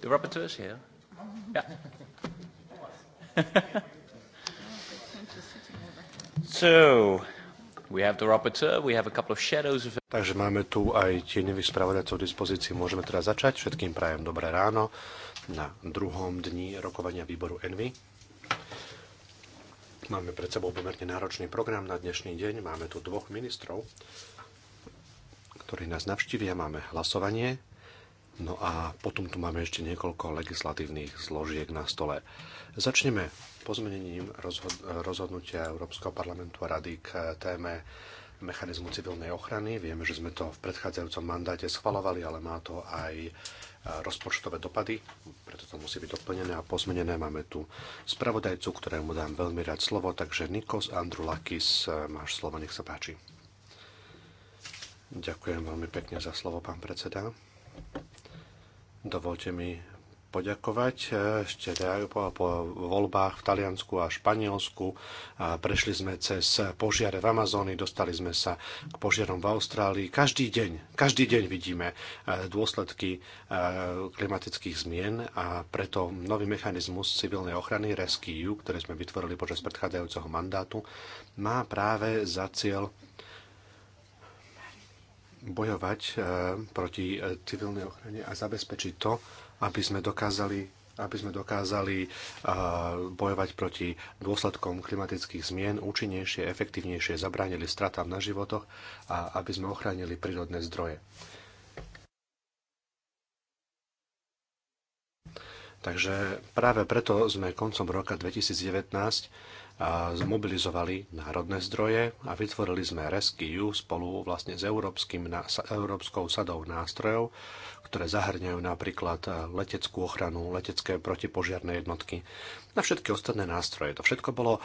The rapporteur is here. so, we have the rapporteur, we have a couple of shadows of... Takže máme tu aj tieňových spravodajcov v dispozícii. Môžeme teda začať. Všetkým prajem dobré ráno na druhom dni rokovania výboru Envy. Máme pred sebou pomerne náročný program na dnešný deň. Máme tu dvoch ministrov, ktorí nás navštívia. Máme hlasovanie No a potom tu máme ešte niekoľko legislatívnych zložiek na stole. Začneme pozmenením rozhod- rozhodnutia Európskeho parlamentu a rady k téme mechanizmu civilnej ochrany. Vieme, že sme to v predchádzajúcom mandáte schvalovali, ale má to aj e, rozpočtové dopady, preto to musí byť doplnené a pozmenené. Máme tu spravodajcu, ktorému dám veľmi rád slovo, takže Nikos Andrulakis, e, máš slovo, nech sa páči. Ďakujem veľmi pekne za slovo, pán predseda. Dovolte mi poďakovať e, ešte po, po voľbách v Taliansku a Španielsku. A prešli sme cez požiare v Amazónii, dostali sme sa k požiarom v Austrálii. Každý deň, každý deň vidíme e, dôsledky e, klimatických zmien a preto nový mechanizmus civilnej ochrany Rescue, ktorý sme vytvorili počas predchádzajúceho mandátu, má práve za cieľ bojovať eh, proti eh, civilnej ochrane a zabezpečiť to, aby sme dokázali aby sme dokázali eh, bojovať proti dôsledkom klimatických zmien účinnejšie, efektívnejšie, zabránili stratám na životoch a aby sme ochránili prírodné zdroje. Takže práve preto sme koncom roka 2019 zmobilizovali národné zdroje a vytvorili sme Rescue spolu vlastne s európskym, európskou sadou nástrojov, ktoré zahrňajú napríklad e, leteckú ochranu, letecké protipožiarné jednotky na všetky ostatné nástroje. To všetko bolo e,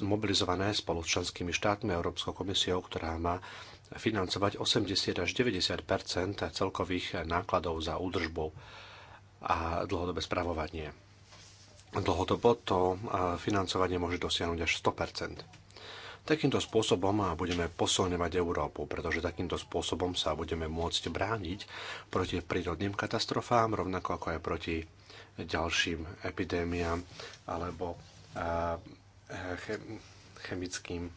mobilizované spolu s členskými štátmi Európskou komisiou, ktorá má financovať 80 až 90 celkových nákladov za údržbu a dlhodobé spravovanie. Dlhodobo to e, financovanie môže dosiahnuť až 100 Takýmto spôsobom budeme posilňovať Európu, pretože takýmto spôsobom sa budeme môcť brániť proti prírodným katastrofám, rovnako ako aj proti ďalším epidémiám alebo e, e, chemickým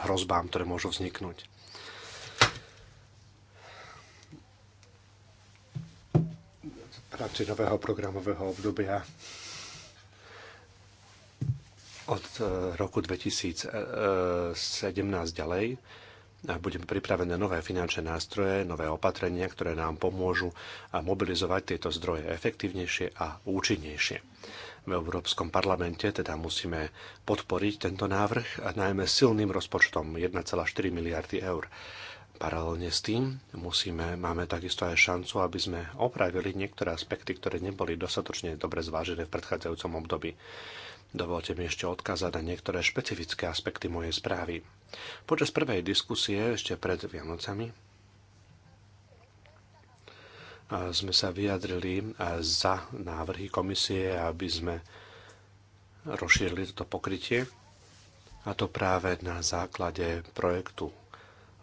hrozbám, ktoré môžu vzniknúť. rámci nového programového obdobia od e, roku 2017 ďalej budeme pripravené nové finančné nástroje, nové opatrenia, ktoré nám pomôžu mobilizovať tieto zdroje efektívnejšie a účinnejšie. V Európskom parlamente teda musíme podporiť tento návrh, a najmä silným rozpočtom 1,4 miliardy eur. Paralelne s tým musíme, máme takisto aj šancu, aby sme opravili niektoré aspekty, ktoré neboli dostatočne dobre zvážené v predchádzajúcom období. Dovolte mi ešte odkázať na niektoré špecifické aspekty mojej správy. Počas prvej diskusie ešte pred Vianocami sme sa vyjadrili za návrhy komisie, aby sme rozšírili toto pokrytie a to práve na základe projektu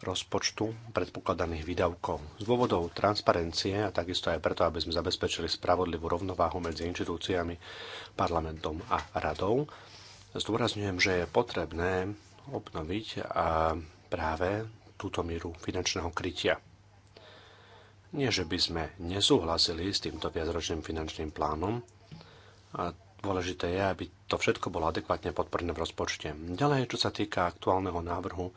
rozpočtu predpokladaných výdavkov. Z dôvodov transparencie a takisto aj preto, aby sme zabezpečili spravodlivú rovnováhu medzi inštitúciami, parlamentom a radou, zdôrazňujem, že je potrebné obnoviť a práve túto míru finančného krytia. Nie, že by sme nesúhlasili s týmto viacročným finančným plánom, a dôležité je, aby to všetko bolo adekvátne podporné v rozpočte. Ďalej, čo sa týka aktuálneho návrhu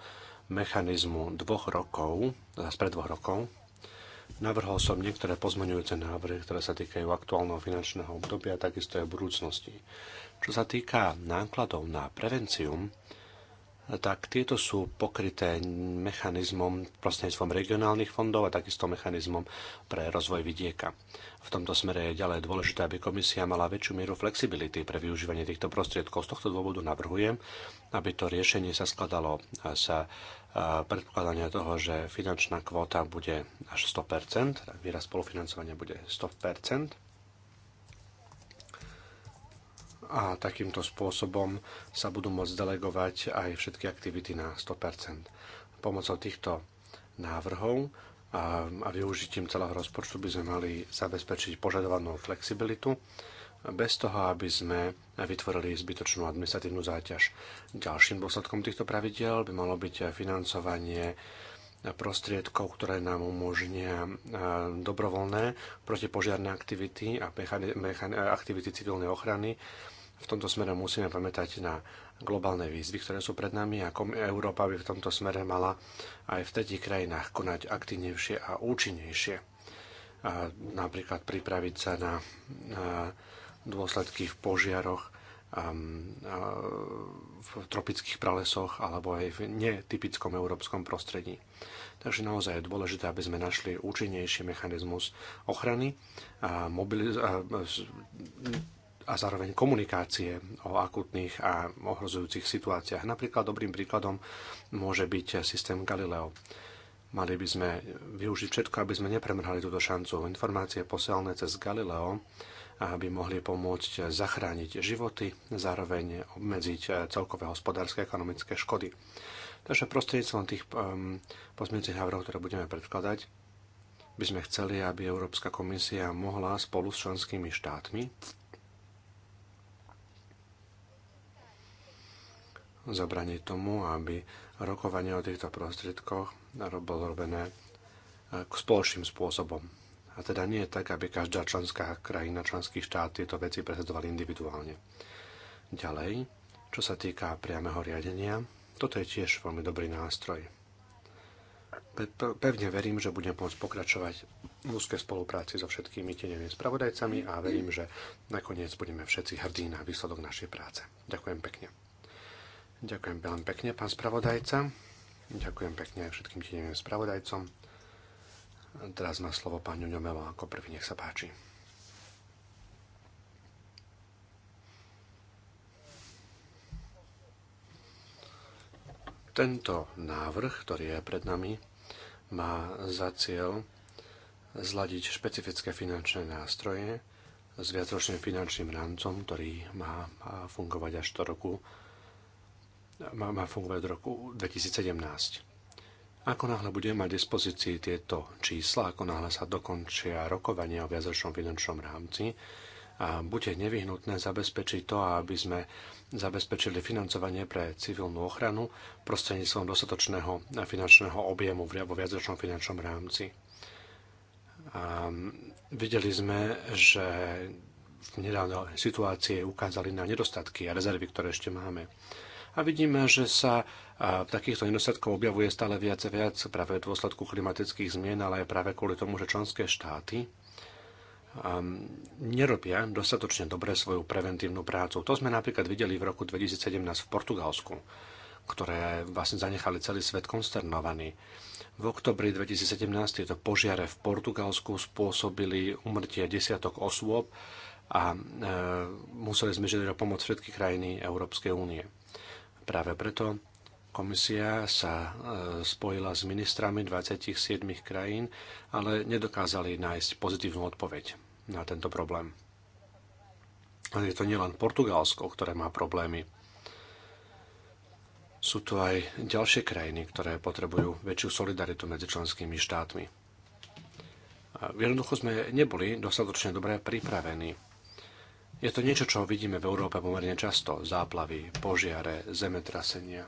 mechanizmu dvoch rokov, teda pred dvoch rokov, Navrhol som niektoré pozmeňujúce návrhy, ktoré sa týkajú aktuálneho finančného obdobia a takisto aj budúcnosti. Čo sa týka nákladov na prevenciu, tak tieto sú pokryté mechanizmom prostredníctvom vlastne regionálnych fondov a takisto mechanizmom pre rozvoj vidieka. V tomto smere je ďalej dôležité, aby komisia mala väčšiu mieru flexibility pre využívanie týchto prostriedkov. Z tohto dôvodu navrhujem, aby to riešenie sa skladalo sa predpokladania toho, že finančná kvóta bude až 100%, tak teda výraz spolufinancovania bude 100%. A takýmto spôsobom sa budú môcť delegovať aj všetky aktivity na 100%. Pomocou týchto návrhov a, a využitím celého rozpočtu by sme mali zabezpečiť požadovanú flexibilitu bez toho, aby sme vytvorili zbytočnú administratívnu záťaž. Ďalším dôsledkom týchto pravidel by malo byť financovanie prostriedkov, ktoré nám umožnia e, dobrovoľné protipožiarné aktivity a aktivity civilnej ochrany. V tomto smere musíme pamätať na globálne výzvy, ktoré sú pred nami, ako Európa by v tomto smere mala aj v tretich krajinách konať aktívnejšie a účinnejšie. A napríklad pripraviť sa na, na dôsledky v požiaroch, um, v tropických pralesoch alebo aj v netypickom európskom prostredí. Takže naozaj je dôležité, aby sme našli účinnejší mechanizmus ochrany a, mobiliz- a, a zároveň komunikácie o akutných a ohrozujúcich situáciách. Napríklad dobrým príkladom môže byť systém Galileo. Mali by sme využiť všetko, aby sme nepremrhali túto šancu. Informácie posielne cez Galileo aby mohli pomôcť zachrániť životy, zároveň obmedziť eh, celkové hospodárske a ekonomické škody. Takže prostredníctvom tých um, pozmeňujúcich návrhov, ktoré budeme predkladať, by sme chceli, aby Európska komisia mohla spolu s členskými štátmi zabraniť tomu, aby rokovanie o týchto prostriedkoch bolo robené eh, spoločným spôsobom a teda nie je tak, aby každá členská krajina, členský štát tieto veci presadzoval individuálne. Ďalej, čo sa týka priameho riadenia, toto je tiež veľmi dobrý nástroj. Pevne verím, že budem môcť pokračovať v úzkej spolupráci so všetkými tenenými spravodajcami a verím, že nakoniec budeme všetci hrdí na výsledok našej práce. Ďakujem pekne. Ďakujem veľmi pekne, pán spravodajca. Ďakujem pekne aj všetkým teneným spravodajcom. Teraz má slovo pani, Ňomelo ako prvý, nech sa páči. Tento návrh, ktorý je pred nami, má za cieľ zladiť špecifické finančné nástroje s viacročným finančným rámcom, ktorý má, fungovať až do roku má, má fungovať do roku 2017. Ako náhle budeme mať dispozícii tieto čísla, ako náhle sa dokončia rokovania o viazočnom finančnom rámci, a bude nevyhnutné zabezpečiť to, aby sme zabezpečili financovanie pre civilnú ochranu prostredníctvom dostatočného finančného objemu vo viacročnom finančnom rámci. A videli sme, že v nedávnej situácie ukázali na nedostatky a rezervy, ktoré ešte máme a vidíme, že sa takýchto nedostatkov objavuje stále viac a viac práve v dôsledku klimatických zmien, ale aj práve kvôli tomu, že členské štáty um, nerobia dostatočne dobre svoju preventívnu prácu. To sme napríklad videli v roku 2017 v Portugalsku, ktoré vlastne zanechali celý svet konsternovaný. V oktobri 2017 tieto požiare v Portugalsku spôsobili umrtie desiatok osôb a e, museli sme žiadať o pomoc všetky krajiny Európskej únie. Práve preto komisia sa e, spojila s ministrami 27 krajín, ale nedokázali nájsť pozitívnu odpoveď na tento problém. Ale je to nielen Portugalsko, ktoré má problémy. Sú tu aj ďalšie krajiny, ktoré potrebujú väčšiu solidaritu medzi členskými štátmi. Jednoducho sme neboli dostatočne dobre pripravení je to niečo, čo vidíme v Európe pomerne často. Záplavy, požiare, zemetrasenia,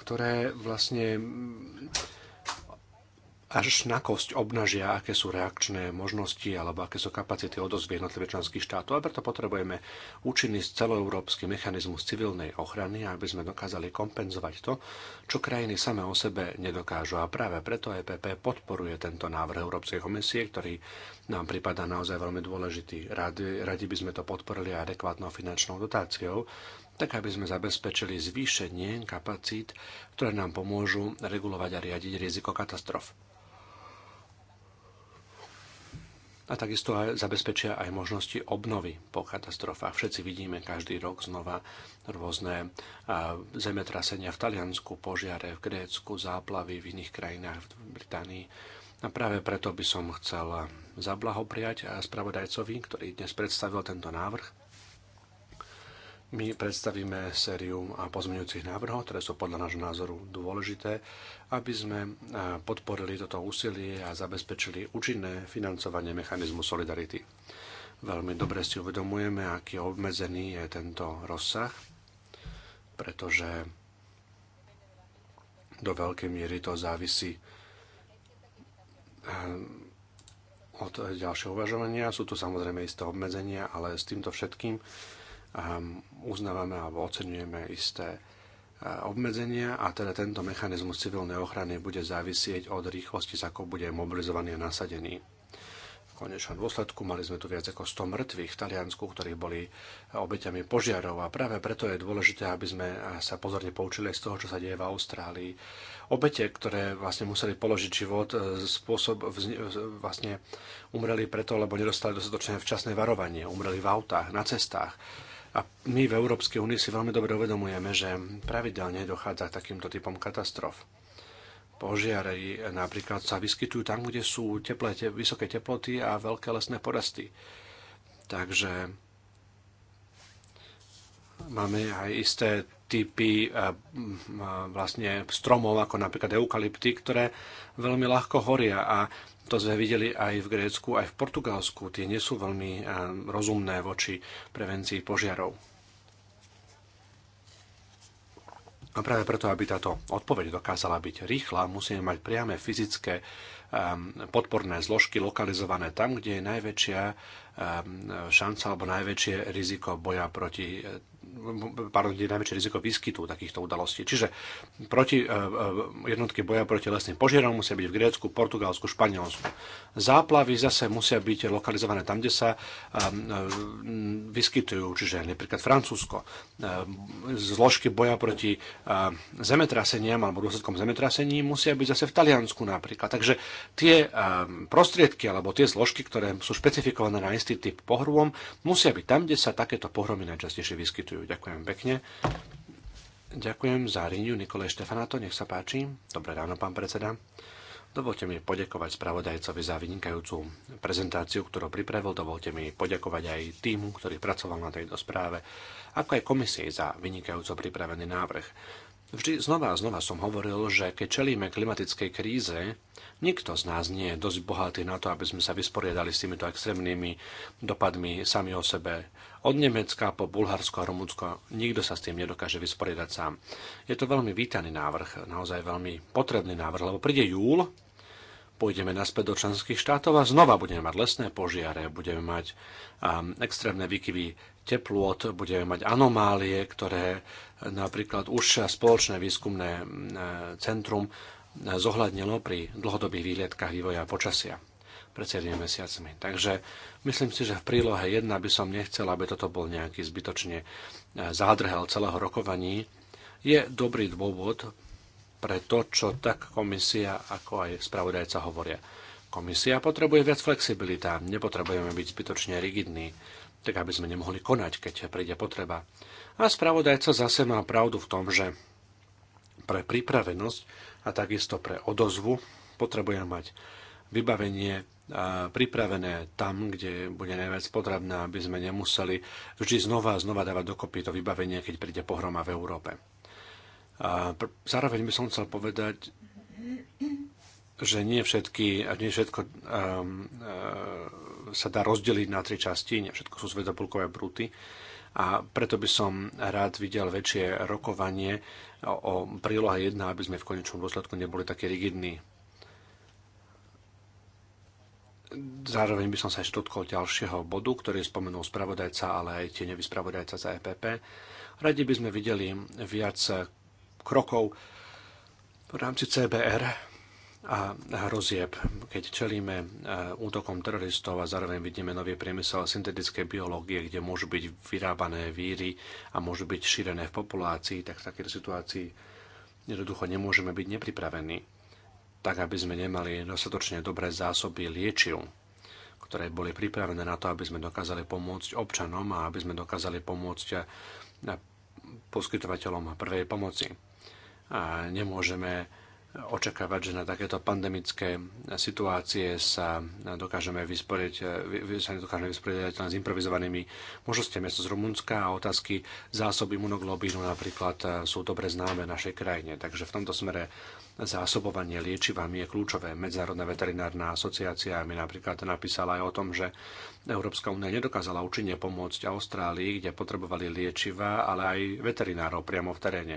ktoré vlastne až na kosť obnažia, aké sú reakčné možnosti alebo aké sú kapacity odozvy jednotlivých členských štátov. A preto potrebujeme účinný celoeurópsky mechanizmus civilnej ochrany, aby sme dokázali kompenzovať to, čo krajiny same o sebe nedokážu. A práve preto EPP podporuje tento návrh Európskej komisie, ktorý nám prípada naozaj veľmi dôležitý. Radi, radi by sme to podporili adekvátnou finančnou dotáciou, tak aby sme zabezpečili zvýšenie kapacít, ktoré nám pomôžu regulovať a riadiť riziko katastrof. a takisto aj zabezpečia aj možnosti obnovy po katastrofách. Všetci vidíme každý rok znova rôzne zemetrasenia v Taliansku, požiare v Grécku, záplavy v iných krajinách v Británii. A práve preto by som chcel zablahopriať spravodajcovi, ktorý dnes predstavil tento návrh my predstavíme sériu pozmeňujúcich návrhov, ktoré sú podľa nášho názoru dôležité, aby sme e, podporili toto úsilie a zabezpečili účinné financovanie mechanizmu solidarity. Veľmi dobre si uvedomujeme, aký obmedzený je tento rozsah, pretože do veľkej miery to závisí e, od ďalšieho uvažovania. Sú tu samozrejme isté obmedzenia, ale s týmto všetkým uznávame alebo oceňujeme isté e, obmedzenia a teda tento mechanizmus civilnej ochrany bude závisieť od rýchlosti, s akou bude mobilizovaný a nasadený. V konečnom dôsledku mali sme tu viac ako 100 mŕtvych v Taliansku, ktorí boli obeťami požiarov a práve preto je dôležité, aby sme sa pozorne poučili z toho, čo sa deje v Austrálii. Obete, ktoré vlastne museli položiť život, e, spôsob e, vlastne umreli preto, lebo nedostali dostatočné včasné varovanie. Umreli v autách, na cestách a my v Európskej únii si veľmi dobre uvedomujeme, že pravidelne dochádza k takýmto typom katastrof. Požiare napríklad sa vyskytujú tam, kde sú teplé, te, vysoké teploty a veľké lesné porasty. Takže máme aj isté typy vlastne stromov, ako napríklad eukalypty, ktoré veľmi ľahko horia a to sme videli aj v Grécku, aj v Portugalsku. Tie nie sú veľmi eh, rozumné voči prevencii požiarov. A práve preto, aby táto odpoveď dokázala byť rýchla, musíme mať priame fyzické eh, podporné zložky lokalizované tam, kde je najväčšia eh, šanca alebo najväčšie riziko boja proti pardon, je najväčšie riziko výskytu takýchto udalostí. Čiže proti, e, e, jednotky boja proti lesným požiarom musia byť v Grécku, Portugalsku, Španielsku. Záplavy zase musia byť lokalizované tam, kde sa e, vyskytujú, čiže napríklad Francúzsko. Zložky boja proti zemetraseniam alebo dôsledkom zemetrasení musia byť zase v Taliansku napríklad. Takže tie prostriedky alebo tie zložky, ktoré sú špecifikované na istý typ pohrom, musia byť tam, kde sa takéto pohromy najčastejšie vyskytujú štúdiu. Ďakujem pekne. Ďakujem za riňu Nikole Štefanato, nech sa páči. Dobré ráno, pán predseda. Dovolte mi poďakovať spravodajcovi za vynikajúcu prezentáciu, ktorú pripravil. Dovolte mi poďakovať aj týmu, ktorý pracoval na tejto správe, ako aj komisie za vynikajúco pripravený návrh. Vždy znova a znova som hovoril, že keď čelíme klimatickej kríze, nikto z nás nie je dosť bohatý na to, aby sme sa vysporiadali s týmito extrémnymi dopadmi sami o sebe od Nemecka po Bulharsko a Rumunsko. Nikto sa s tým nedokáže vysporiadať sám. Je to veľmi vítaný návrh, naozaj veľmi potrebný návrh, lebo príde júl, pôjdeme naspäť do členských štátov a znova budeme mať lesné požiare, budeme mať um, extrémne výkyvy teplôt, budeme mať anomálie, ktoré eh, napríklad už spoločné výskumné eh, centrum eh, zohľadnilo pri dlhodobých výhľadkách vývoja počasia pred 7 mesiacmi. Takže myslím si, že v prílohe 1 by som nechcel, aby toto bol nejaký zbytočne e, zádrhel celého rokovaní. Je dobrý dôvod pre to, čo tak komisia, ako aj spravodajca hovoria. Komisia potrebuje viac flexibilita, nepotrebujeme byť zbytočne rigidní, tak aby sme nemohli konať, keď príde potreba. A spravodajca zase má pravdu v tom, že pre pripravenosť a takisto pre odozvu potrebujeme mať vybavenie pripravené tam, kde bude najviac potrebné, aby sme nemuseli vždy znova a znova dávať dokopy to vybavenie, keď príde pohroma v Európe. A zároveň by som chcel povedať, že nie, všetky, nie všetko um, uh, sa dá rozdeliť na tri časti, nie všetko sú svetopulkové brúty a preto by som rád videl väčšie rokovanie o, o prílohe 1, aby sme v konečnom dôsledku neboli také rigidní Zároveň by som sa ešte dotkol ďalšieho bodu, ktorý spomenul spravodajca, ale aj tieňový spravodajca za EPP. Radi by sme videli viac krokov v rámci CBR a hrozieb, keď čelíme e, útokom teroristov a zároveň vidíme nový priemysel syntetickej biológie, kde môžu byť vyrábané víry a môžu byť šírené v populácii, tak v takejto situácii jednoducho nemôžeme byť nepripravení tak aby sme nemali dostatočne dobré zásoby liečiv, ktoré boli pripravené na to, aby sme dokázali pomôcť občanom a aby sme dokázali pomôcť eh, poskytovateľom prvej pomoci. A nemôžeme očakávať, že na takéto pandemické situácie sa dokážeme vysporiť, eh, sa dokážeme vysporiť len s improvizovanými možnosťami z Rumunska a otázky zásob imunoglobínu napríklad eh, sú dobre známe našej krajine. Takže v tomto smere zásobovanie liečivami je kľúčové. Medzárodná veterinárna asociácia mi napríklad napísala aj o tom, že Európska únia nedokázala účinne pomôcť Austrálii, kde potrebovali liečiva, ale aj veterinárov priamo v teréne.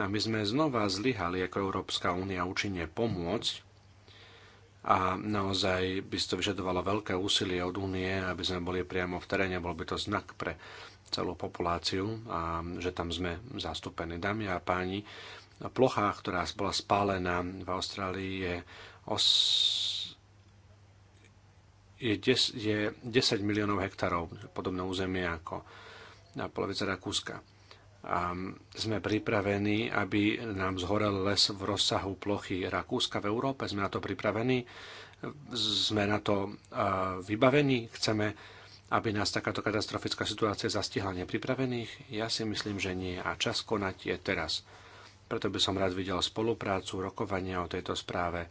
A my sme znova zlyhali ako Európska únia účinne pomôcť a naozaj by to vyžadovalo veľké úsilie od únie, aby sme boli priamo v teréne. Bol by to znak pre celú populáciu a že tam sme zastúpení. Dámy a páni, plocha, ktorá bola spálená v Austrálii, je, os... je, des... je 10 miliónov hektárov, podobné územie ako na polovice Rakúska. A sme pripravení, aby nám zhorel les v rozsahu plochy Rakúska v Európe. Sme na to pripravení, sme na to vybavení, chceme, aby nás takáto katastrofická situácia zastihla nepripravených. Ja si myslím, že nie. A čas konať je teraz. Preto by som rád videl spoluprácu, rokovania o tejto správe.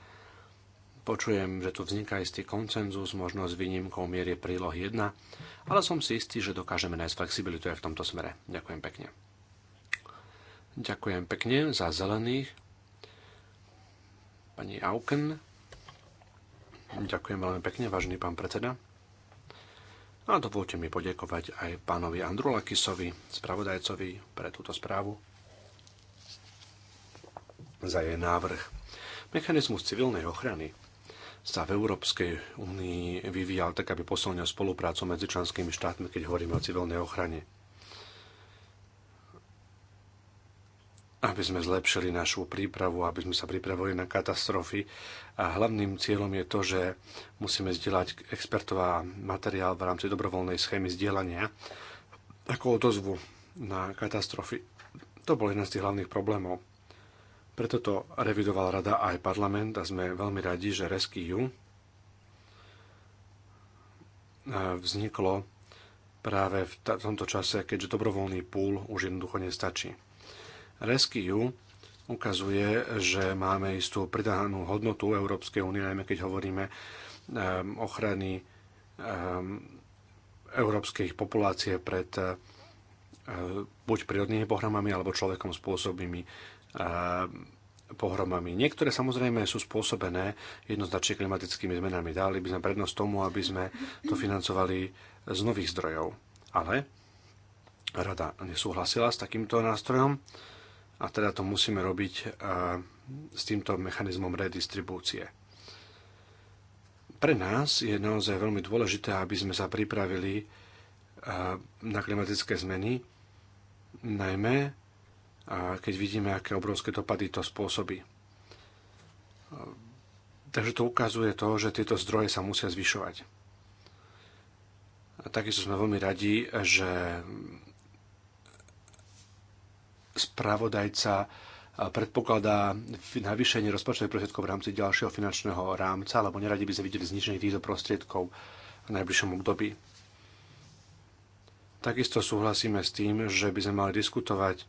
Počujem, že tu vzniká istý koncenzus, možno s výnimkou miery príloh 1, ale som si istý, že dokážeme nájsť flexibilitu aj v tomto smere. Ďakujem pekne. Ďakujem pekne za zelených. Pani Auken. Ďakujem veľmi pekne, vážený pán predseda. A dovolte mi podiekovať aj pánovi Andrulakisovi, spravodajcovi pre túto správu za jej návrh. Mechanizmus civilnej ochrany sa v Európskej únii vyvíjal tak, aby posilnil spoluprácu medzi členskými štátmi, keď hovoríme o civilnej ochrane. aby sme zlepšili našu prípravu, aby sme sa pripravili na katastrofy. A hlavným cieľom je to, že musíme zdieľať expertová materiál v rámci dobrovoľnej schémy zdieľania ako odozvu na katastrofy. To bol jeden z tých hlavných problémov. Preto to revidoval rada aj parlament a sme veľmi radi, že Rescue eh, vzniklo práve v tomto čase, keďže dobrovoľný púl už jednoducho nestačí. Rescue ukazuje, že máme istú pridanú hodnotu Európskej únie, najmä keď hovoríme ehm, ochrany ehm, európskej populácie pred eh, buď prírodnými pohromami alebo človekom spôsobnými pohromami. Niektoré samozrejme sú spôsobené jednoznačne klimatickými zmenami. Dali by sme prednosť tomu, aby sme to financovali z nových zdrojov. Ale rada nesúhlasila s takýmto nástrojom a teda to musíme robiť s týmto mechanizmom redistribúcie. Pre nás je naozaj veľmi dôležité, aby sme sa pripravili na klimatické zmeny, najmä a keď vidíme, aké obrovské dopady to spôsobí. Takže to ukazuje to, že tieto zdroje sa musia zvyšovať. A takisto sme veľmi radi, že spravodajca predpokladá navýšenie rozpočtových prostriedkov v rámci ďalšieho finančného rámca, alebo neradi by sme videli zniženie týchto prostriedkov v najbližšom období. Takisto súhlasíme s tým, že by sme mali diskutovať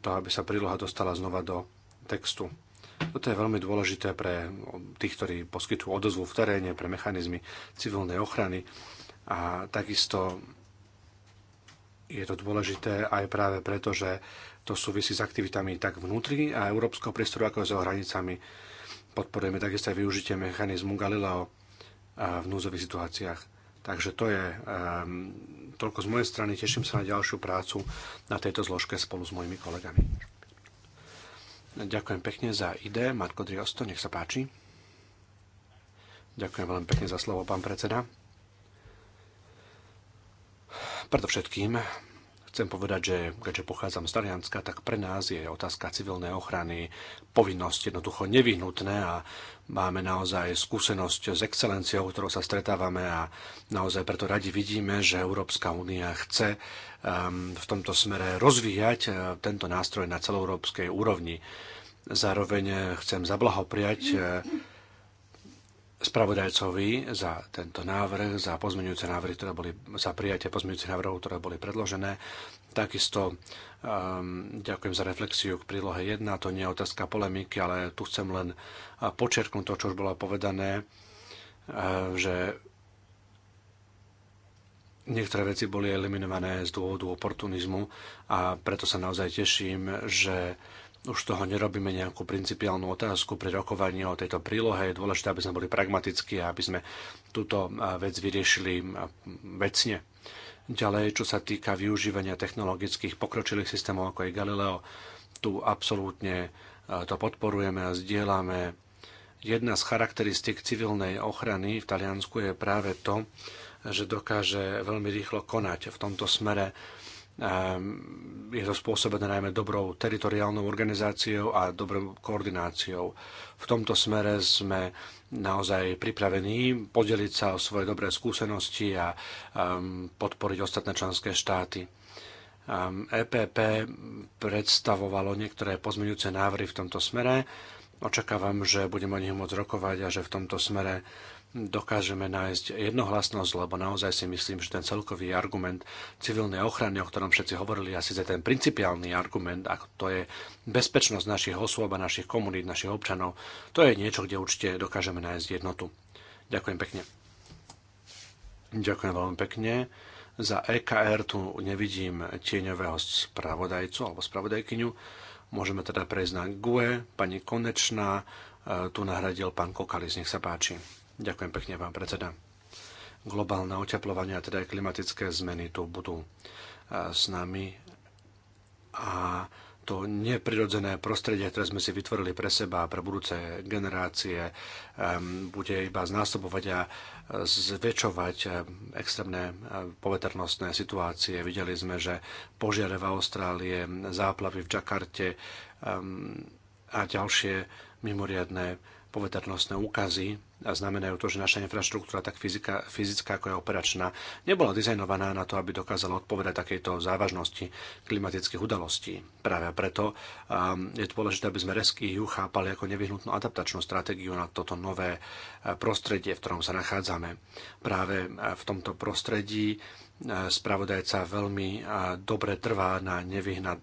to, aby sa príloha dostala znova do textu. Toto no je veľmi dôležité pre tých, ktorí poskytujú odozvu v teréne, pre mechanizmy civilnej ochrany a takisto je to dôležité aj práve preto, že to súvisí s aktivitami tak vnútri a európskeho priestoru, ako aj s jeho hranicami. Podporujeme takisto aj využitie mechanizmu Galileo v núzových situáciách. Takže to je ehm, toľko z mojej strany. Teším sa na ďalšiu prácu na tejto zložke spolu s mojimi kolegami. Ďakujem pekne za ide. Matko Driosto, nech sa páči. Ďakujem veľmi pekne za slovo, pán predseda. Predovšetkým chcem povedať, že keďže pochádzam z Talianska, tak pre nás je otázka civilnej ochrany povinnosť jednoducho nevyhnutné a máme naozaj skúsenosť s excelenciou, ktorou sa stretávame a naozaj preto radi vidíme, že Európska únia chce um, v tomto smere rozvíjať uh, tento nástroj na celoeurópskej úrovni. Zároveň uh, chcem zablahopriať uh, spravodajcovi za tento návrh, za pozmeňujúce návrhy, ktoré boli, za prijatie pozmeňujúcich návrhov, ktoré boli predložené. Takisto um, ďakujem za reflexiu k prílohe 1. To nie je otázka polemiky, ale tu chcem len počerknúť to, čo už bolo povedané, e, že Niektoré veci boli eliminované z dôvodu oportunizmu a preto sa naozaj teším, že už toho nerobíme nejakú principiálnu otázku pri rokovaní o tejto prílohe. Je dôležité, aby sme boli pragmatickí a aby sme túto vec vyriešili vecne. Ďalej, čo sa týka využívania technologických pokročilých systémov ako je Galileo, tu absolútne e, to podporujeme a zdieľame. Jedna z charakteristik civilnej ochrany v Taliansku je práve to, že dokáže veľmi rýchlo konať v tomto smere. Ehm, je to spôsobené najmä dobrou teritoriálnou organizáciou a dobrou koordináciou. V tomto smere sme naozaj pripravení podeliť sa o svoje dobré skúsenosti a um, podporiť ostatné členské štáty. Um, EPP predstavovalo niektoré pozmeňujúce návrhy v tomto smere. Očakávam, že budeme o nich môcť rokovať a že v tomto smere dokážeme nájsť jednohlasnosť, lebo naozaj si myslím, že ten celkový argument civilnej ochrany, o ktorom všetci hovorili, asi síce ten principiálny argument, ako to je bezpečnosť našich osôb a našich komunít, našich občanov, to je niečo, kde určite dokážeme nájsť jednotu. Ďakujem pekne. Ďakujem veľmi pekne. Za EKR tu nevidím tieňového spravodajcu alebo spravodajkyňu. Môžeme teda prejsť na GUE. Pani Konečná e, tu nahradil pán Kokalis. Nech sa páči. Ďakujem pekne, pán predseda. Globálne oteplovanie, a teda aj klimatické zmeny tu budú e, s nami a to neprirodzené prostredie, ktoré sme si vytvorili pre seba a pre budúce generácie, e, bude iba znásobovať a zväčšovať e, extrémne poveternostné situácie. Videli sme, že požiare v Austrálie, záplavy v Jakarte a ďalšie mimoriadné poveternostné úkazy a znamenajú to, že naša infraštruktúra, tak fyzika, fyzická ako je operačná, nebola dizajnovaná na to, aby dokázala odpovedať takejto závažnosti klimatických udalostí. Práve preto um, je dôležité, aby sme ju chápali ako nevyhnutnú adaptačnú stratégiu na toto nové uh, prostredie, v ktorom sa nachádzame. Práve uh, v tomto prostredí spravodajca veľmi dobre trvá na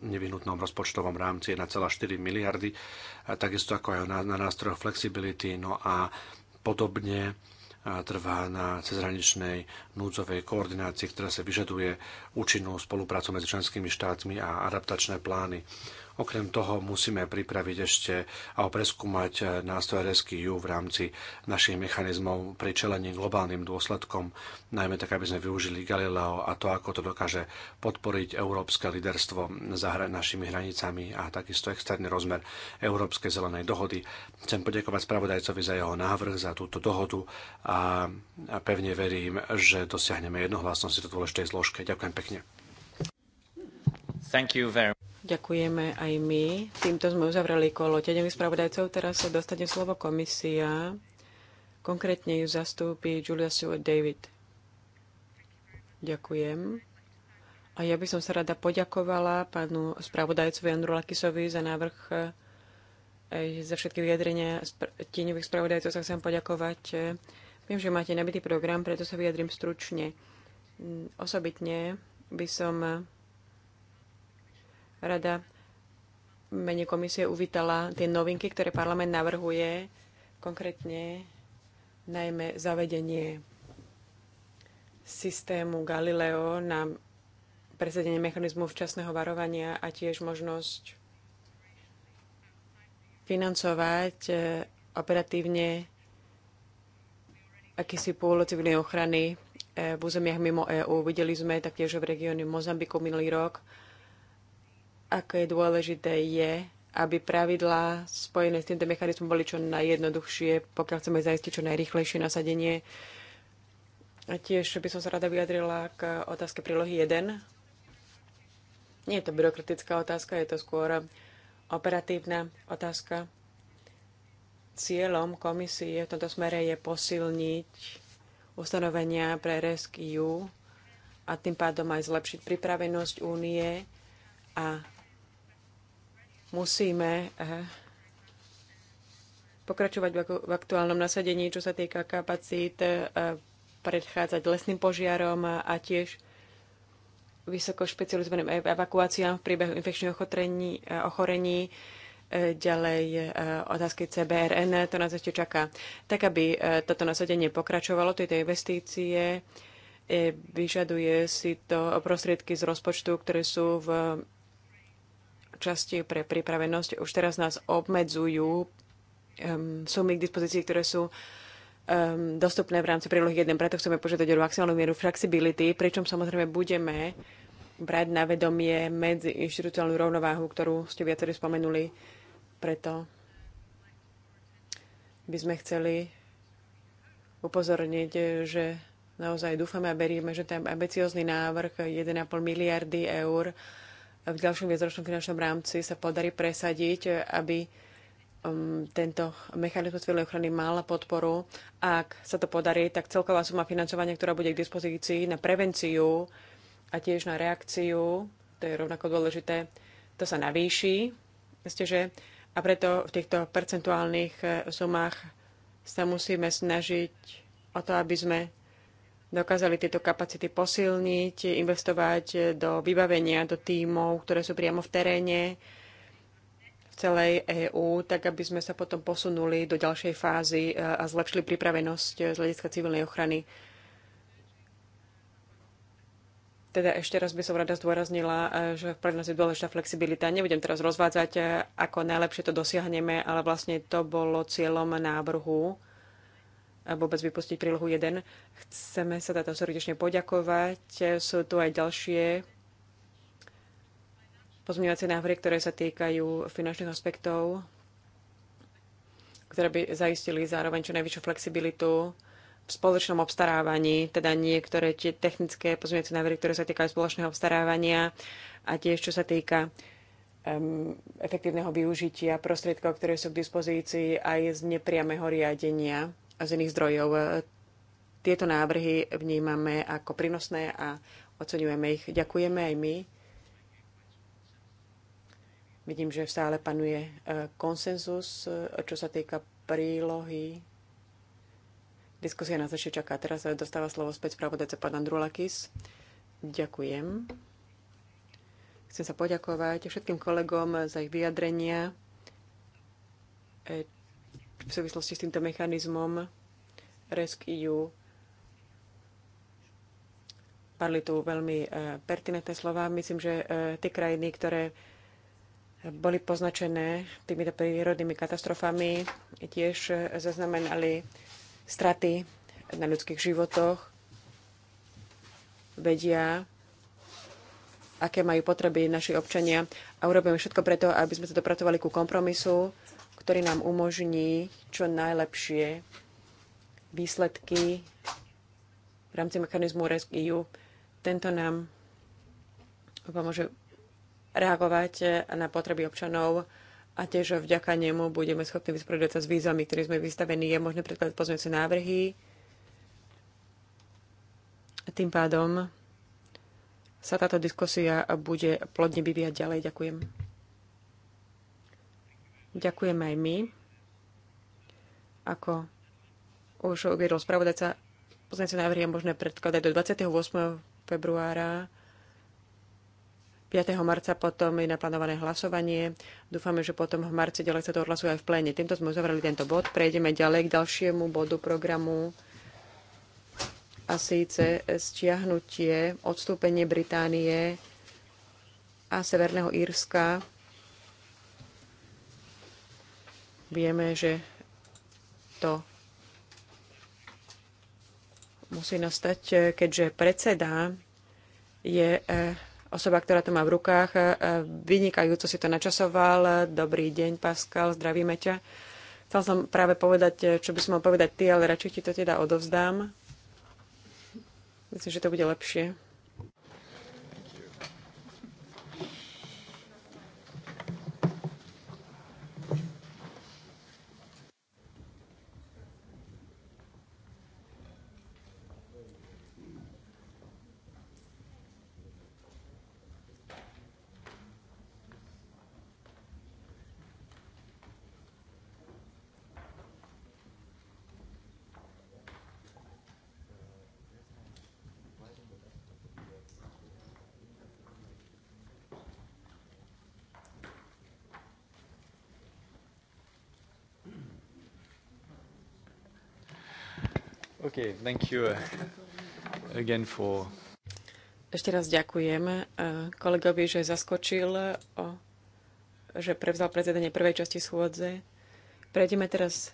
nevyhnutnom rozpočtovom rámci 1,4 miliardy, takisto ako aj na, na nástrojoch flexibility, no a podobne trvá na cezhraničnej núdzovej koordinácii, ktorá sa vyžaduje účinnú spoluprácu medzi členskými štátmi a adaptačné plány. Okrem toho musíme pripraviť ešte a preskúmať nástroj Rescue v rámci našich mechanizmov pri čelení globálnym dôsledkom, najmä tak, aby sme využili Galileo a to, ako to dokáže podporiť európske liderstvo za našimi hranicami a takisto externý rozmer Európskej zelenej dohody. Chcem poďakovať spravodajcovi za jeho návrh, za túto dohodu a pevne verím, že dosiahneme jednohlasnosť do dôležitej zložke. Ďakujem pekne pekne. Thank you very Ďakujeme aj my. Týmto sme uzavreli kolo tieňových spravodajcov. Teraz sa dostane slovo komisia. Konkrétne ju zastúpi Julia Stewart David. Ďakujem. A ja by som sa rada poďakovala pánu spravodajcovi Andru Lakisovi za návrh eh, za všetky vyjadrenia tieňových spravodajcov sa chcem poďakovať. Viem, že máte nabitý program, preto sa vyjadrim stručne. Mm, osobitne by som rada mene komisie uvítala tie novinky, ktoré parlament navrhuje, konkrétne najmä zavedenie systému Galileo na presedenie mechanizmu včasného varovania a tiež možnosť financovať eh, operatívne akýsi pôl civilnej ochrany Eh, v územiach mimo EÚ. Videli sme taktiež v regióne Mozambiku minulý rok, aké dôležité je, aby pravidlá spojené s týmto mechanizmom boli čo najjednoduchšie, pokiaľ chceme zaistiť čo najrychlejšie nasadenie. A tiež by som sa rada vyjadrila k otázke prílohy 1. Nie je to byrokratická otázka, je to skôr operatívna otázka. Cieľom komisie v tomto smere je posilniť ustanovenia pre RESK eu a tým pádom aj zlepšiť pripravenosť únie a musíme eh, pokračovať v aktuálnom nasadení, čo sa týka kapacít, eh, predchádzať lesným požiarom a tiež vysoko špecializovaným evakuáciám v priebehu infekčných eh, ochorení, ďalej e, otázky CBRN, to nás ešte čaká. Tak, aby e, toto nasadenie pokračovalo, tejto investície, e, vyžaduje si to prostriedky z rozpočtu, ktoré sú v časti pre pripravenosť. Už teraz nás obmedzujú sumy k dispozícii, ktoré sú dostupné v rámci prílohy 1. Preto chceme požiadať o maximálnu mieru flexibility, pričom samozrejme budeme brať na vedomie medzi inštitucionálnu rovnováhu, ktorú ste viacerí spomenuli. Preto by sme chceli upozorniť, že naozaj dúfame a veríme, že ten ambiciózny návrh 1,5 miliardy eur v ďalšom viacročnom finančnom rámci sa podarí presadiť, aby um, tento mechanizmus civilnej ochrany mal podporu. Ak sa to podarí, tak celková suma financovania, ktorá bude k dispozícii na prevenciu a tiež na reakciu, to je rovnako dôležité, to sa navýši. Ste, že a preto v týchto percentuálnych e, sumách sa musíme snažiť o to, aby sme dokázali tieto kapacity posilniť, investovať e, do vybavenia, do tímov, ktoré sú priamo v teréne v celej EÚ, tak aby sme sa potom posunuli do ďalšej fázy e, a zlepšili pripravenosť z hľadiska civilnej ochrany teda ešte raz by som rada zdôraznila, e, že pre nás je dôležitá flexibilita. Nebudem teraz rozvádzať, e, ako najlepšie to dosiahneme, ale vlastne to bolo cieľom návrhu e, vôbec vypustiť prílohu 1. Chceme sa teda srdečne poďakovať. Sú tu aj ďalšie pozmeňovacie návrhy, ktoré sa týkajú finančných aspektov, ktoré by zaistili zároveň čo najvyššiu flexibilitu v spoločnom obstarávaní, teda niektoré tie technické pozmeňujúce návrhy, ktoré sa týkajú spoločného obstarávania a tiež čo sa týka um, efektívneho využitia prostriedkov, ktoré sú k dispozícii aj z nepriameho riadenia a z iných zdrojov. E, tieto návrhy vnímame ako prínosné a oceňujeme ich. Ďakujeme aj my. Vidím, že stále panuje e, konsenzus, e, čo sa týka prílohy Diskusia nás ešte čaká. Teraz dostáva slovo späť spravodajca pán Andrulakis. Ďakujem. Chcem sa poďakovať všetkým kolegom za ich vyjadrenia e, v súvislosti s týmto mechanizmom RESC-EU. Padli tu veľmi e, pertinentné slova. Myslím, že e, tie krajiny, ktoré boli poznačené týmito prírodnými katastrofami, tiež zaznamenali straty na ľudských životoch, vedia, aké majú potreby naši občania a urobíme všetko preto, aby sme sa dopracovali ku kompromisu, ktorý nám umožní čo najlepšie výsledky v rámci mechanizmu RESC-EU. Tento nám pomôže reagovať na potreby občanov a tiež vďaka nemu budeme schopní vysporiadať sa s vízami, ktorými sme vystavení. Je možné predkladať pozmeňujúce návrhy. Tým pádom sa táto diskusia bude plodne vyvíjať ďalej. Ďakujem. Ďakujem aj my. Ako už uviedol spravodajca, pozmeňujúce návrhy je možné predkladať do 28. februára 5. marca potom je naplánované hlasovanie. Dúfame, že potom v marci ďalej sa to odhlasuje aj v pléne. Týmto sme uzavreli tento bod. Prejdeme ďalej k ďalšiemu bodu programu a síce stiahnutie, odstúpenie Británie a Severného Írska. Vieme, že to musí nastať, keďže predseda je eh, osoba, ktorá to má v rukách. E, vynikajúco si to načasoval. Dobrý deň, Pascal, zdravíme ťa. Chcel som práve povedať, e, čo by som mal povedať ty, ale radšej ti to teda odovzdám. Myslím, že to bude lepšie. Okay, thank you uh, again for... Ešte raz ďakujem uh, kolegovi, že zaskočil, uh, o, že prevzal predsedanie prvej časti schôdze. Prejdeme teraz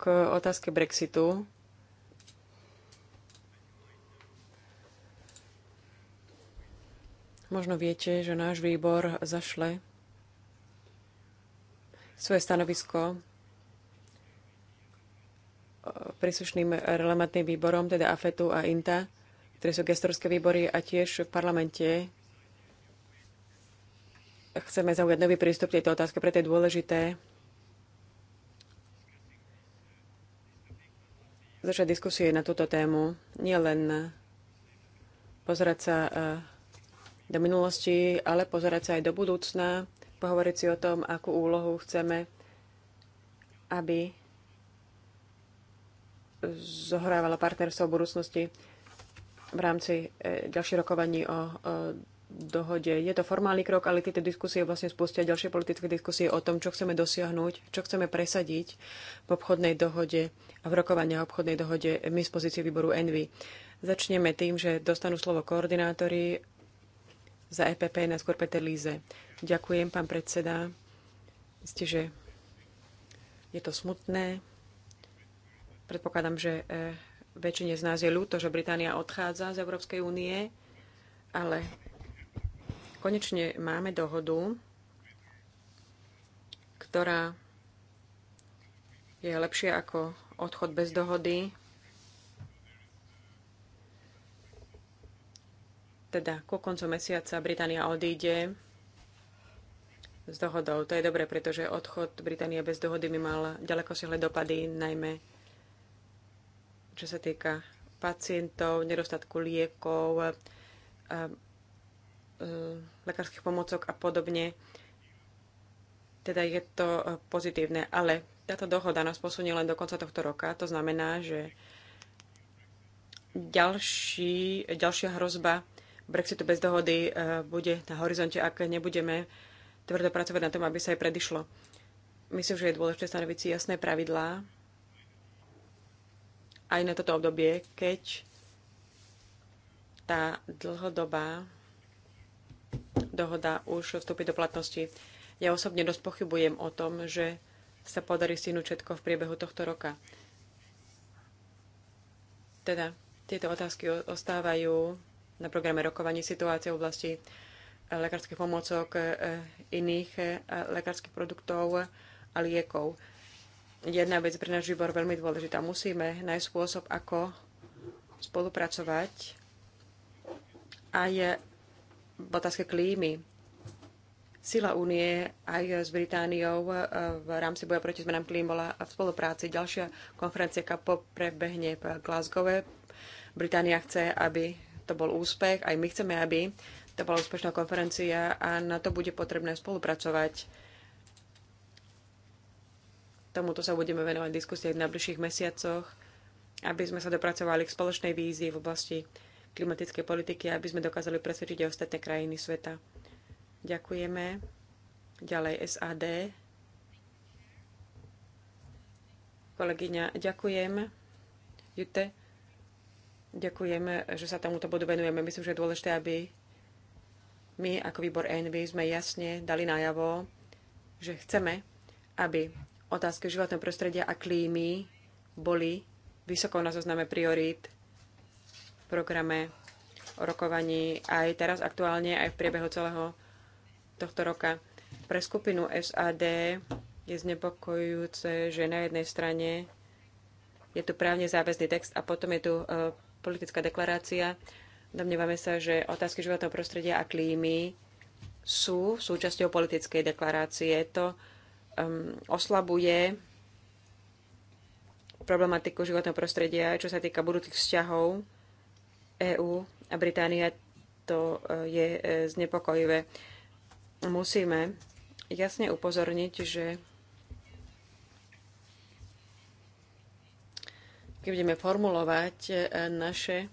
k otázke Brexitu. Možno viete, že náš výbor zašle svoje stanovisko príslušným relevantným výborom, teda AFETu a INTA, ktoré sú gestorské výbory a tiež v parlamente chceme zaujať nový prístup k tejto otázke, preto je dôležité začať diskusie na túto tému, nielen pozerať sa e, do minulosti, ale pozerať sa aj do budúcna, pohovoriť si o tom, akú úlohu chceme, aby zohrávala partnerstvo v budúcnosti v rámci e, ďalších rokovaní o e, dohode. Je to formálny krok, ale tieto diskusie vlastne spustia ďalšie politické diskusie o tom, čo chceme dosiahnuť, čo chceme presadiť v obchodnej dohode a v rokovania obchodnej dohode my z pozície výboru Envy. Začneme tým, že dostanú slovo koordinátori za EPP, na skôr Peter Líze. Ďakujem, pán predseda. Ste, že je to smutné, Predpokladám, že e, väčšine z nás je ľúto, že Británia odchádza z Európskej únie, ale konečne máme dohodu, ktorá je lepšia ako odchod bez dohody. Teda ku koncu mesiaca Británia odíde s dohodou. To je dobré, pretože odchod Británie bez dohody by mal ďaleko dopady, najmä čo sa týka pacientov, nedostatku liekov, e, e, lekárskych pomocok a podobne. Teda je to e, pozitívne, ale táto dohoda nás posunie len do konca tohto roka. To znamená, že ďalší, ďalšia hrozba Brexitu bez dohody bude na horizonte, ak nebudeme tvrdo pracovať na tom, aby sa aj predišlo. Myslím, že je dôležité stanoviť si jasné pravidlá, aj na toto obdobie, keď tá dlhodobá dohoda už vstúpi do platnosti. Ja osobne dosť pochybujem o tom, že sa podarí stihnúť všetko v priebehu tohto roka. Teda tieto otázky ostávajú na programe rokovanie situácie v oblasti eh, lekárskych pomocok, eh, iných eh, lekárskych produktov a liekov jedna vec pre náš výbor veľmi dôležitá. Musíme nájsť spôsob, ako spolupracovať a je v otázke klímy. Sila únie aj s Britániou eh, v rámci boja proti zmenám klím bola v spolupráci. Ďalšia konferencia KAPO prebehne v Glasgow. Británia chce, aby to bol úspech, aj my chceme, aby to bola úspešná konferencia a na to bude potrebné spolupracovať Tomuto sa budeme venovať diskusie v najbližších mesiacoch, aby sme sa dopracovali k spoločnej vízii v oblasti klimatickej politiky, aby sme dokázali presvedčiť aj ostatné krajiny sveta. Ďakujeme. Ďalej SAD. Kolegyňa, ďakujem. Jute, ďakujem, že sa tomuto bodu venujeme. Myslím, že je dôležité, aby my ako výbor ENVY sme jasne dali najavo, že chceme, aby otázky životného prostredia a klímy boli vysoko na zozname priorít v programe o rokovaní aj teraz aktuálne, aj v priebehu celého tohto roka. Pre skupinu SAD je znepokojujúce, že na jednej strane je tu právne záväzný text a potom je tu uh, politická deklarácia. Domnievame sa, že otázky životného prostredia a klímy sú súčasťou politickej deklarácie. To um, oslabuje problematiku životného prostredia, čo sa týka budúcich vzťahov EÚ a Británia. To uh, je uh, znepokojivé. Musíme jasne upozorniť, že keď budeme formulovať uh, naše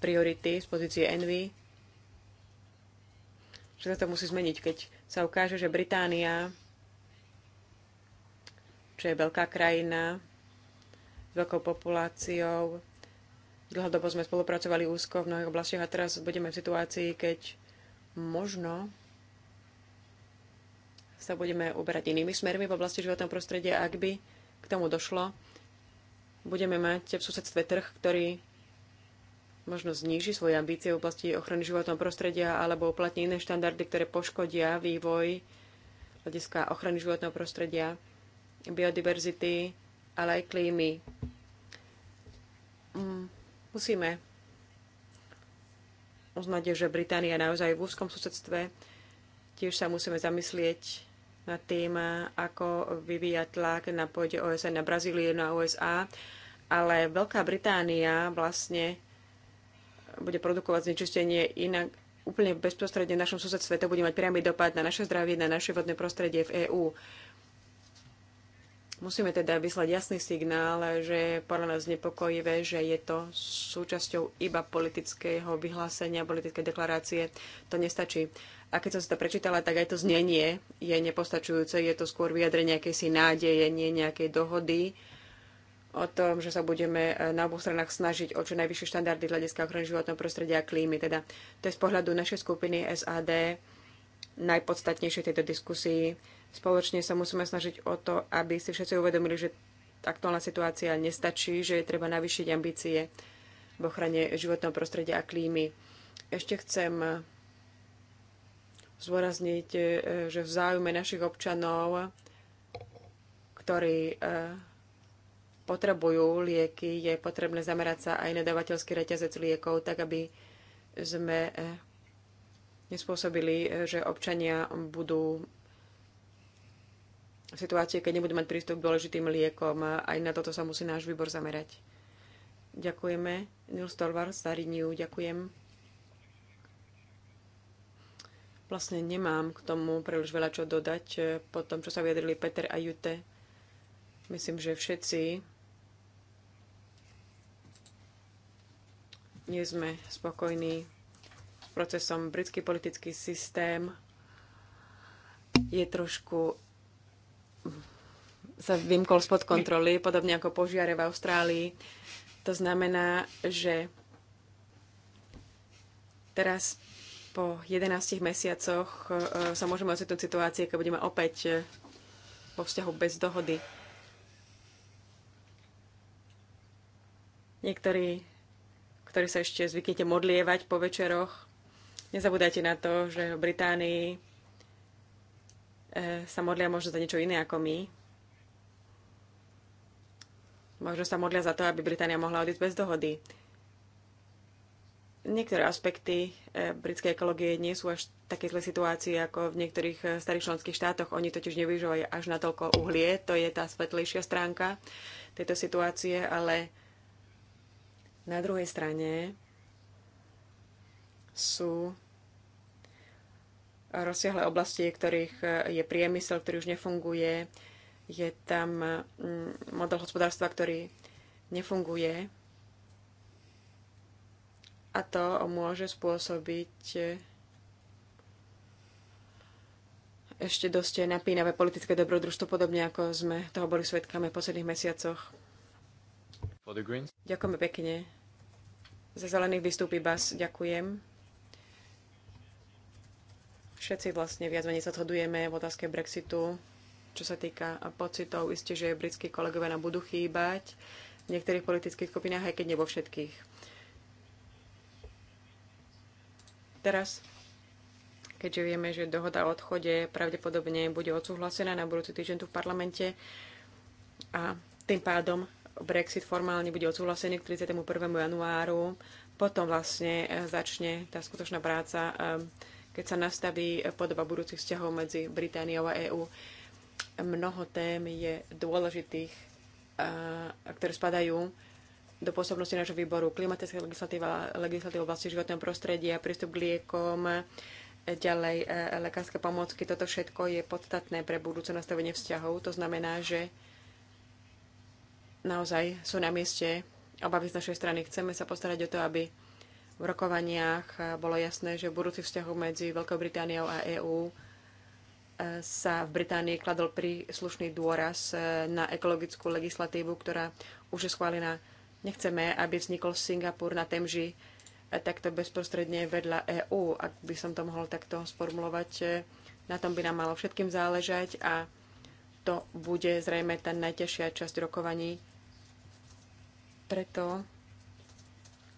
priority z pozície Envy, že sa to musí zmeniť, keď sa ukáže, že Británia čo je veľká krajina s veľkou populáciou. Dlhodobo sme spolupracovali úzko v mnohých oblastiach a teraz budeme v situácii, keď možno sa budeme uberať inými smermi v oblasti životného prostredia, ak by k tomu došlo. Budeme mať v susedstve trh, ktorý možno zníži svoje ambície v oblasti ochrany životného prostredia alebo uplatní iné štandardy, ktoré poškodia vývoj hľadiska ochrany životného prostredia biodiverzity, ale aj klímy. Mm, musíme uznať, že Británia je naozaj v úzkom susedstve. Tiež sa musíme zamyslieť nad tým, ako vyvíja tlak na pôde OSN na Brazíliu, na USA, ale Veľká Británia vlastne bude produkovať znečistenie inak úplne bezprostredne v našom susedstve. To bude mať priamy dopad na naše zdravie, na naše vodné prostredie v EÚ. Musíme teda vyslať jasný signál, že podľa nás nepokojivé, že je to súčasťou iba politického vyhlásenia, politické deklarácie. To nestačí. A keď som si to prečítala, tak aj to znenie je nepostačujúce. Je to skôr vyjadrenie si nádeje, nie nejakej dohody o tom, že sa budeme e, na oboch stranách snažiť o čo najvyššie štandardy hľadiska ochrany životného prostredia a klímy. Teda to je z pohľadu našej skupiny SAD najpodstatnejšie tejto diskusii. Spoločne sa musíme snažiť o to, aby si všetci uvedomili, že aktuálna situácia nestačí, že je treba navýšiť ambície v ochrane životného prostredia a klímy. Ešte chcem zvorazniť, e, že v záujme našich občanov, ktorí e, potrebujú lieky, je potrebné zamerať sa aj na dávateľský reťazec liekov, tak aby sme e, nespôsobili, že občania budú situácie, keď nebudú mať prístup k dôležitým liekom. Aj na toto sa musí náš výbor zamerať. Ďakujeme. Nils Torvar, starý New, ďakujem. Vlastne nemám k tomu príliš veľa čo dodať eh, po tom, čo sa vyjadrili Peter a Jute. Myslím, že všetci nie sme spokojní s procesom. Britský politický systém je trošku sa vymkol spod kontroly, podobne ako požiare v Austrálii. To znamená, že teraz po 11 mesiacoch e, sa môžeme ocitnúť situácie, keď budeme opäť e, vo vzťahu bez dohody. Niektorí, ktorí sa ešte zvyknete modlievať po večeroch, nezabúdajte na to, že v Británii e, sa modlia možno za niečo iné ako my. Možno sa modlia za to, aby Británia mohla odísť bez dohody. Niektoré aspekty eh, britskej ekológie nie sú až také zlej situácii ako v niektorých eh, starých členských štátoch. Oni totiž nevyžívajú až na toľko uhlie, to je tá svetlejšia stránka tejto situácie, ale na druhej strane sú rozsiahle oblasti, ktorých eh, je priemysel, ktorý už nefunguje, je tam mm, model hospodárstva, ktorý nefunguje a to môže spôsobiť e, ešte dosť napínavé politické dobrodružstvo, podobne ako sme toho boli svetkami v posledných mesiacoch. Ďakujeme pekne. Za zelených vystúpi Bas. Ďakujem. Všetci vlastne viac menej sa zhodujeme v otázke Brexitu čo sa týka pocitov. Isté, že britskí kolegovia nám budú chýbať v niektorých politických skupinách, aj keď nebo vo všetkých. Teraz, keďže vieme, že dohoda o odchode pravdepodobne bude odsúhlasená na budúci týždeň tu v parlamente a tým pádom Brexit formálne bude odsúhlasený k 31. januáru, potom vlastne e, začne tá skutočná práca, e, keď sa nastaví podoba budúcich vzťahov medzi Britániou a EÚ mnoho tém je dôležitých, ktoré spadajú do pôsobnosti nášho výboru. Klimatická legislatíva, legislatíva oblasti životného prostredia, prístup k liekom, ďalej e, lekárske pomôcky, toto všetko je podstatné pre budúce nastavenie vzťahov. To znamená, že naozaj sú na mieste obavy z našej strany. Chceme sa postarať o to, aby v rokovaniach bolo jasné, že budúci vzťahu medzi Veľkou Britániou a EÚ sa v Británii kladol príslušný dôraz eh, na ekologickú legislatívu, ktorá už je schválená. Nechceme, aby vznikol Singapur na Temži eh, takto bezprostredne vedľa EÚ, ak by som to mohol takto sformulovať. Eh, na tom by nám malo všetkým záležať a to bude zrejme tá najťažšia časť rokovaní. Preto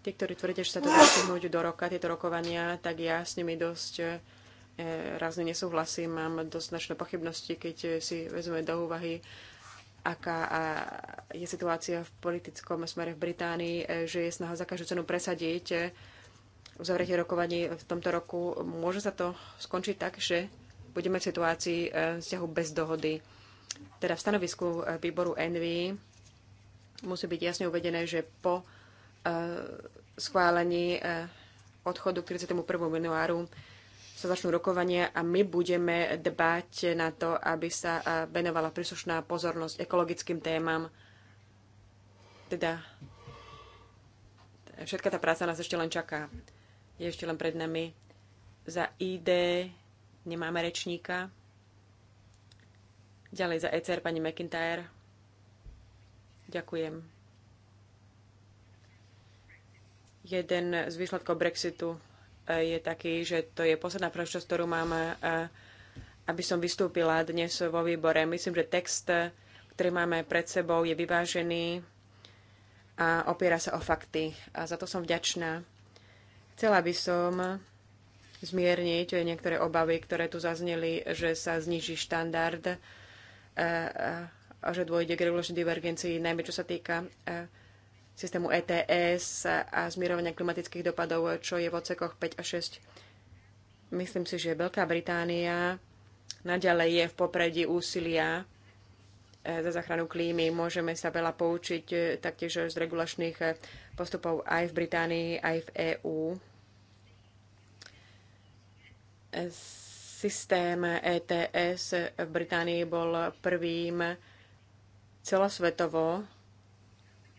tí, ktorí tvrdia, že sa to dá do roka, tieto rokovania, tak ja s nimi dosť rázne nesúhlasím, mám dosť značné pochybnosti, keď si vezme do úvahy, aká je situácia v politickom smere v Británii, e, že je snaha za každú cenu presadiť e, uzavretie rokovaní v tomto roku. Môže sa to skončiť tak, že budeme v situácii e, vzťahu bez dohody. Teda v stanovisku výboru Envy musí byť jasne uvedené, že po schválení odchodu k 31. januáru sa začnú rokovania a my budeme dbať na to, aby sa venovala príslušná pozornosť ekologickým témam. Teda všetka tá práca nás ešte len čaká. Je ešte len pred nami. Za ID nemáme rečníka. Ďalej za ECR pani McIntyre. Ďakujem. Jeden z výsledkov Brexitu je taký, že to je posledná príležitosť, ktorú mám, e, aby som vystúpila dnes vo výbore. Myslím, že text, e, ktorý máme pred sebou, je vyvážený a opiera sa o fakty. A za to som vďačná. Chcela by som zmierniť niektoré obavy, ktoré tu zazneli, že sa zniží štandard e, a že dôjde k regulačnej divergencii, najmä čo sa týka systému ETS a zmierovania klimatických dopadov, čo je v ocekoch 5 a 6. Myslím si, že Veľká Británia naďalej je v popredí úsilia e, za záchranu klímy. Môžeme sa veľa poučiť e, taktiež z regulačných e, postupov aj v Británii, aj v EÚ. Systém ETS v Británii bol prvým celosvetovo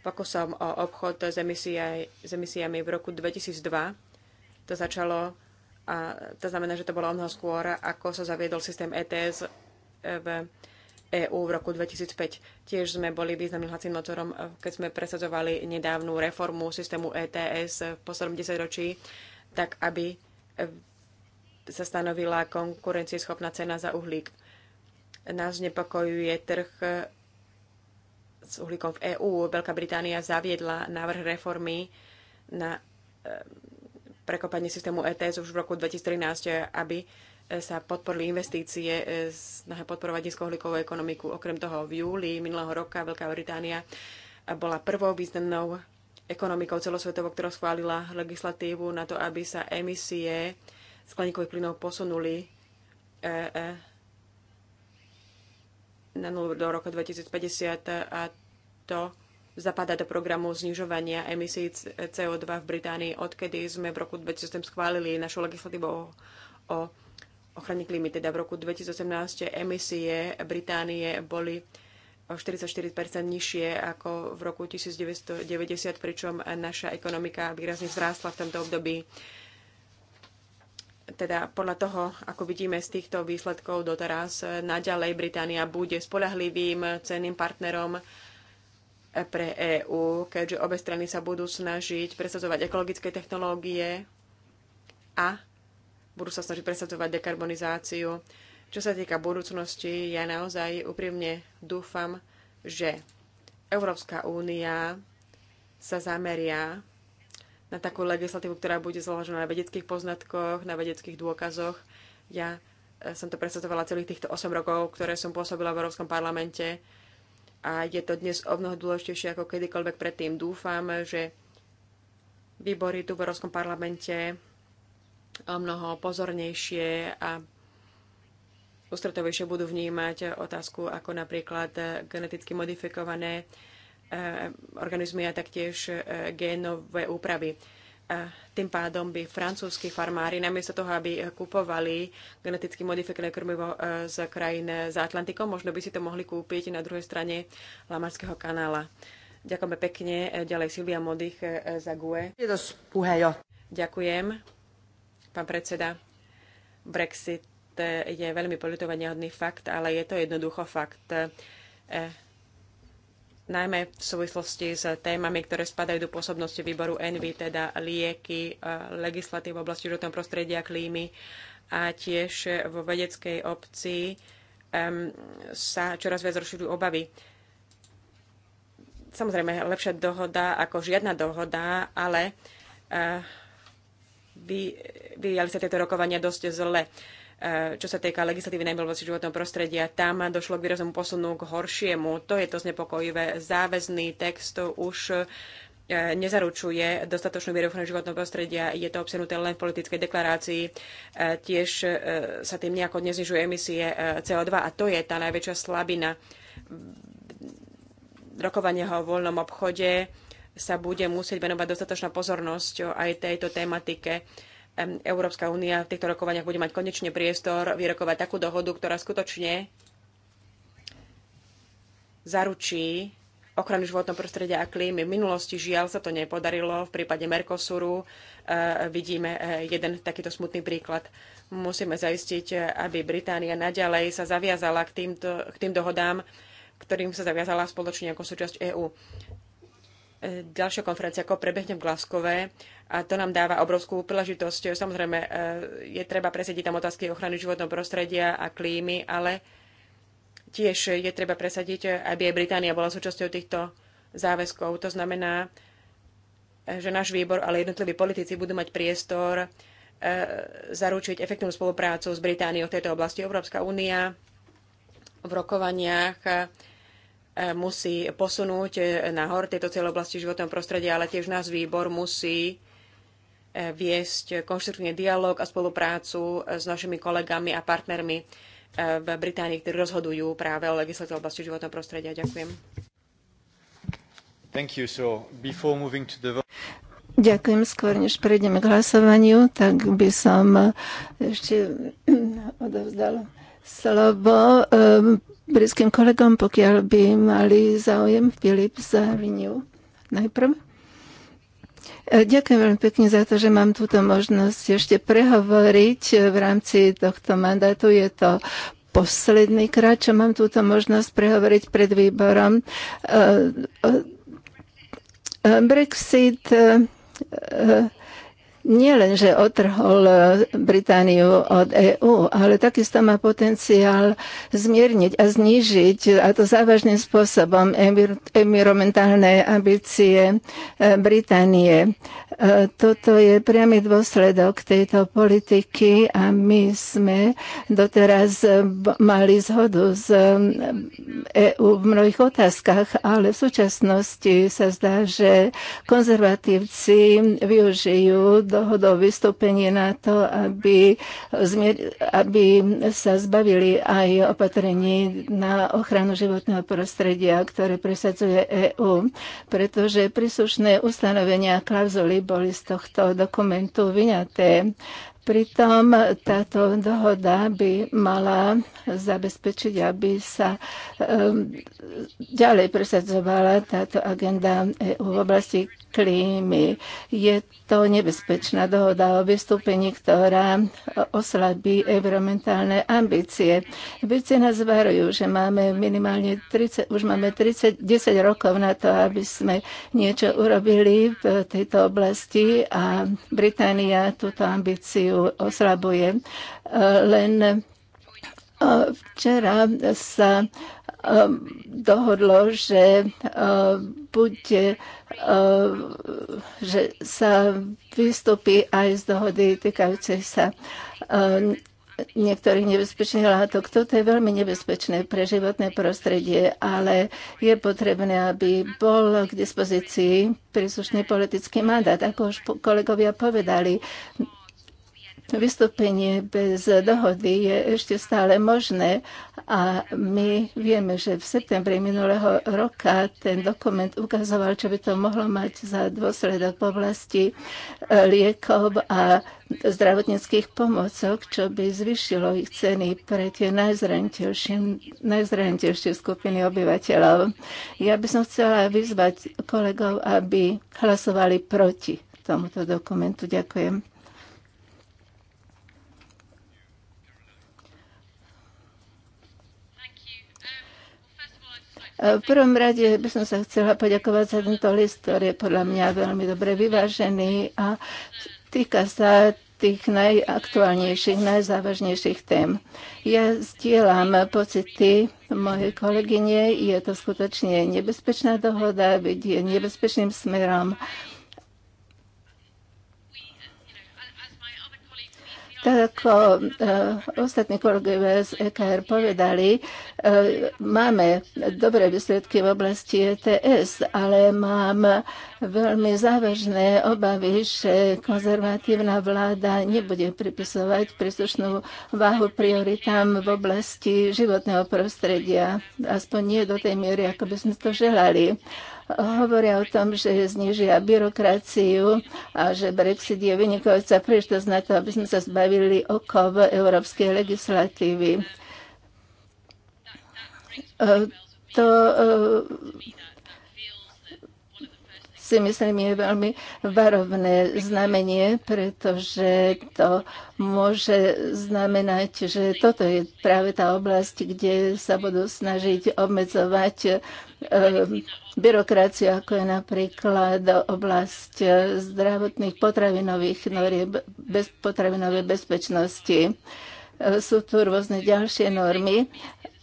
pokusom o obchod s, emisia, s emisiami v roku 2002. To začalo, a to znamená, že to bolo mnoho skôr, ako sa zaviedol systém ETS e, v EÚ v roku 2005. Tiež sme boli významným hlacím motorom, e, keď sme presadzovali nedávnu reformu systému ETS v poslednom ročí, tak aby e, sa stanovila konkurencieschopná cena za uhlík. Nás nepokojuje trh s uhlíkom v EÚ. Veľká Británia zaviedla návrh reformy na e, prekopanie systému ETS už v roku 2013, aby e, sa podporili investície e, snahe podporovať nízkohlikovú ekonomiku. Okrem toho v júli minulého roka Veľká Británia bola prvou významnou ekonomikou celosvetovo, ktorá schválila legislatívu na to, aby sa emisie skleníkových plynov posunuli na nulu do roku 2050 a to zapadá do programu znižovania emisí CO2 v Británii, odkedy sme v roku 2008 schválili našu legislatívu o, o ochrane klímy. Teda v roku 2018 emisie Británie boli o 44 nižšie ako v roku 1990, pričom naša ekonomika výrazne vzrástla v tomto období teda podľa toho, ako vidíme z týchto výsledkov doteraz, naďalej Británia bude spolahlivým cenným partnerom pre EÚ, keďže obe strany sa budú snažiť presadzovať ekologické technológie a budú sa snažiť presadzovať dekarbonizáciu. Čo sa týka budúcnosti, ja naozaj úprimne dúfam, že Európska únia sa zameria na takú legislatívu, ktorá bude založená na vedeckých poznatkoch, na vedeckých dôkazoch. Ja e, som to predstavovala celých týchto 8 rokov, ktoré som pôsobila v Európskom parlamente a je to dnes o mnoho dôležitejšie ako kedykoľvek predtým. Dúfam, že výbory tu v Európskom parlamente o mnoho pozornejšie a ústretovejšie budú vnímať otázku ako napríklad geneticky modifikované Eh, organizmy a taktiež eh, génové úpravy. tým pádom by francúzskí farmári, namiesto toho, aby eh, kupovali geneticky modifikované krmivo z krajín za Atlantikom, možno by si to mohli kúpiť na druhej strane Lamarského kanála. Ďakujeme pekne. Ďalej Silvia Modých za GUE. Ďakujem. Pán predseda, Brexit je veľmi politovaniahodný fakt, ale je to jednoducho fakt najmä v súvislosti s témami, ktoré spadajú do pôsobnosti výboru ENVY, teda lieky, e, legislatív v oblasti životného prostredia, klímy a tiež vo vedeckej obci um, sa čoraz viac rozširujú obavy. Samozrejme, lepšia dohoda ako žiadna dohoda, ale uh, e, vyvíjali sa tieto rokovania dosť zle. Uh, Eh, čo sa týka legislatívy najmä životného prostredia, tam došlo k výraznému posunu k horšiemu. To je to znepokojivé. Záväzný text už eh, nezaručuje dostatočnú mieru ochrany životného prostredia. Je to obsenuté len v politickej deklarácii. Eh, tiež sa tým nejako neznižujú emisie CO2 a to je tá najväčšia slabina rokovania o voľnom obchode sa bude musieť venovať dostatočná pozornosť aj tejto tematike Európska únia v týchto rokovaniach bude mať konečne priestor vyrokovať takú dohodu, ktorá skutočne zaručí ochranu životného prostredia a klímy. V minulosti žiaľ sa to nepodarilo. V prípade Mercosuru eh, vidíme eh, jeden takýto smutný príklad. Musíme zaistiť, aby Británia naďalej sa zaviazala k, týmto, k tým dohodám, ktorým sa zaviazala spoločne ako súčasť EÚ ďalšia konferencia, ako prebehne v Glaskove, a to nám dáva obrovskú príležitosť. Samozrejme, e, je treba presediť tam otázky ochrany životného prostredia a klímy, ale tiež je treba presadiť, aby aj Británia bola súčasťou týchto záväzkov. To znamená, že náš výbor, ale jednotliví politici budú mať priestor e, zaručiť efektívnu spoluprácu s Britániou v tejto oblasti. Európska únia v rokovaniach musí posunúť e, nahor tieto cieľe oblasti životného prostredia, ale tiež nás výbor musí e, viesť konštruktívny dialog a spoluprácu e, s našimi kolegami a partnermi v Británii, ktorí rozhodujú práve o legislatíve oblasti životného prostredia. Ďakujem. Thank you. So before moving to the Ďakujem. Skôr než prejdeme k hlasovaniu, tak by som ešte odovzdala slovo britským kolegom, pokiaľ by mali záujem Filip za Renew. Najprv. E, ďakujem veľmi pekne za to, že mám túto možnosť ešte prehovoriť v rámci tohto mandátu. Je to posledný krát, čo mám túto možnosť prehovoriť pred výborom. E, e, Brexit nielenže že otrhol e, Britániu od EÚ, ale takisto má potenciál zmierniť a znížiť, a to závažným spôsobom, environmentálne ambície e, Británie. E, toto je priamy dôsledok tejto politiky a my sme doteraz mali zhodu z EÚ v mnohých otázkach, ale v súčasnosti sa zdá, že konzervatívci využijú dohodou vystúpenie na to, aby, aby sa zbavili aj opatrení na ochranu životného prostredia, ktoré presadzuje EÚ, pretože príslušné ustanovenia a klauzuly boli z tohto dokumentu vyňaté. Pritom táto dohoda by mala zabezpečiť, aby sa um, ďalej presadzovala táto agenda EU v oblasti klímy. Je to nebezpečná dohoda o vystúpení, ktorá oslabí environmentálne ambície. Vedci nás varujú, že máme minimálne 30, už máme 30, 10 rokov na to, aby sme niečo urobili v tejto oblasti a Británia túto ambíciu oslabuje. Len Včera sa um, dohodlo, že um, bude, um, že sa vystúpi aj z dohody týkajúcej sa niektorých nebezpečných látok. Toto je veľmi nebezpečné pre životné prostredie, ale je potrebné, aby bol k dispozícii príslušný politický mandát. Ako už kolegovia povedali, Vystúpenie bez dohody je ešte stále možné a my vieme, že v septembri minulého roka ten dokument ukazoval, čo by to mohlo mať za dôsledok v oblasti e, liekov a zdravotníckých pomocok, čo by zvyšilo ich ceny pre tie najzraniteľšie skupiny obyvateľov. Ja by som chcela vyzvať kolegov, aby hlasovali proti tomuto dokumentu. Ďakujem. E, v prvom rade by som sa chcela poďakovať za tento list, ktorý je podľa mňa veľmi dobre vyvážený a týka sa tých najaktuálnejších, najzávažnejších tém. Ja zdieľam pocity mojej kolegyne, je to skutočne nebezpečná dohoda, vedie nebezpečným smerom. Tak ako eh, eh, ostatní kolegovia z EKR povedali, eh, máme dobré výsledky v oblasti ETS, ale mám veľmi závažné obavy, že konzervatívna vláda nebude pripisovať príslušnú váhu prioritám v oblasti životného prostredia. Aspoň nie do tej miery, ako by sme to želali. Hovoria o tom, že znižia byrokraciu a že Brexit je vynikajúca príležitosť na to, aby sme sa zbavili okov európskej legislatívy. E, to e, si myslím je veľmi varovné znamenie, pretože to môže znamenať, že toto je práve tá oblasť, kde sa budú snažiť obmedzovať eh, byrokraciu, ako je napríklad oblasť zdravotných potravinových norieb, bez, potravinové bezpečnosti. Eh, sú tu rôzne ďalšie normy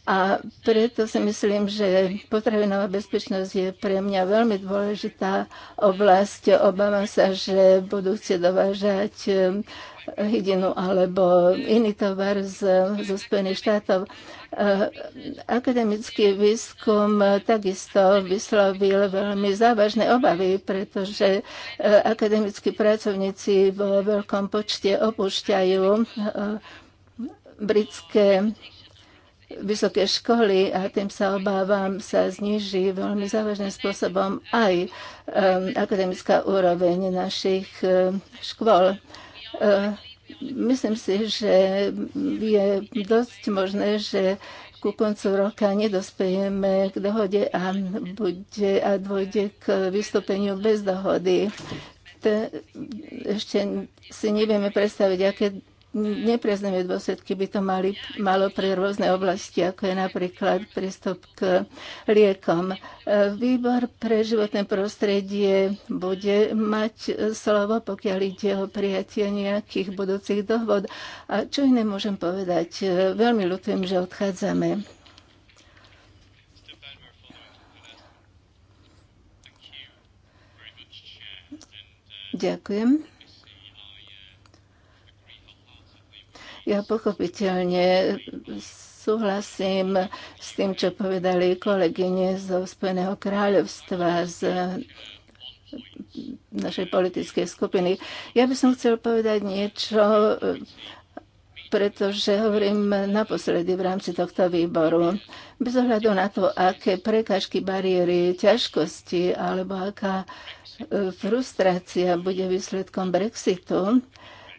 a preto si myslím, že potravinová bezpečnosť je pre mňa veľmi dôležitá oblasť. Obávam sa, že budú chcieť dovážať um, hydinu alebo iný tovar z, zo Spojených štátov. Uh, akademický výskum takisto vyslovil veľmi závažné obavy, pretože uh, akademickí pracovníci vo veľkom počte opúšťajú uh, britské vysoké školy a tým sa obávam sa zniží veľmi závažným spôsobom aj um, akademická úroveň našich um, škôl. Uh, myslím si, že je dosť možné, že ku koncu roka nedospejeme k dohode a, bude, a dôjde k vystúpeniu bez dohody. Te, ešte si nevieme predstaviť, aké nepriaznevé dôsledky by to mali, malo pre rôzne oblasti, ako je napríklad prístup k liekom. E, Výbor pre životné prostredie bude mať slovo, pokiaľ ide o prijatie nejakých budúcich dohod. A čo iné môžem povedať? E, Veľmi ľutujem, že odchádzame. Ďakujem. Ja pochopiteľne súhlasím s tým, čo povedali kolegyne zo Spojeného kráľovstva, z našej politickej skupiny. Ja by som chcel povedať niečo, pretože hovorím naposledy v rámci tohto výboru. Bez ohľadu na to, aké prekážky bariéry, ťažkosti alebo aká e, frustrácia bude výsledkom Brexitu,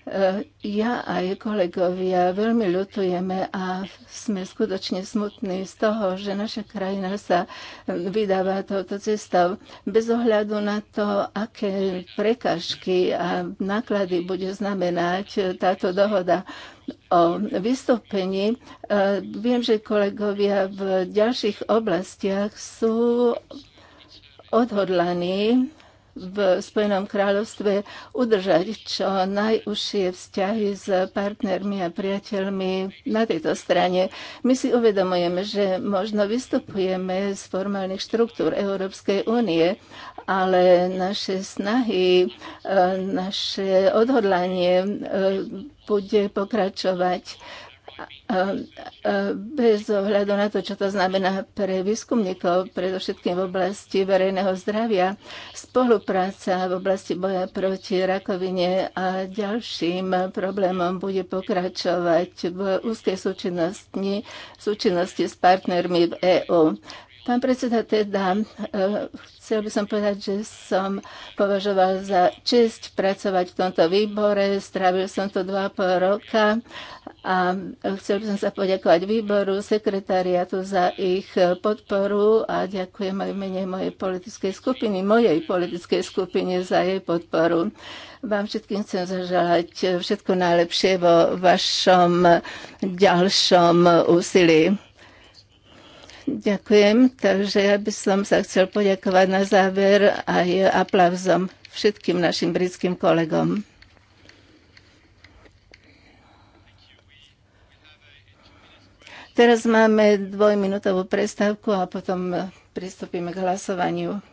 E, ja aj kolegovia veľmi ľutujeme a sme skutočne smutní z toho, že naša krajina sa vydáva touto cestou. Bez ohľadu na to, aké prekažky a náklady bude znamenať táto dohoda o vystúpení. E, viem, že kolegovia v ďalších oblastiach sú odhodlaní v Spojenom kráľovstve udržať čo najúžšie vzťahy s partnermi a priateľmi na tejto strane. My si uvedomujeme, že možno vystupujeme z formálnych štruktúr Európskej únie, ale naše snahy, e, naše odhodlanie e, bude pokračovať bez ohľadu na to, čo to znamená pre výskumníkov, predovšetkým v oblasti verejného zdravia, spolupráca v oblasti boja proti rakovine a ďalším problémom bude pokračovať v úzkej súčinnosti, súčinnosti s partnermi v EÚ. Pán predseda, teda eh, chcel by som povedať, že som považoval za čest pracovať v tomto výbore. Strávil som to dva pol roka a chcel by som sa poďakovať výboru, sekretariatu za ich podporu a ďakujem aj mene mojej politickej skupiny, mojej politickej skupine za jej podporu. Vám všetkým chcem zaželať všetko najlepšie vo vašom ďalšom úsilí. Ďakujem, takže ja by som sa chcel poďakovať na záver aj aplauzom všetkým našim britským kolegom. Teraz máme dvojminútovú prestávku a potom pristúpime k hlasovaniu.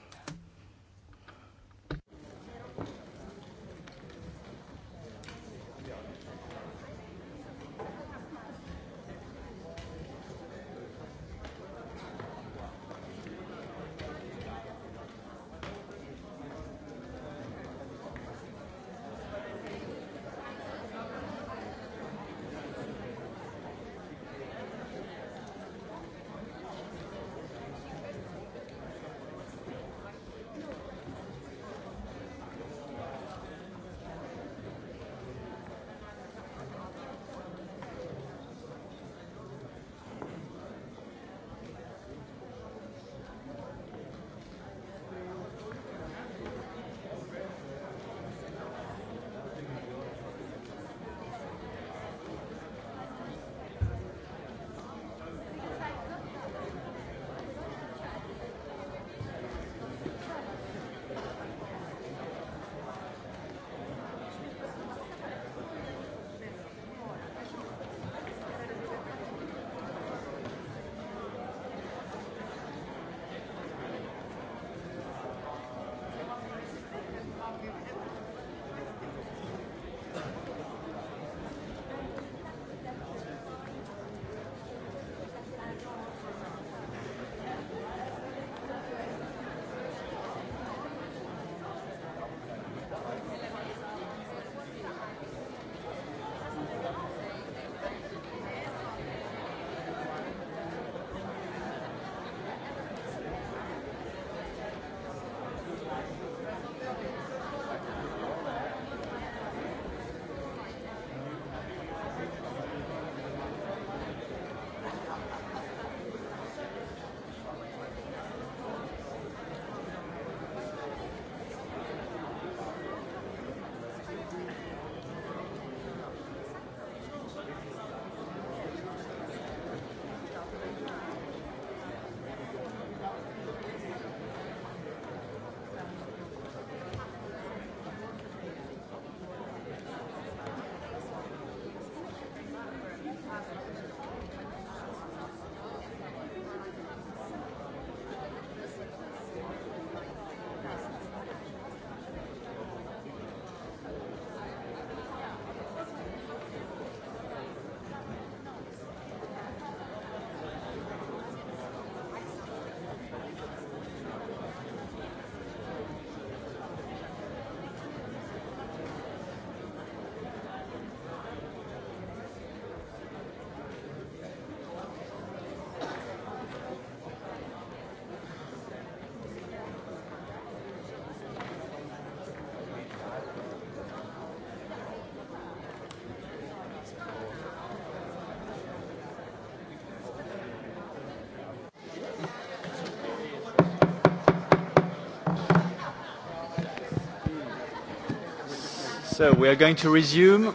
So we are going to resume.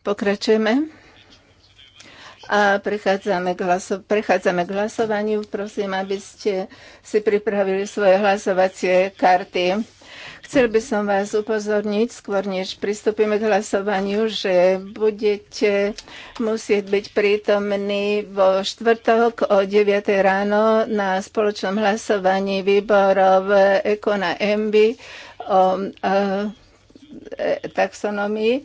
Pokračujeme. A prechádzame k, hlaso- prechádzame k hlasovaniu. Prosím, aby ste si pripravili svoje hlasovacie karty. Chcel by som vás upozorniť, skôr než pristúpime k hlasovaniu, že budete musieť byť prítomní vo štvrtok o 9. ráno na spoločnom hlasovaní výborov Ekona MB o, o E, taxonomii, e,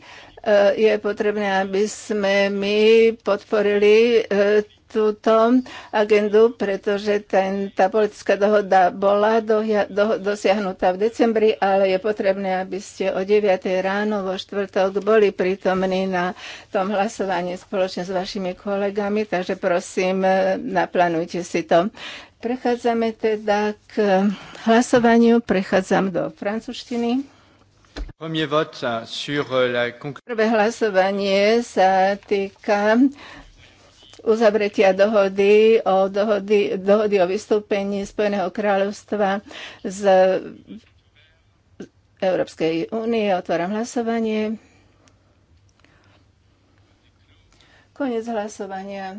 je potrebné, aby sme my podporili e, túto agendu, pretože ten, tá politická dohoda bola do, do, dosiahnutá v decembri, ale je potrebné, aby ste o 9. ráno vo štvrtok boli prítomní na tom hlasovaní spoločne s vašimi kolegami, takže prosím, naplánujte si to. Prechádzame teda k hlasovaniu, prechádzam do francúzštiny. Euh, euh, Prvé hlasovanie sa týka uzavretia dohody o, dohody, dohody o vystúpení Spojeného kráľovstva z Európskej únie. Otváram hlasovanie. Konec hlasovania.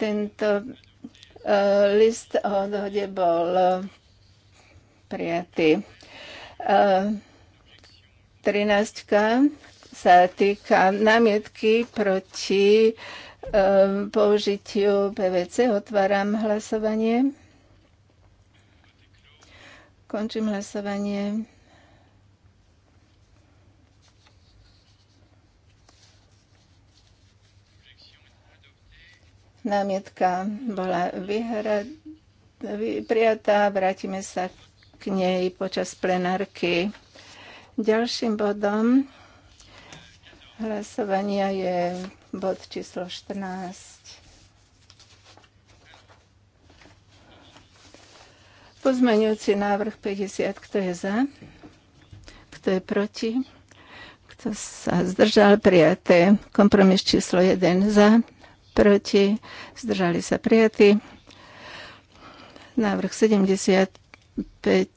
Tento eh, list o dohode bol prijatý. E, trináctka sa týka námietky proti e, použitiu PVC. Otváram hlasovanie. Končím hlasovanie. Námietka bola vyhra, vy, prijatá. Vrátime sa k nej počas plenárky. Ďalším bodom hlasovania je bod číslo 14. Pozmeňujúci návrh 50. Kto je za? Kto je proti? Kto sa zdržal? Prijaté. Kompromis číslo 1 za. Proti. Zdržali sa prijatí. Návrh 70. 5,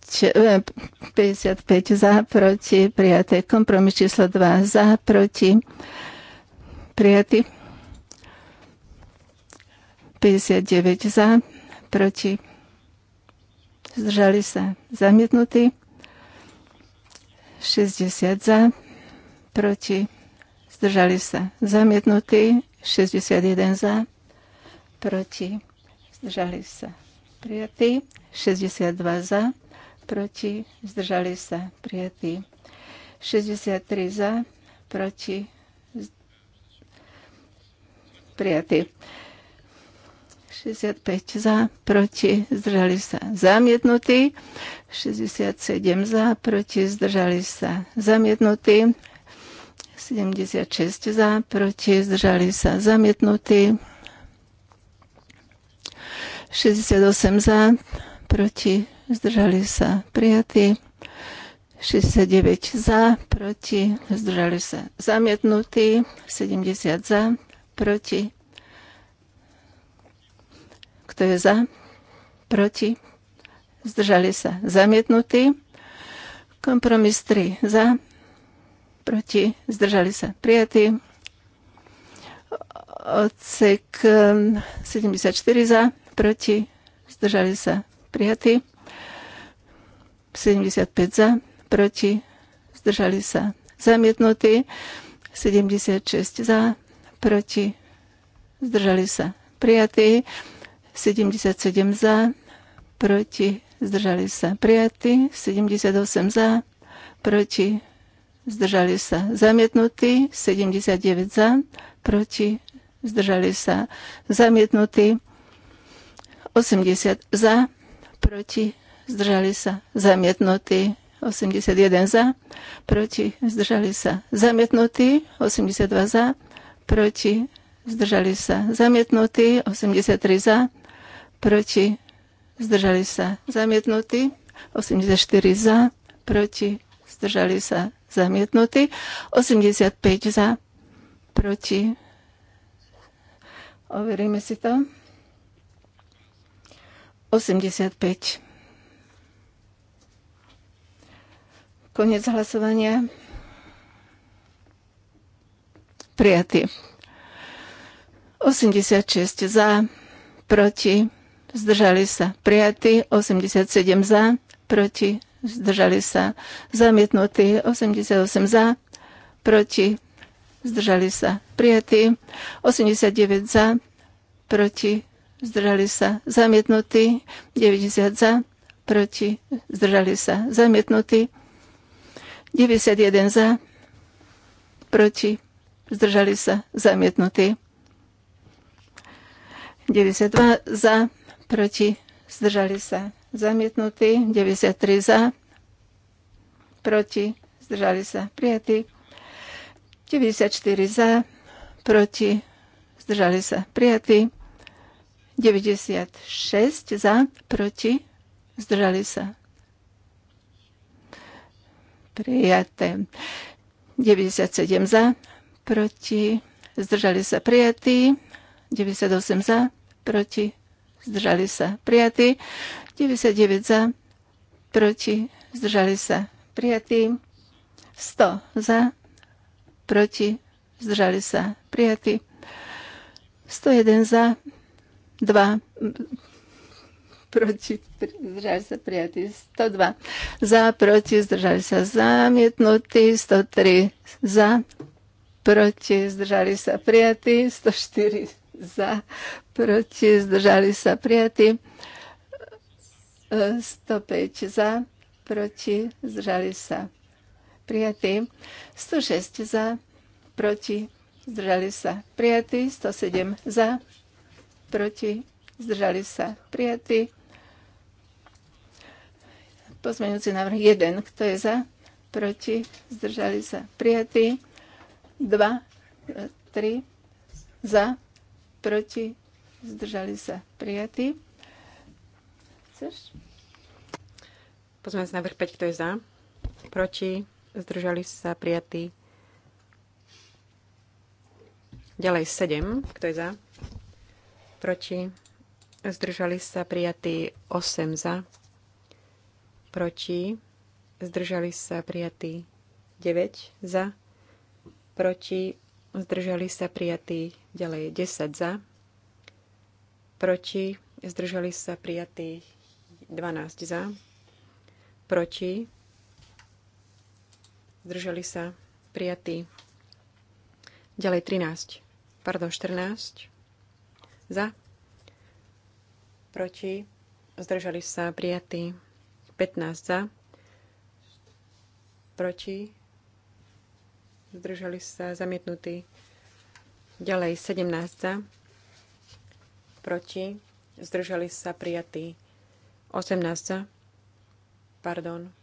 55 eh, za, proti, prijaté. Kompromis číslo 2 za, proti, prijatý. 59 za, proti, zdržali sa, zamietnutí. 60 za, proti, zdržali sa, zamietnutí. 61 za, proti, zdržali sa, prijatí. 62 za, proti, zdržali sa, prijatí. 63 za, proti, prijatí. 65 za, proti, zdržali sa, zamietnutí. 67 za, proti, zdržali sa, zamietnutí. 76 za, proti, zdržali sa, zamietnutí. 68 za, proti, zdržali sa prijatí. 69 za, proti, zdržali sa zamietnutí. 70 za, proti. Kto je za? Proti. Zdržali sa zamietnutí. Kompromis 3 za, proti, zdržali sa prijatí. Odsek 74 ehm, za, proti, zdržali sa prijatý. 75 za, proti, zdržali sa zamietnutí. 76 za, proti, zdržali sa prijatí. 77 za, proti, zdržali sa prijatí. 78 za, proti, zdržali sa zamietnutí. 79 za, proti, zdržali sa zamietnutí. 80 za, proti, zdržali sa, zamietnutí, 81 za, proti, zdržali sa, zamietnutí, 82 za, proti, zdržali sa, zamietnutí, 83 za, proti, zdržali sa, zamietnutí, 84 za, proti, zdržali sa, zamietnutí, 85 za, proti, overíme si to. 85. Konec hlasovania. Prijatý. 86 za, proti, zdržali sa. Prijatý. 87 za, proti, zdržali sa. Zamietnutý. 88 za, proti, zdržali sa. Prijatý. 89 za, proti, zdržali sa zamietnutí, 90 za, proti, zdržali sa zamietnutí, 91 za, proti, zdržali sa zamietnutí, 92 za, proti, zdržali sa zamietnutí, 93 za, proti, zdržali sa prijatí, 94 za, proti, zdržali sa prijatí, 96 za, proti, zdržali sa. Prijaté. 97 za, proti, zdržali sa prijatí. 98 za, proti, zdržali sa prijatí. 99 za, proti, zdržali sa prijatí. 100 za, proti, zdržali sa prijatí. 101 za, 2 proti, zdržali sa prijatí 102, za, proti, zdržali sa zamietnutí 103, za, proti, zdržali sa prijatí 104, za, proti, zdržali sa prijatí 105, za, proti, zdržali sa prijatí 106, za, proti, zdržali sa prijatí 107, za, proti, zdržali sa prijatí. Pozmeňujúci návrh 1, kto je za, proti, zdržali sa prijatí. 2, 3, e, za, proti, zdržali sa prijatí. Chceš? Pozmeňujúci návrh 5, kto je za, proti, zdržali sa prijatí. Ďalej 7, kto je za, proti, zdržali sa prijatí 8 za, proti, zdržali sa prijatí 9 za, proti, zdržali sa prijatí ďalej 10 za, proti, zdržali sa prijatí 12 za, proti, zdržali sa prijatí ďalej 13, pardon 14, za. Proti. Zdržali sa prijatí. 15 za. Proti. Zdržali sa zamietnutí. Ďalej 17 za. Proti. Zdržali sa prijatí. 18 za. Pardon.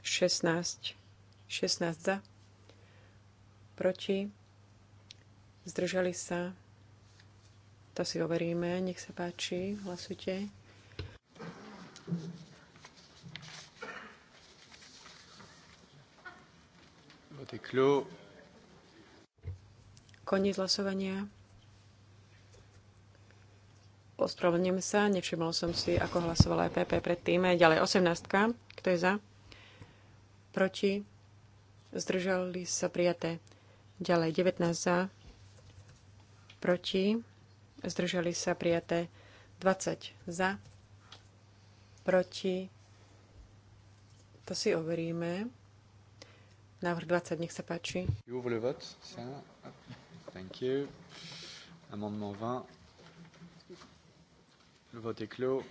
16. 16 za. Proti. Zdržali sa to si overíme. Nech sa páči, hlasujte. Koniec hlasovania. Ospravedlňujem sa, nevšimol som si, ako hlasovala aj e PP predtým. Ďalej 18. Kto je za? Proti? Zdržali sa prijaté. Ďalej 19 za. Proti? zdržali sa prijaté 20 za, proti, to si overíme. Návrh 20, nech sa páči. J'ouvre le vote. Ça. Thank you. Amendement 20. Le vote est clos.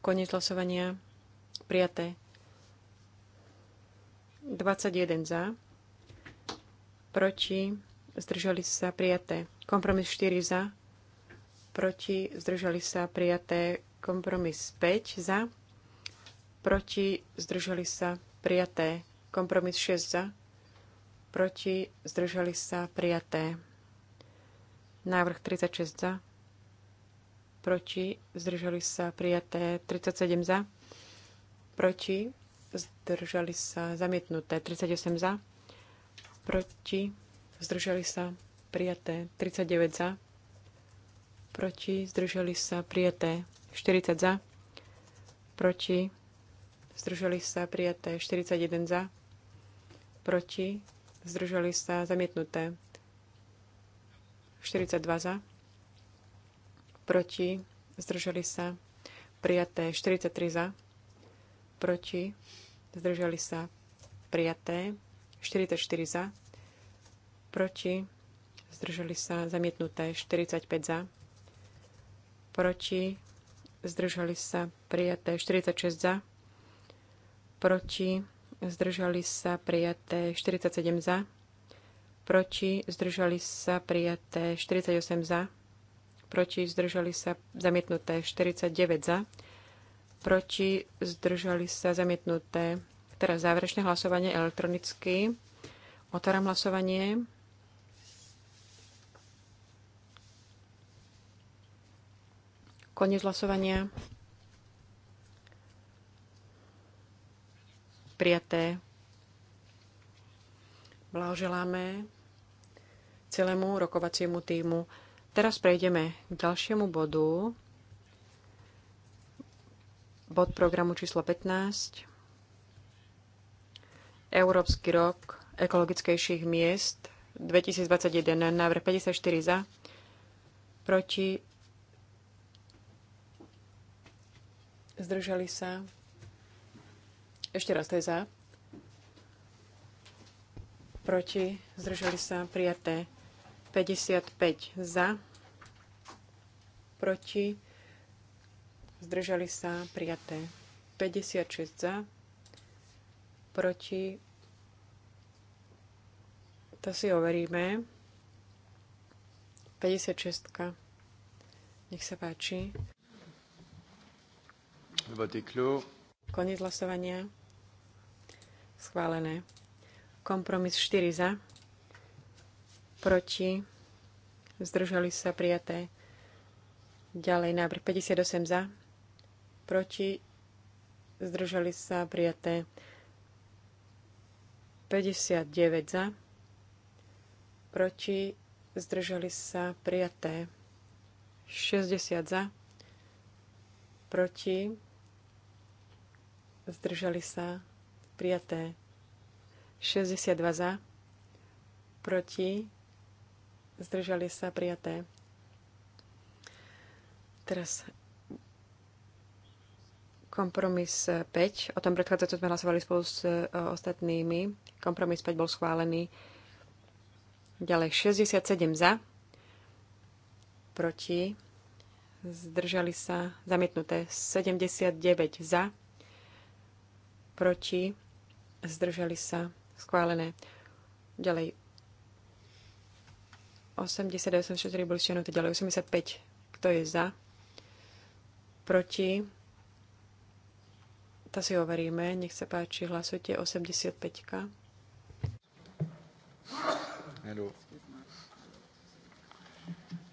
Koniec hlasovania. Prijaté. 21 za. Proti. Zdržali sa prijaté. Kompromis 4 za proti, zdržali sa prijaté kompromis 5 za, proti, zdržali sa prijaté kompromis 6 za, proti, zdržali sa prijaté návrh 36 za, proti, zdržali sa prijaté 37 za, proti, zdržali sa zamietnuté 38 za, proti, zdržali sa prijaté 39 za, proti, zdržali sa prijaté 40 za, proti, zdržali sa prijaté 41 za, proti, zdržali sa zamietnuté 42 za, proti, zdržali sa prijaté 43 za, proti, zdržali sa prijaté 44 za, proti, zdržali sa zamietnuté 45 za, proti, zdržali sa prijaté 46 za, proti, zdržali sa prijaté 47 za, proti, zdržali sa prijaté 48 za, proti, zdržali sa zamietnuté 49 za, proti, zdržali sa zamietnuté. Teraz záverečné hlasovanie elektronicky. Otváram hlasovanie. Koniec hlasovania. Prijaté. Blahoželáme celému rokovaciemu týmu. Teraz prejdeme k ďalšiemu bodu. Bod programu číslo 15. Európsky rok ekologickejších miest 2021. Návrh 54 za, proti Zdržali sa. Ešte raz, to je za. Proti. Zdržali sa. Prijaté. 55 za. Proti. Zdržali sa. Prijaté. 56 za. Proti. To si overíme. 56. Nech sa páči. Koniec hlasovania. Schválené. Kompromis 4 za. Proti. Zdržali sa prijaté. Ďalej návrh 58 za. Proti. Zdržali sa prijaté. 59 za. Proti. Zdržali sa prijaté. 60 za. Proti zdržali sa, prijaté. 62 za, proti, zdržali sa, prijaté. Teraz kompromis 5. O tom to sme hlasovali spolu s e, ostatnými. Kompromis 5 bol schválený. Ďalej 67 za, proti, zdržali sa, zamietnuté 79 za, proti, zdržali sa, schválené. Ďalej 80, 84 boli ďalej 85, kto je za, proti, to si overíme, nech sa páči, hlasujte 85. -ka. Hello.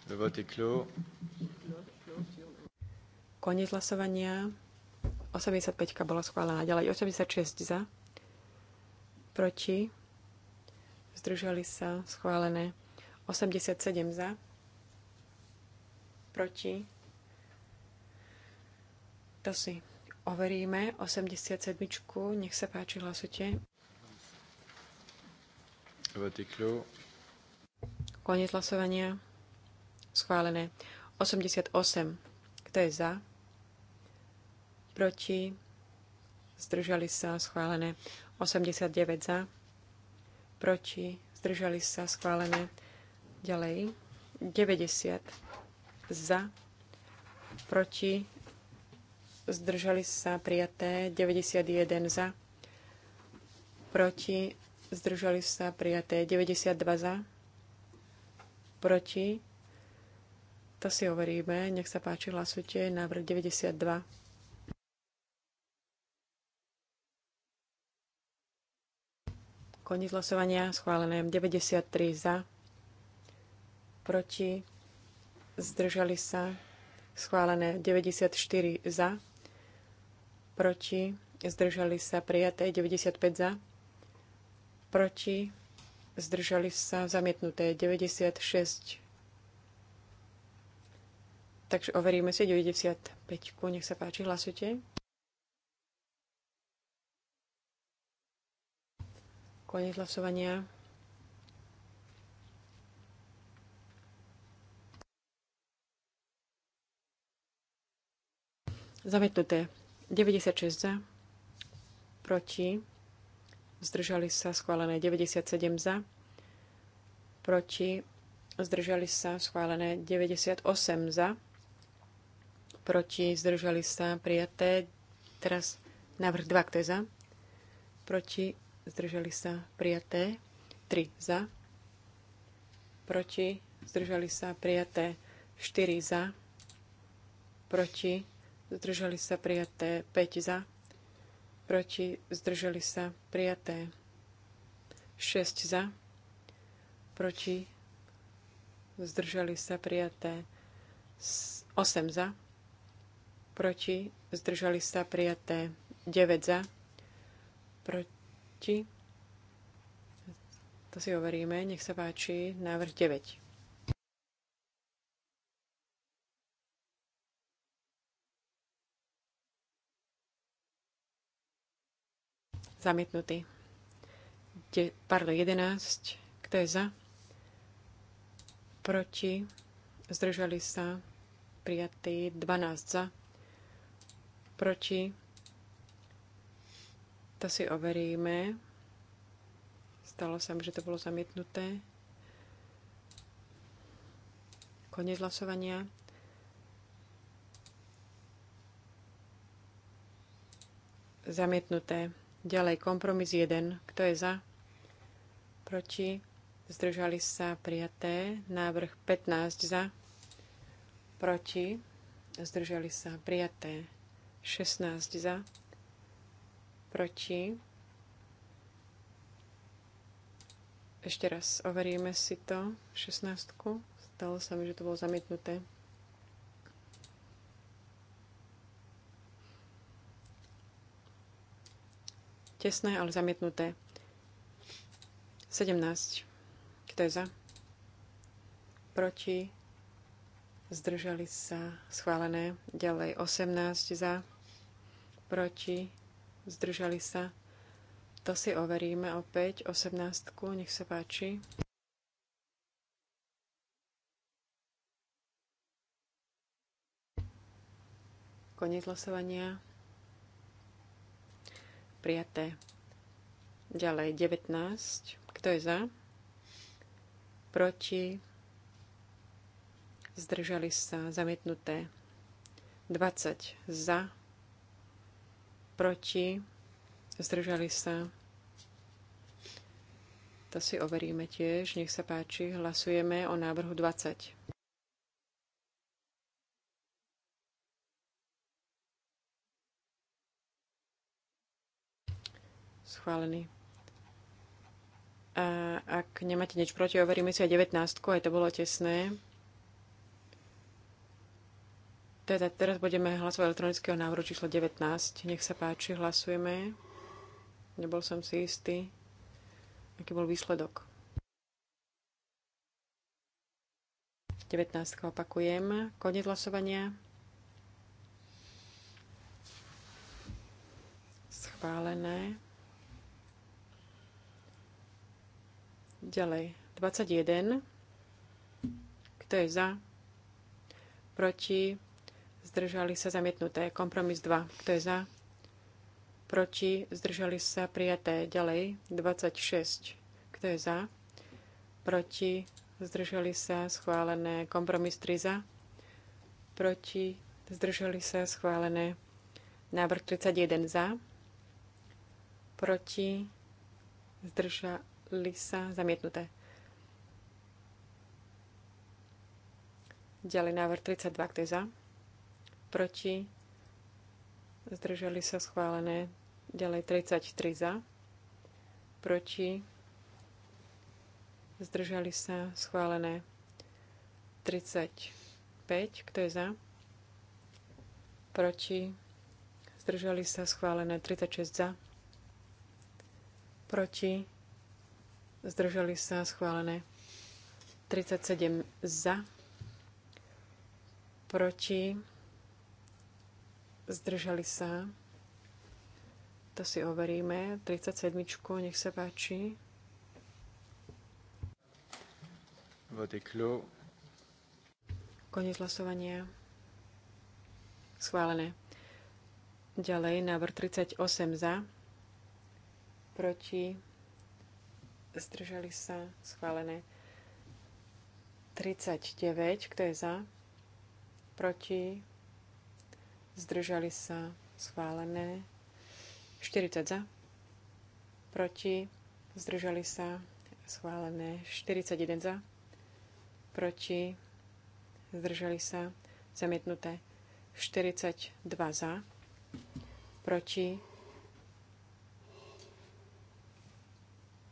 Le vote est clos. Koniec hlasovania. 85 bola schválená. Ďalej 86 za. Proti. Zdržali sa. Schválené. 87 za. Proti. To si overíme. 87. Nech sa páči, hlasujte. Koniec hlasovania. Schválené. 88. Kto je za? proti, zdržali sa schválené 89 za, proti, zdržali sa schválené ďalej 90 za, proti, zdržali sa prijaté 91 za, proti, zdržali sa prijaté 92 za, proti, to si overíme, nech sa páči, hlasujte, návrh 92. Koniec hlasovania schválené 93 za, proti, zdržali sa schválené 94 za, proti, zdržali sa prijaté 95 za, proti, zdržali sa zamietnuté 96. Takže overíme si 95. Nech sa páči, hlasujte. Koniec hlasovania. Zavetnuté 96 za. Proti. Zdržali sa schválené 97 za. Proti. Zdržali sa schválené 98 za. Proti. Zdržali sa prijaté. Teraz návrh 2, kto je za? Proti zdržali sa prijaté, 3 za, proti, zdržali sa prijaté, 4 za, proti, zdržali sa prijaté, 5 za, proti, zdržali sa prijaté, 6 za, proti, zdržali sa prijaté, 8 za, proti, zdržali sa prijaté, 9 za, proti, proti. To si overíme. Nech sa páči. Návrh 9. Zamietnutý. De, pardon, 11. Kto je za? Proti. Zdržali sa. Prijatý. 12 za. Proti to si overíme. Stalo sa mi, že to bolo zamietnuté. Koniec hlasovania. Zamietnuté. Ďalej kompromis 1. Kto je za? Proti? Zdržali sa prijaté. Návrh 15 za. Proti? Zdržali sa prijaté. 16 za proti. Ešte raz overíme si to, 16. Stalo sa mi, že to bolo zamietnuté. Tesné, ale zamietnuté. 17. Kto je za? Proti? Zdržali sa schválené. Ďalej 18 za. Proti? zdržali sa. To si overíme opäť, osemnáctku nech sa páči. Koniec hlasovania. Prijaté. Ďalej 19. Kto je za? Proti? Zdržali sa. Zamietnuté. 20 za, proti, zdržali sa. To si overíme tiež. Nech sa páči, hlasujeme o návrhu 20. Schválený. A ak nemáte nič proti, overíme si aj 19, aj to bolo tesné. Teda teraz budeme hlasovať elektronického návrhu číslo 19. Nech sa páči, hlasujeme. Nebol som si istý, aký bol výsledok. 19. opakujem. Konec hlasovania. Schválené. Ďalej. 21. Kto je za? Proti? zdržali sa zamietnuté. Kompromis 2, kto je za? Proti, zdržali sa prijaté. Ďalej, 26, kto je za? Proti, zdržali sa schválené. Kompromis 3 za? Proti, zdržali sa schválené. Návrh 31 za? Proti, zdržali sa zamietnuté. Ďalej návrh 32, kto je za? proti, zdržali sa schválené, ďalej 33 za, proti, zdržali sa schválené 35, kto je za, proti, zdržali sa schválené 36 za, proti, zdržali sa schválené 37 za, proti, zdržali sa. To si overíme. 37. Nech sa páči. Vote clos. hlasovania. Schválené. Ďalej návrh 38 za. Proti. Zdržali sa. Schválené. 39. Kto je za? Proti zdržali sa schválené. 40 za, proti, zdržali sa schválené. 41 za, proti, zdržali sa zamietnuté. 42 za, proti,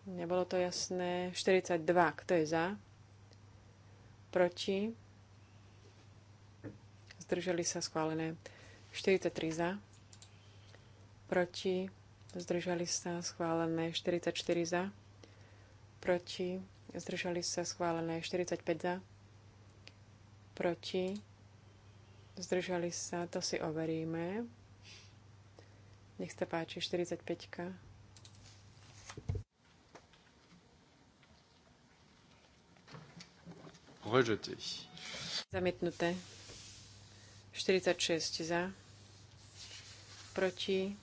nebolo to jasné, 42, kto je za, proti, zdržali sa schválené. 43 za, proti, zdržali sa schválené 44 za, proti, zdržali sa schválené 45 za, proti, zdržali sa, to si overíme. Nech sa páči 45. -ka. Zamietnuté. 46 za proti,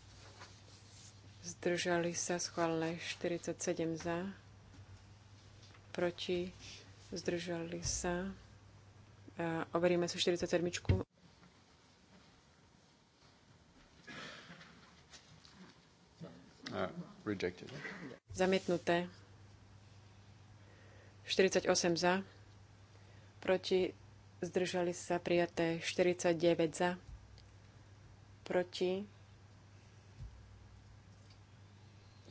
zdržali sa schválené 47 za, proti, zdržali sa. uh, overíme sa 47. rejected. Zamietnuté. 48 za. Proti zdržali sa prijaté 49 za. Proti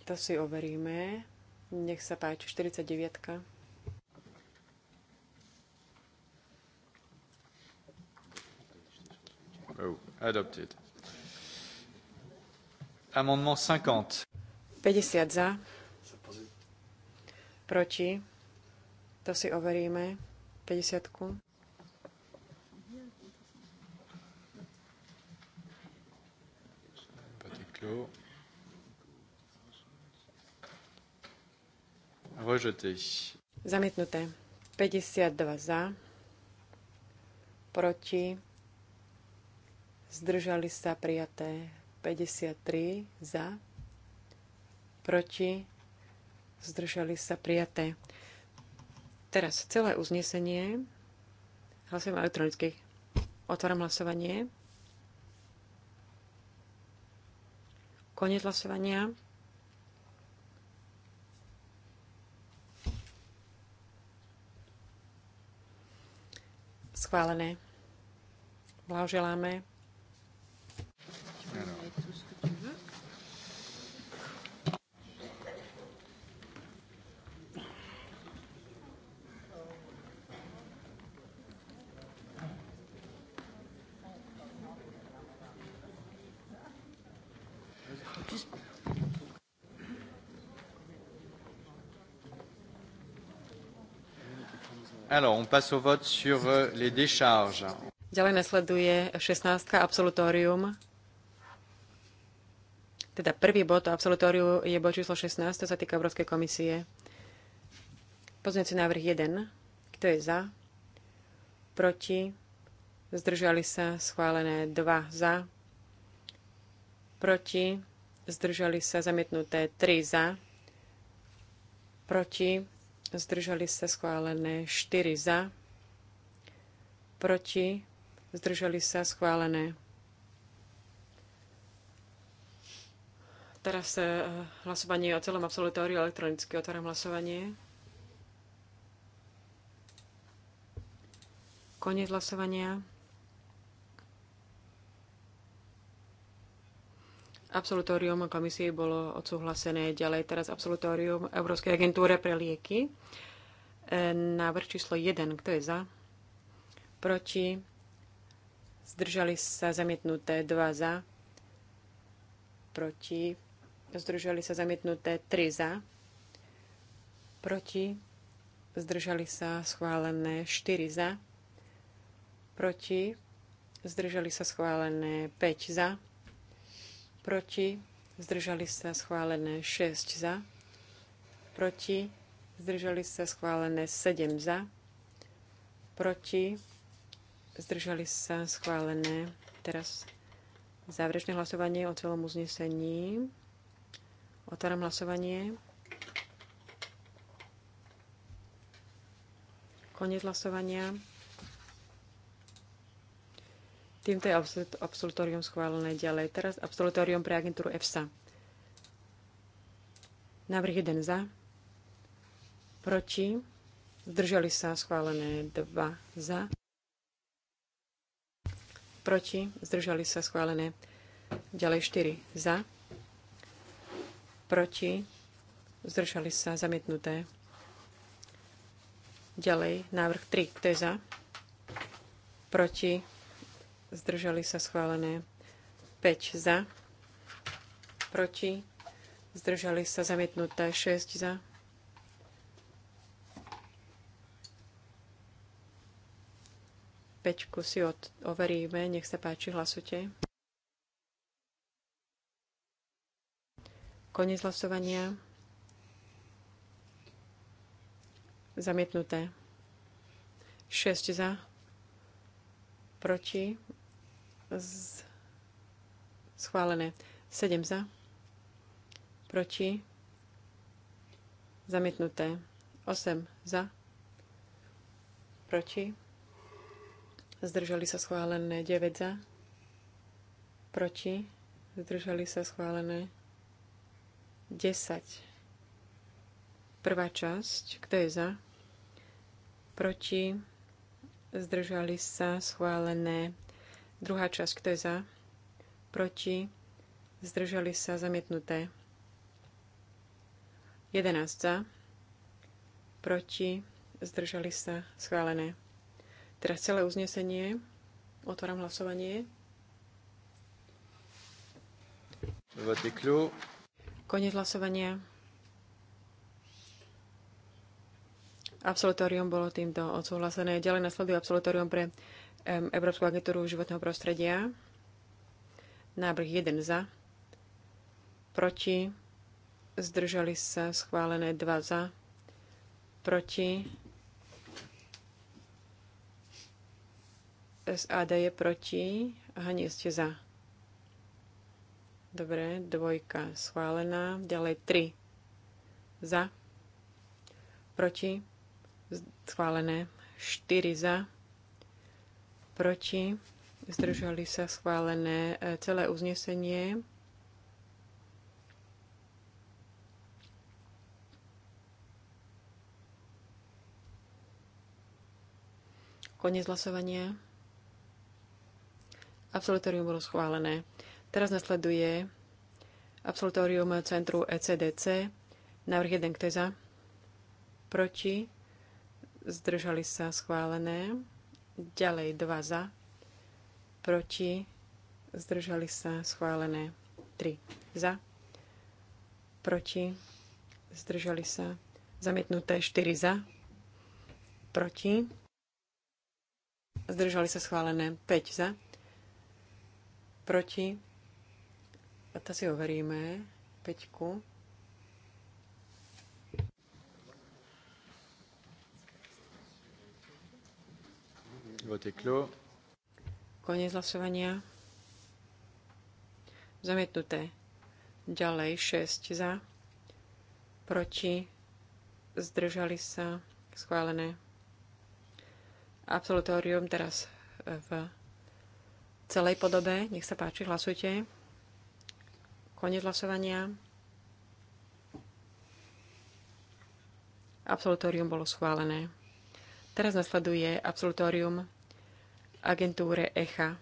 To si overíme. Nech sa páči, 49. Oh, adopted. Amendement 50. 50 za. Proti. To si overíme. 50. Petit clos. Zamietnuté. 52 za. Proti. Zdržali sa prijaté. 53 za. Proti. Zdržali sa prijaté. Teraz celé uznesenie. Hlasujem elektronicky. Otváram hlasovanie. Koniec hlasovania. Schválené. Blahoželáme. Ano. Alors, on passe au vote sur euh, les décharges. Ďalej nasleduje 16. absolutórium. Teda prvý bod absolutóriu je bod číslo 16, to sa týka Európskej komisie. Poznajúci návrh 1. Kto je za? Proti? Zdržali sa schválené 2 za. Proti? Zdržali sa zamietnuté 3 za. Proti? zdržali sa schválené 4 za, proti, zdržali sa schválené. Teraz e, hlasovanie o celom absolutóriu elektronicky. Otváram hlasovanie. Koniec hlasovania. Absolutórium komisie bolo odsúhlasené ďalej teraz absolutórium Európskej agentúre pre lieky. E, návrh číslo 1. Kto je za? Proti? Zdržali sa zamietnuté 2 za. Proti? Zdržali sa zamietnuté 3 za. Proti? Zdržali sa schválené 4 za. Proti? Zdržali sa schválené 5 za proti, zdržali sa schválené 6 za, proti, zdržali sa schválené 7 za, proti, zdržali sa schválené teraz záverečné hlasovanie o celom uznesení. Otváram hlasovanie. Koniec hlasovania. Týmto je absolutorium schválené ďalej. Teraz absolutorium pre agentúru EFSA. Návrh 1 za. Proti. Zdržali sa schválené 2 za. Proti. Zdržali sa schválené ďalej 4 za. Proti. Zdržali sa zamietnuté. Ďalej návrh 3. Kto je za? Proti zdržali sa schválené 5 za, proti, zdržali sa zamietnuté 6 za. Peťku si od, overíme, nech sa páči, hlasujte. Koniec hlasovania. Zamietnuté. 6 za. Proti schválené. 7 za, proti, zamietnuté. 8 za, proti, zdržali sa schválené. 9 za, proti, zdržali sa schválené. 10. Prvá časť, kto je za? Proti, zdržali sa schválené. Druhá časť, kto je za? Proti? Zdržali sa zamietnuté. 11 za. Proti? Zdržali sa schválené. Teraz celé uznesenie. Otváram hlasovanie. Konec hlasovania. Absolutorium bolo týmto odsúhlasené. Ďalej nasleduje absolutorium pre Európsku agentúru životného prostredia. Návrh 1 za. Proti. Zdržali sa schválené 2 za. Proti. SAD je proti. Aha, nie ste za. Dobre, dvojka schválená. Ďalej 3 za. Proti. Schválené 4 za proti, zdržali sa schválené e, celé uznesenie. Konec hlasovania. Absolutorium bolo schválené. Teraz nasleduje absolutorium Centru ECDC. Návrh 1 k teza. Proti. Zdržali sa schválené. Ďalej 2 za, proti, zdržali sa schválené 3 za, proti, zdržali sa zamietnuté 4 za, proti, zdržali sa schválené 5 za, proti, a to si overíme, 5 Koniec hlasovania. Zamietnuté. Ďalej 6 za. Proti. Zdržali sa. Schválené. Absolutórium teraz e, v celej podobe. Nech sa páči, hlasujte. Koniec hlasovania. Absolutórium bolo schválené. Teraz nasleduje absolutórium agentúre ECHA.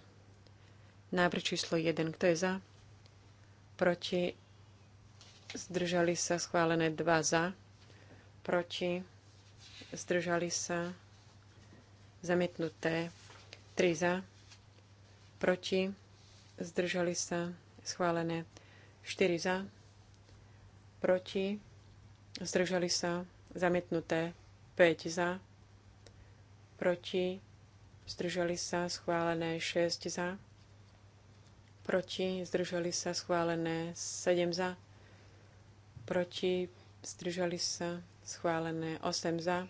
Návrh číslo 1. Kto je za? Proti? Zdržali sa schválené 2 za. Proti? Zdržali sa zamietnuté 3 za. Proti? Zdržali sa schválené 4 za. Proti? Zdržali sa zamietnuté 5 za. Proti? zdržali sa schválené 6 za, proti zdržali sa schválené 7 za, proti zdržali sa schválené 8 za,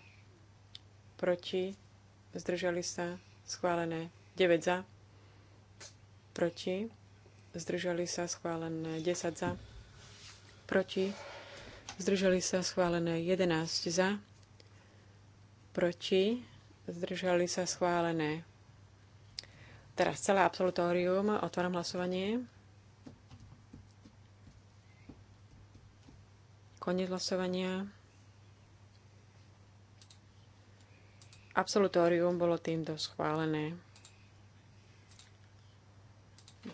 proti zdržali sa schválené 9 za, proti zdržali sa schválené 10 za, proti zdržali sa schválené 11 za, proti zdržali sa schválené. Teraz celé absolutórium, otváram hlasovanie. Koniec hlasovania. Absolutórium bolo týmto schválené.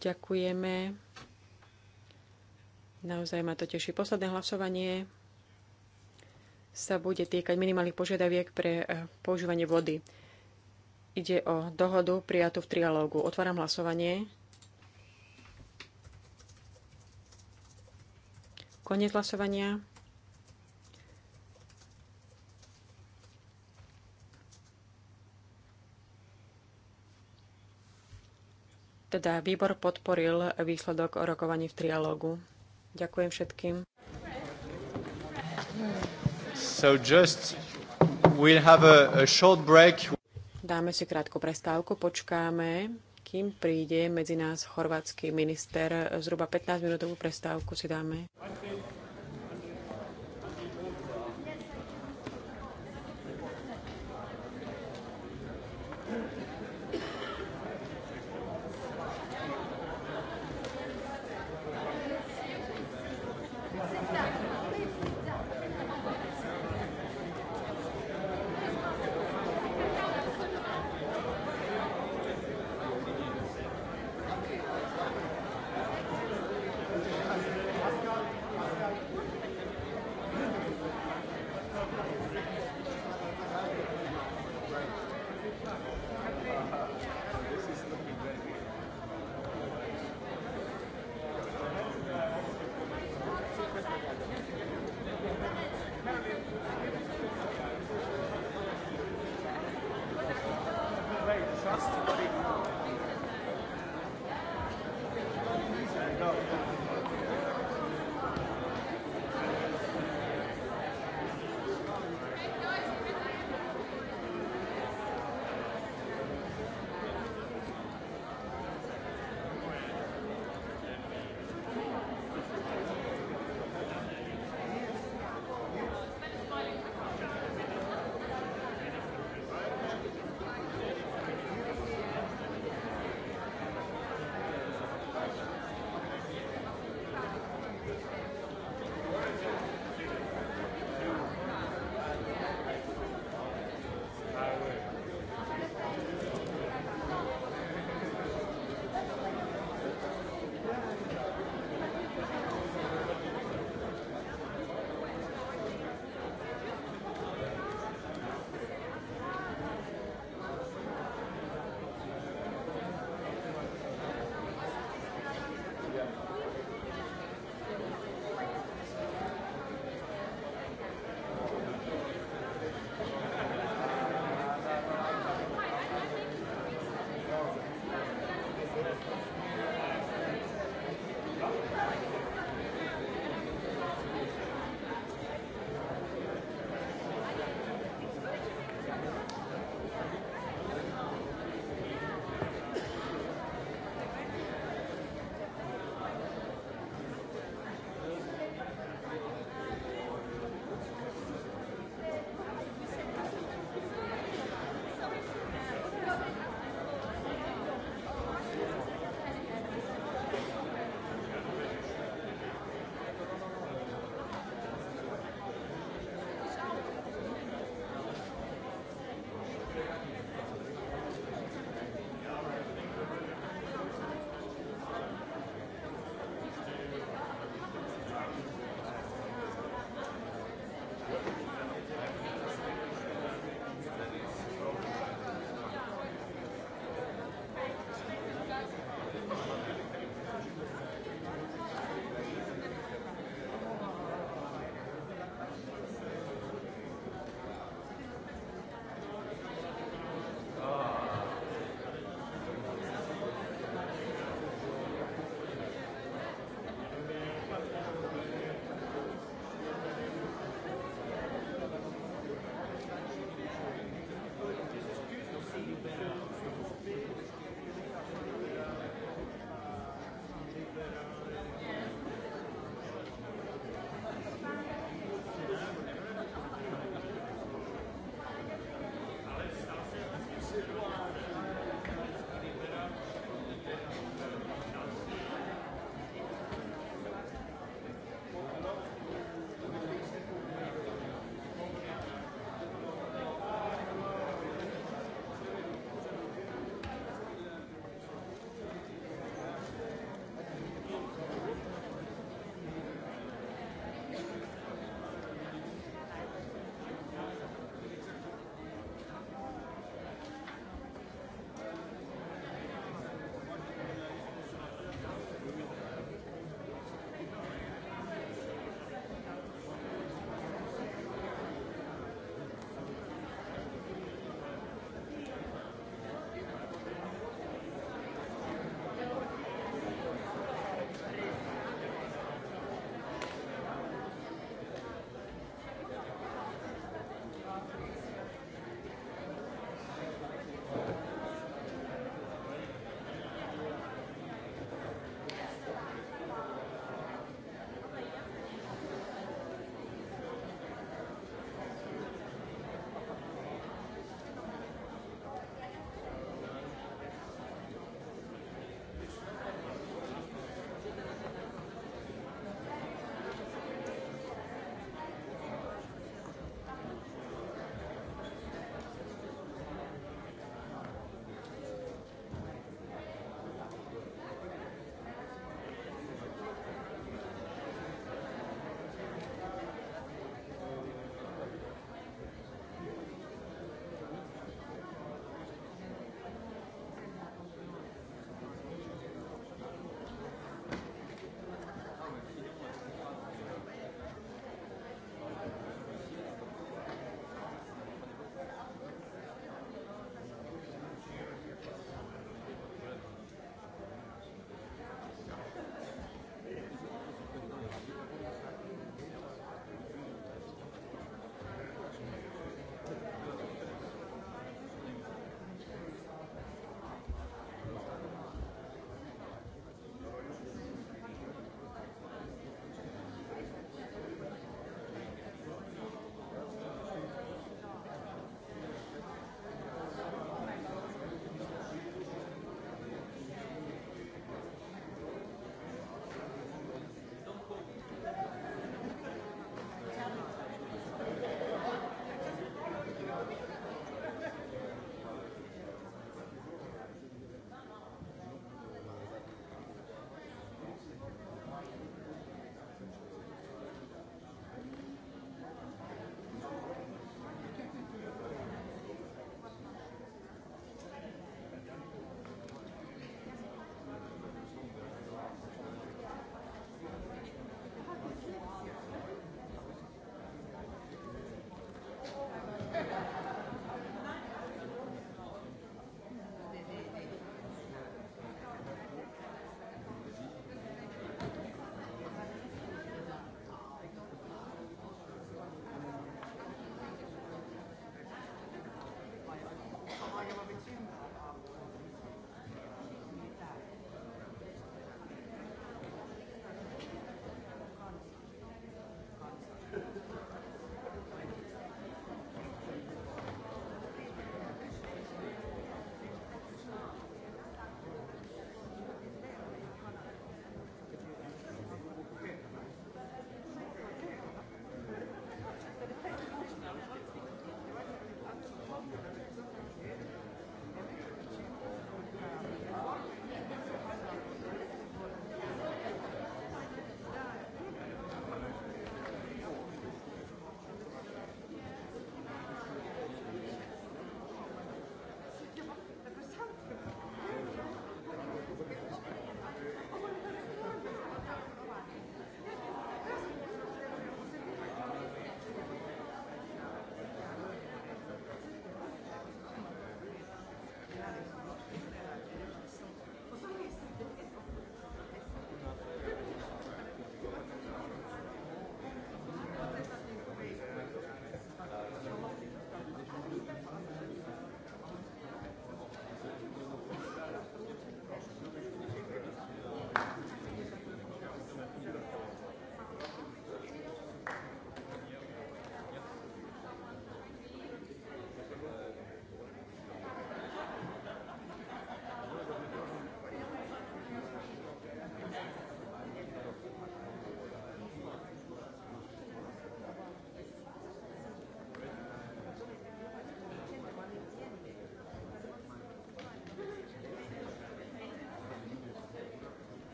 Ďakujeme. Naozaj ma to teší. Posledné hlasovanie sa bude týkať minimálnych požiadaviek pre e, používanie vody. Ide o dohodu prijatú v trialógu. Otváram hlasovanie. Koniec hlasovania. Teda výbor podporil výsledok rokovaní v trialógu. Ďakujem všetkým. So just we'll have a, a short break. Dáme si krátku prestávku, počkáme, kým príde medzi nás chorvátsky minister. Zhruba 15-minútovú prestávku si dáme.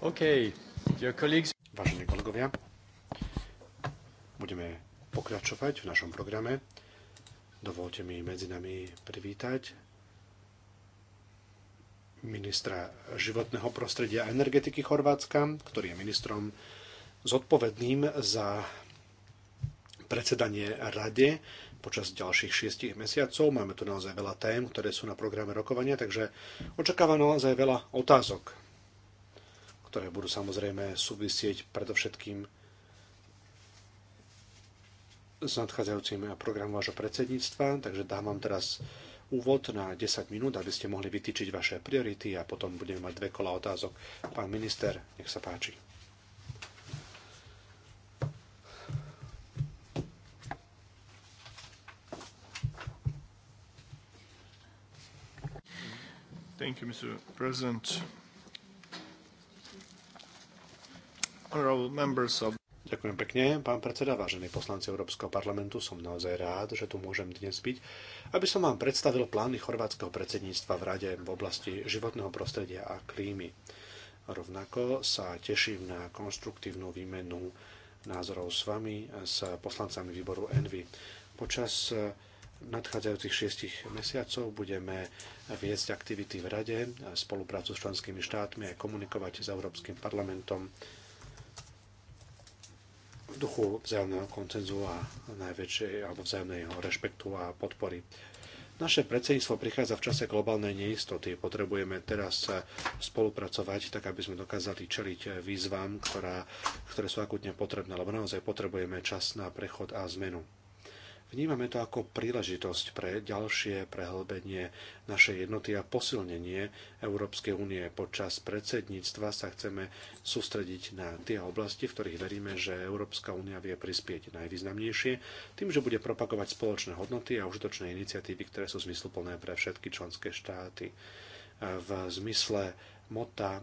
Vážení kolegovia, budeme pokračovať v našom programe. Dovolte mi medzi nami privítať ministra životného prostredia a energetiky Chorvátska, ktorý je ministrom zodpovedným za predsedanie rade počas ďalších šiestich mesiacov. Máme tu naozaj veľa tém, ktoré sú na programe rokovania, takže očakáva naozaj veľa otázok ktoré budú samozrejme súvisieť predovšetkým s nadchádzajúcim programom vášho predsedníctva, takže dám vám teraz úvod na 10 minút, aby ste mohli vytýčiť vaše priority a potom budeme mať dve kola otázok. Pán minister, nech sa páči. Thank you, Mr. President. Ďakujem pekne, pán predseda, vážení poslanci Európskeho parlamentu, som naozaj rád, že tu môžem dnes byť, aby som vám predstavil plány chorvátskeho predsedníctva v Rade v oblasti životného prostredia a klímy. Rovnako sa teším na konstruktívnu výmenu názorov s vami, s poslancami výboru Envy. Počas nadchádzajúcich šiestich mesiacov budeme viesť aktivity v Rade, spoluprácu s členskými štátmi a komunikovať s Európskym parlamentom v duchu vzájomného koncenzu a najväčšej alebo vzájomného rešpektu a podpory. Naše predsedníctvo prichádza v čase globálnej neistoty. Potrebujeme teraz spolupracovať, tak aby sme dokázali čeliť výzvam, ktorá, ktoré sú akutne potrebné, lebo naozaj potrebujeme čas na prechod a zmenu. Vnímame to ako príležitosť pre ďalšie prehlbenie našej jednoty a posilnenie Európskej únie. Počas predsedníctva sa chceme sústrediť na tie oblasti, v ktorých veríme, že Európska únia vie prispieť najvýznamnejšie, tým, že bude propagovať spoločné hodnoty a užitočné iniciatívy, ktoré sú zmysluplné pre všetky členské štáty v zmysle mota e,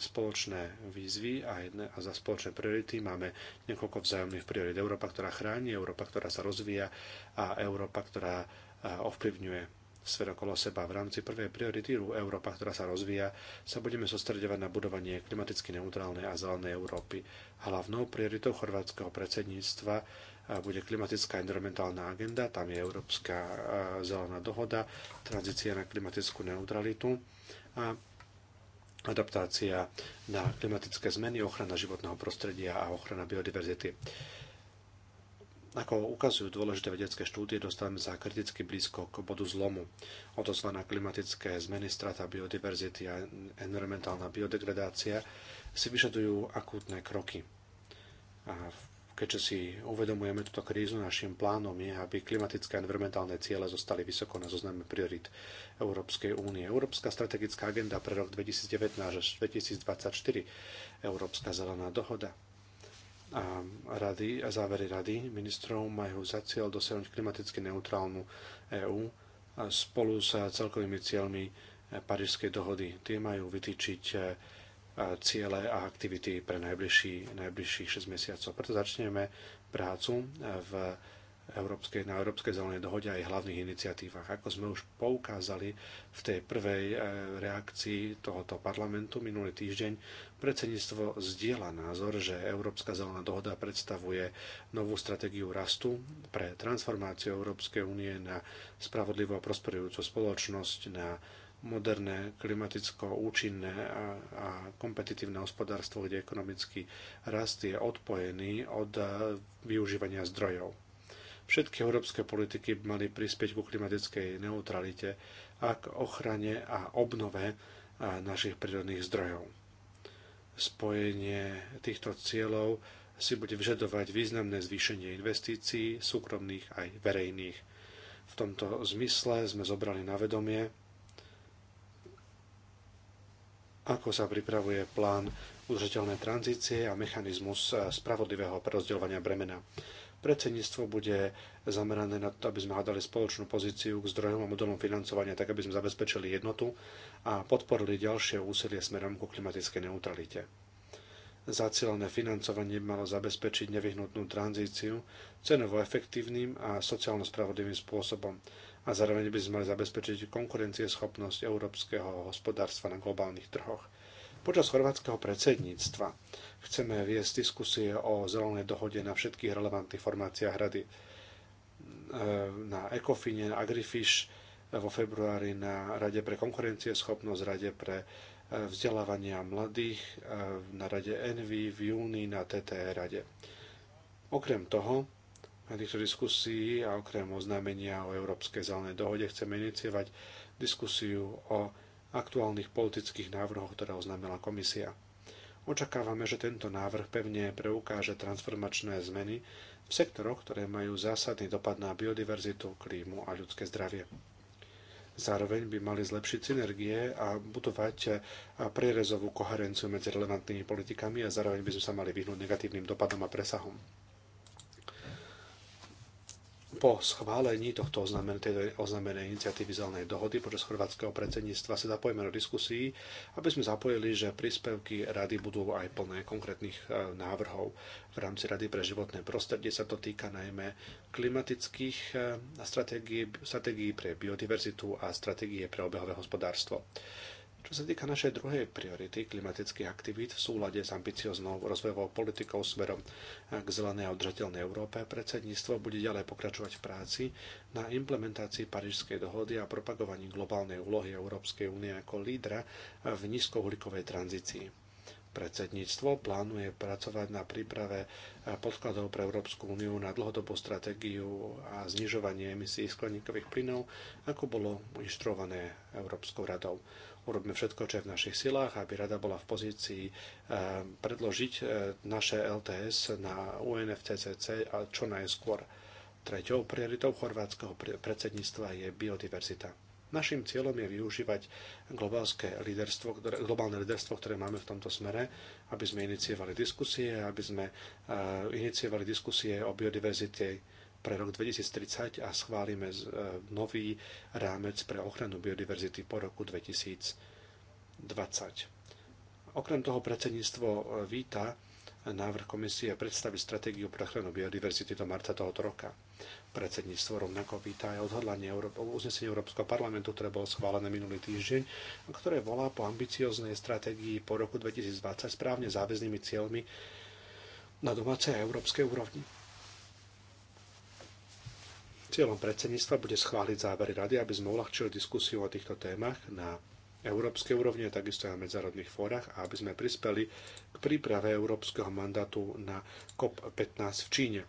spoločné výzvy a, jedne, a za spoločné priority. Máme niekoľko vzájomných priorit. Európa, ktorá chráni, Európa, ktorá sa rozvíja a Európa, ktorá e, ovplyvňuje svet okolo seba. V rámci prvej priority Európa, ktorá sa rozvíja, sa budeme sústredovať na budovanie klimaticky neutrálnej a zelenej Európy. Hlavnou prioritou chorvátskeho predsedníctva e, bude klimatická environmentálna agenda, tam je Európska zelená dohoda, tranzícia na klimatickú neutralitu a adaptácia na klimatické zmeny, ochrana životného prostredia a ochrana biodiverzity. Ako ukazujú dôležité vedecké štúdie, dostávame sa kriticky blízko k bodu zlomu. Odozva na klimatické zmeny, strata biodiverzity a environmentálna biodegradácia si vyžadujú akútne kroky. A v keďže si uvedomujeme túto krízu, našim plánom je, aby klimatické a environmentálne ciele zostali vysoko na zozname priorit Európskej únie. Európska strategická agenda pre rok 2019 až 2024, Európska zelená dohoda a, rady, a závery rady ministrov majú za cieľ dosiahnuť klimaticky neutrálnu EÚ spolu s celkovými cieľmi Parížskej dohody. Tie majú vytýčiť ciele a aktivity pre najbližší, najbližších 6 mesiacov. Preto začneme prácu v Európskej, na Európskej zelenej dohode a hlavných iniciatívach. Ako sme už poukázali v tej prvej eh, reakcii tohoto parlamentu minulý týždeň, predsedníctvo zdieľa názor, že Európska zelená dohoda predstavuje novú stratégiu rastu pre transformáciu Európskej únie na spravodlivú a prosperujúcu spoločnosť, na moderné, klimaticko účinné a, a kompetitívne hospodárstvo, kde ekonomický rast je odpojený od e, využívania zdrojov. Všetky európske politiky mali prispieť ku klimatickej neutralite a k ochrane a obnove e, našich prírodných zdrojov. Spojenie týchto cieľov si bude vyžadovať významné zvýšenie investícií, súkromných aj verejných. V tomto zmysle sme zobrali na vedomie ako sa pripravuje plán udržateľnej tranzície a mechanizmus eh, spravodlivého prerozdeľovania bremena. Predsedníctvo bude zamerané na to, aby sme hľadali spoločnú pozíciu k zdrojom a modelom financovania, tak aby sme zabezpečili jednotu a podporili ďalšie úsilie smerom ku klimatickej neutralite. Zacielené financovanie malo zabezpečiť nevyhnutnú tranzíciu cenovo efektívnym a sociálno spravodlivým spôsobom, a zároveň by sme mali zabezpečiť konkurencieschopnosť európskeho hospodárstva na globálnych trhoch. Počas chorvátskeho predsedníctva chceme viesť diskusie o zelenej dohode na všetkých relevantných formáciách rady. E, na Ecofine, na Agrifish vo februári, na Rade pre konkurencieschopnosť, Rade pre e, vzdelávania mladých, e, na Rade Envy v júni, na TTE Rade. Okrem toho, na týchto diskusii a okrem oznámenia o Európskej zelenej dohode chceme iniciovať diskusiu o aktuálnych politických návrhoch, ktoré oznámila komisia. Očakávame, že tento návrh pevne preukáže transformačné zmeny v sektoroch, ktoré majú zásadný dopad na biodiverzitu, klímu a ľudské zdravie. Zároveň by mali zlepšiť synergie a budovať prierezovú koherenciu medzi relevantnými politikami a zároveň by sme sa mali vyhnúť negatívnym dopadom a presahom po schválení tohto oznamenej, tejto oznamenej iniciatívy zelenej dohody počas chorvátskeho predsedníctva sa zapojíme do diskusí, aby sme zapojili, že príspevky rady budú aj plné konkrétnych e, návrhov. V rámci Rady pre životné prostredie sa to týka najmä klimatických e, stratégií, stratégií pre biodiverzitu a stratégie pre obehové hospodárstvo. Čo sa týka našej druhej priority klimatických aktivít v súlade s ambicioznou rozvojovou politikou smerom k zelenej a udržateľnej Európe, predsedníctvo bude ďalej pokračovať v práci na implementácii Parížskej dohody a propagovaní globálnej úlohy Európskej únie ako lídra v nízkouhlíkovej tranzícii. Predsedníctvo plánuje pracovať na príprave podkladov pre Európsku úniu na dlhodobú stratégiu a znižovanie emisí skleníkových plynov, ako bolo inštruované Európskou radou. Urobíme všetko, čo je v našich silách, aby rada bola v pozícii eh, predložiť eh, naše LTS na UNFCCC a čo najskôr. Treťou prioritou chorvátskeho predsedníctva je biodiverzita. Našim cieľom je využívať liderstvo, ktoré, globálne liderstvo, ktoré máme v tomto smere, aby sme iniciovali diskusie, aby sme uh, iniciovali diskusie o biodiverzite pre rok 2030 a schválime e, nový rámec pre ochranu biodiverzity po roku 2020. Okrem toho predsedníctvo e, víta návrh komisie predstaví stratégiu pre ochranu biodiverzity do marca tohoto roka. Predsedníctvo rovnako víta aj odhodlanie uznesenia uznesenie Európskeho parlamentu, ktoré bolo schválené minulý týždeň, ktoré volá po ambicioznej stratégii po roku 2020 správne záväznými cieľmi na domácej a európskej úrovni. Cieľom predsedníctva bude schváliť závery rady, aby sme uľahčili diskusiu o týchto témach na európskej úrovni, takisto aj na medzárodných fórach a aby sme prispeli k príprave európskeho mandátu na COP15 v Číne.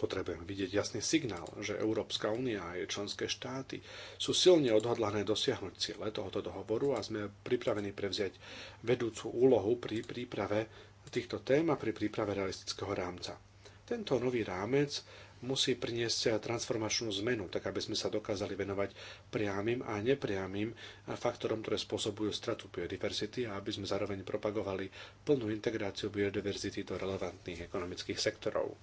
Potrebujeme vidieť jasný signál, že Európska únia a jej členské štáty sú silne odhodlané dosiahnuť ciele tohoto dohovoru a sme pripravení prevziať vedúcu úlohu pri príprave týchto tém a pri príprave realistického rámca. Tento nový rámec musí priniesť eh, transformačnú zmenu, tak aby sme sa dokázali venovať priamým a nepriamým eh, faktorom, ktoré spôsobujú stratu biodiverzity a aby sme zároveň propagovali plnú integráciu biodiverzity do relevantných ekonomických sektorov.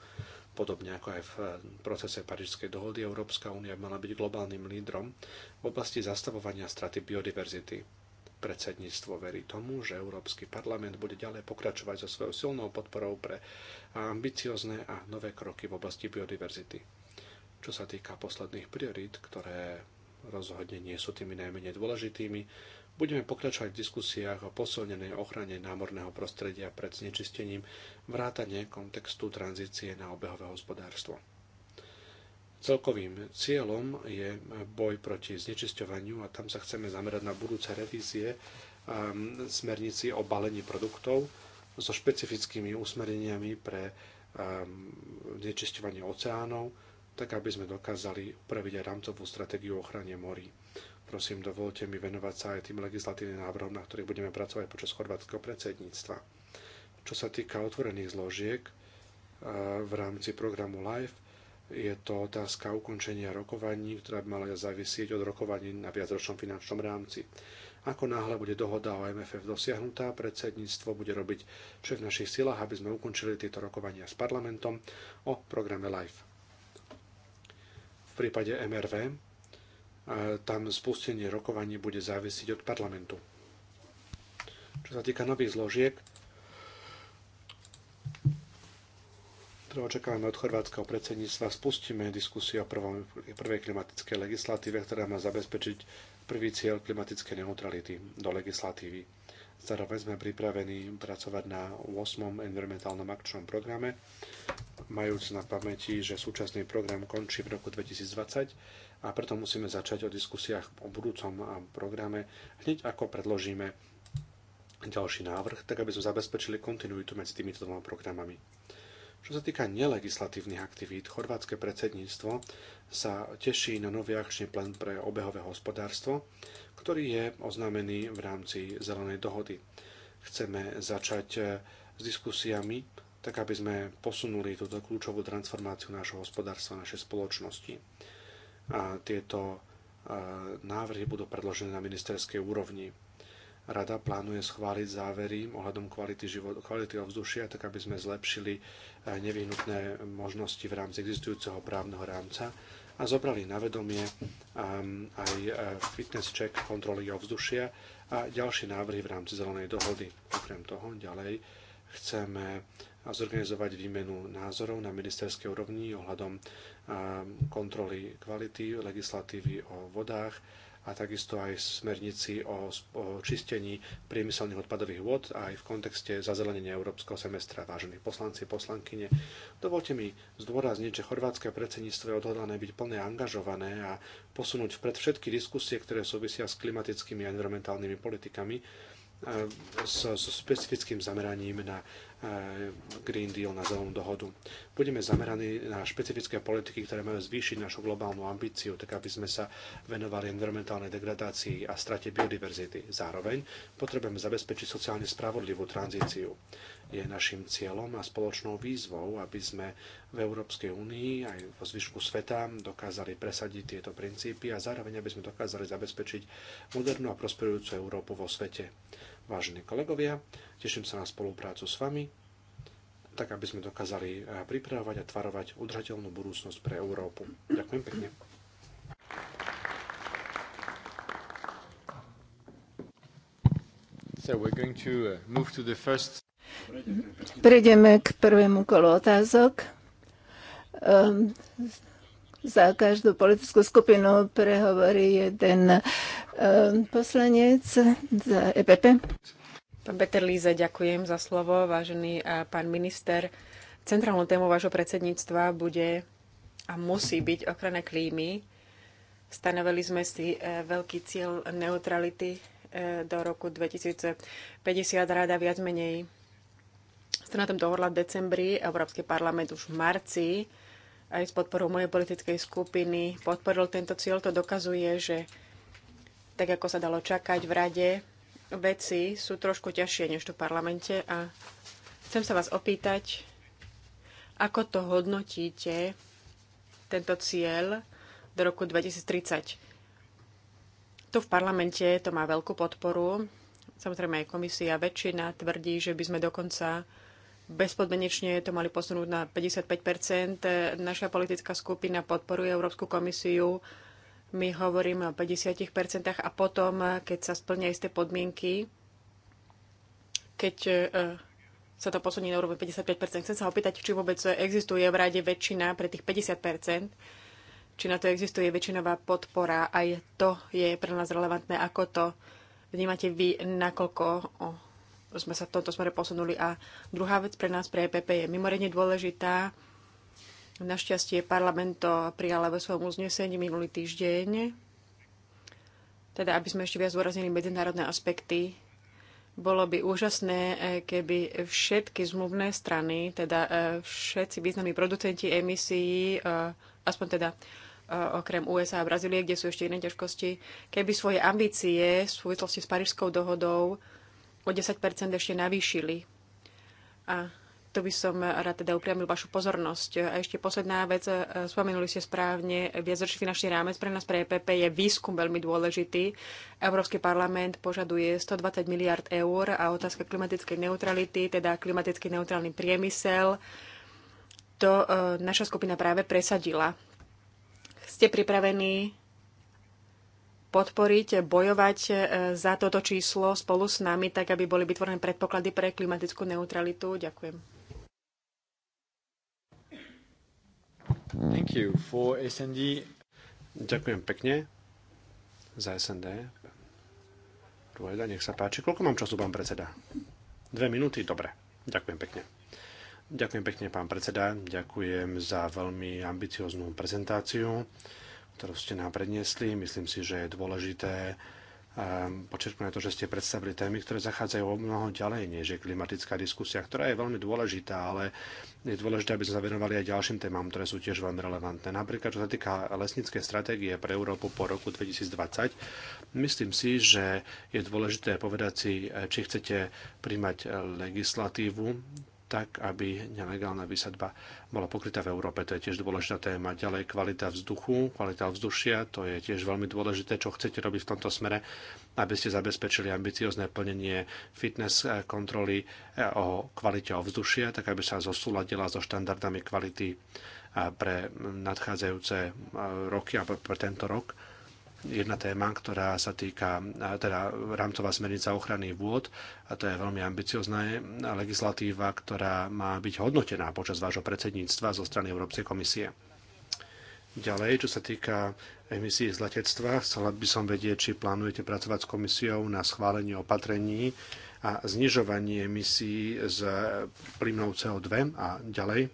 Podobne ako aj v eh, procese Parížskej dohody, Európska únia mala byť globálnym lídrom v oblasti zastavovania straty biodiverzity Predsedníctvo verí tomu, že Európsky parlament bude ďalej pokračovať so svojou silnou podporou pre ambiciozne a nové kroky v oblasti biodiverzity. Čo sa týka posledných priorít, ktoré rozhodne nie sú tými najmenej dôležitými, budeme pokračovať v diskusiách o posilnenej ochrane námorného prostredia pred znečistením vrátane kontextu tranzície na obehové hospodárstvo. Celkovým cieľom je boj proti znečisťovaniu a tam sa chceme zamerať na budúce revízie ehm, smernici o balení produktov so špecifickými usmerneniami pre ehm, znečisťovanie oceánov, tak aby sme dokázali upraviť aj rámcovú stratégiu ochrane morí. Prosím, dovolte mi venovať sa aj tým legislatívnym návrhom, na ktorých budeme pracovať počas chorvátskeho predsedníctva. Čo sa týka otvorených zložiek ehm, v rámci programu LIFE, je to otázka ukončenia rokovaní, ktorá by mala závisieť od rokovaní na viacročnom finančnom rámci. Ako náhle bude dohoda o MFF dosiahnutá, predsedníctvo bude robiť vše v našich silách, aby sme ukončili tieto rokovania s parlamentom o programe LIFE. V prípade MRV e, tam spustenie rokovaní bude závisiť od parlamentu. Čo sa týka nových zložiek, ktoré teda očakávame od chorvátskeho predsedníctva, spustíme diskusiu o prvej klimatickej legislatíve, ktorá má zabezpečiť prvý cieľ klimatickej neutrality do legislatívy. Zároveň sme pripravení pracovať na 8. environmentálnom akčnom programe, majúc na pamäti, že súčasný program končí v roku 2020 a preto musíme začať o diskusiách o budúcom programe hneď ako predložíme ďalší návrh, tak aby sme zabezpečili kontinuitu medzi týmito dvoma programami. Čo sa týka nelegislatívnych aktivít, chorvátske predsedníctvo sa teší na nový akčný plán pre obehové hospodárstvo, ktorý je oznámený v rámci zelenej dohody. Chceme začať eh, s diskusiami, tak aby sme posunuli túto kľúčovú transformáciu nášho hospodárstva, našej spoločnosti. A tieto eh, návrhy budú predložené na ministerskej úrovni Rada plánuje schváliť závery ohľadom kvality, život, kvality ovzdušia, tak aby sme zlepšili eh, nevyhnutné možnosti v rámci existujúceho právneho rámca a zobrali na vedomie ehm, aj eh, fitness check kontroly ovzdušia a ďalšie návrhy v rámci zelenej dohody. Okrem toho ďalej chceme zorganizovať výmenu názorov na ministerskej úrovni ohľadom ehm, kontroly kvality, legislatívy o vodách, a takisto aj smernici o, čistení priemyselných odpadových vôd aj v kontexte zazelenenia Európskeho semestra. Vážení poslanci, poslankyne, dovolte mi zdôrazniť, že chorvátske predsedníctvo je odhodlané byť plne angažované a posunúť vpred všetky diskusie, ktoré súvisia s klimatickými a environmentálnymi politikami, so, e, so specifickým zameraním na e, Green Deal, na zelenú dohodu. Budeme zameraní na špecifické politiky, ktoré majú zvýšiť našu globálnu ambíciu, tak aby sme sa venovali environmentálnej degradácii a strate biodiverzity. Zároveň potrebujeme zabezpečiť sociálne spravodlivú tranzíciu. Je našim cieľom a spoločnou výzvou, aby sme v Európskej únii aj vo zvyšku sveta dokázali presadiť tieto princípy a zároveň, aby sme dokázali zabezpečiť modernú a prosperujúcu Európu vo svete. Vážení kolegovia, teším sa na spoluprácu s vami, tak aby sme dokázali eh, pripravovať a tvarovať udržateľnú budúcnosť pre Európu. Ďakujem pekne. So we're going to eh, move to the first Prejdeme k prvému kolu otázok. Um, za každú politickú skupinu prehovorí jeden um, poslanec za EPP. Pán Peter Líze, ďakujem za slovo. Vážený pán minister, centrálnou témou vášho predsedníctva bude a musí byť ochrana klímy. Stanovili sme si e, veľký cieľ neutrality e, do roku 2050 rada viac menej sa na tom dohodla v decembri, Európsky parlament už v marci aj s podporou mojej politickej skupiny podporil tento cieľ. To dokazuje, že tak ako sa dalo čakať v rade, veci sú trošku ťažšie než tu v parlamente a chcem sa vás opýtať, ako to hodnotíte, tento cieľ do roku 2030. Tu v parlamente to má veľkú podporu. Samozrejme aj komisia väčšina tvrdí, že by sme dokonca bezpodmenečne to mali posunúť na 55 Naša politická skupina podporuje Európsku komisiu. My hovoríme o 50 a potom, keď sa splnia isté podmienky, keď e, sa to posunie na úroveň 55 Chcem sa opýtať, či vôbec existuje v rade väčšina pre tých 50 či na to existuje väčšinová podpora. Aj to je pre nás relevantné, ako to vnímate vy, nakoľko sme sa v tomto smere posunuli. A druhá vec pre nás, pre EPP, je mimoriadne dôležitá. Našťastie parlament to prijala vo svojom uznesení minulý týždeň. Teda, aby sme ešte viac zúraznili medzinárodné aspekty, bolo by úžasné, e, keby všetky zmluvné strany, teda e, všetci významní producenti emisí, e, aspoň teda okrem USA a Brazílie, kde sú ešte iné ťažkosti, keby svoje ambície v súvislosti s Parížskou dohodou o 10 ešte navýšili. A to by som rád teda upriamil vašu pozornosť. A ešte posledná vec, e, spomenuli ste správne, viacročný finančný rámec pre nás pre EPP je výskum veľmi dôležitý. Európsky parlament požaduje 120 miliard eur a otázka klimatickej neutrality, teda klimaticky neutrálny priemysel, to e, naša skupina práve presadila. Ste pripravení podporiť, bojovať e, za toto číslo spolu s nami, tak aby boli vytvorené predpoklady pre klimatickú neutralitu. Ďakujem. Thank you for SND. Ďakujem pekne za SND. Dvojda, nech sa páči. Koľko mám času, pán predseda? Dve minúty? Dobre. Ďakujem pekne. Ďakujem pekne, pán predseda. Ďakujem za veľmi ambicioznú prezentáciu ktorú ste nám predniesli. Myslím si, že je dôležité ehm, počerknúť to, že ste predstavili témy, ktoré zachádzajú o mnoho ďalej, než je klimatická diskusia, ktorá je veľmi dôležitá, ale je dôležité, aby sme sa venovali aj ďalším témam, ktoré sú tiež veľmi relevantné. Napríklad, čo sa týka lesníckej stratégie pre Európu po roku 2020, myslím si, že je dôležité povedať si, eh, či chcete príjmať eh, legislatívu, tak, aby nelegálna vysadba bola pokrytá v Európe. To je tiež dôležitá téma. Ďalej kvalita vzduchu, kvalita vzdušia, to je tiež veľmi dôležité, čo chcete robiť v tomto smere, aby ste zabezpečili ambiciozne plnenie fitness kontroly eh, o kvalite ovzdušia, tak aby sa zosúladila so štandardami kvality eh, pre nadchádzajúce eh, roky a pre tento rok jedna téma, ktorá sa týka teda rámcová smernica ochrany vôd a to je veľmi ambiciozná legislatíva, ktorá má byť hodnotená počas vášho predsedníctva zo strany Európskej komisie. Ďalej, čo sa týka emisí z letectva, chcela by som vedieť, či plánujete pracovať s komisiou na schválenie opatrení a znižovanie emisí z plynov CO2 a ďalej.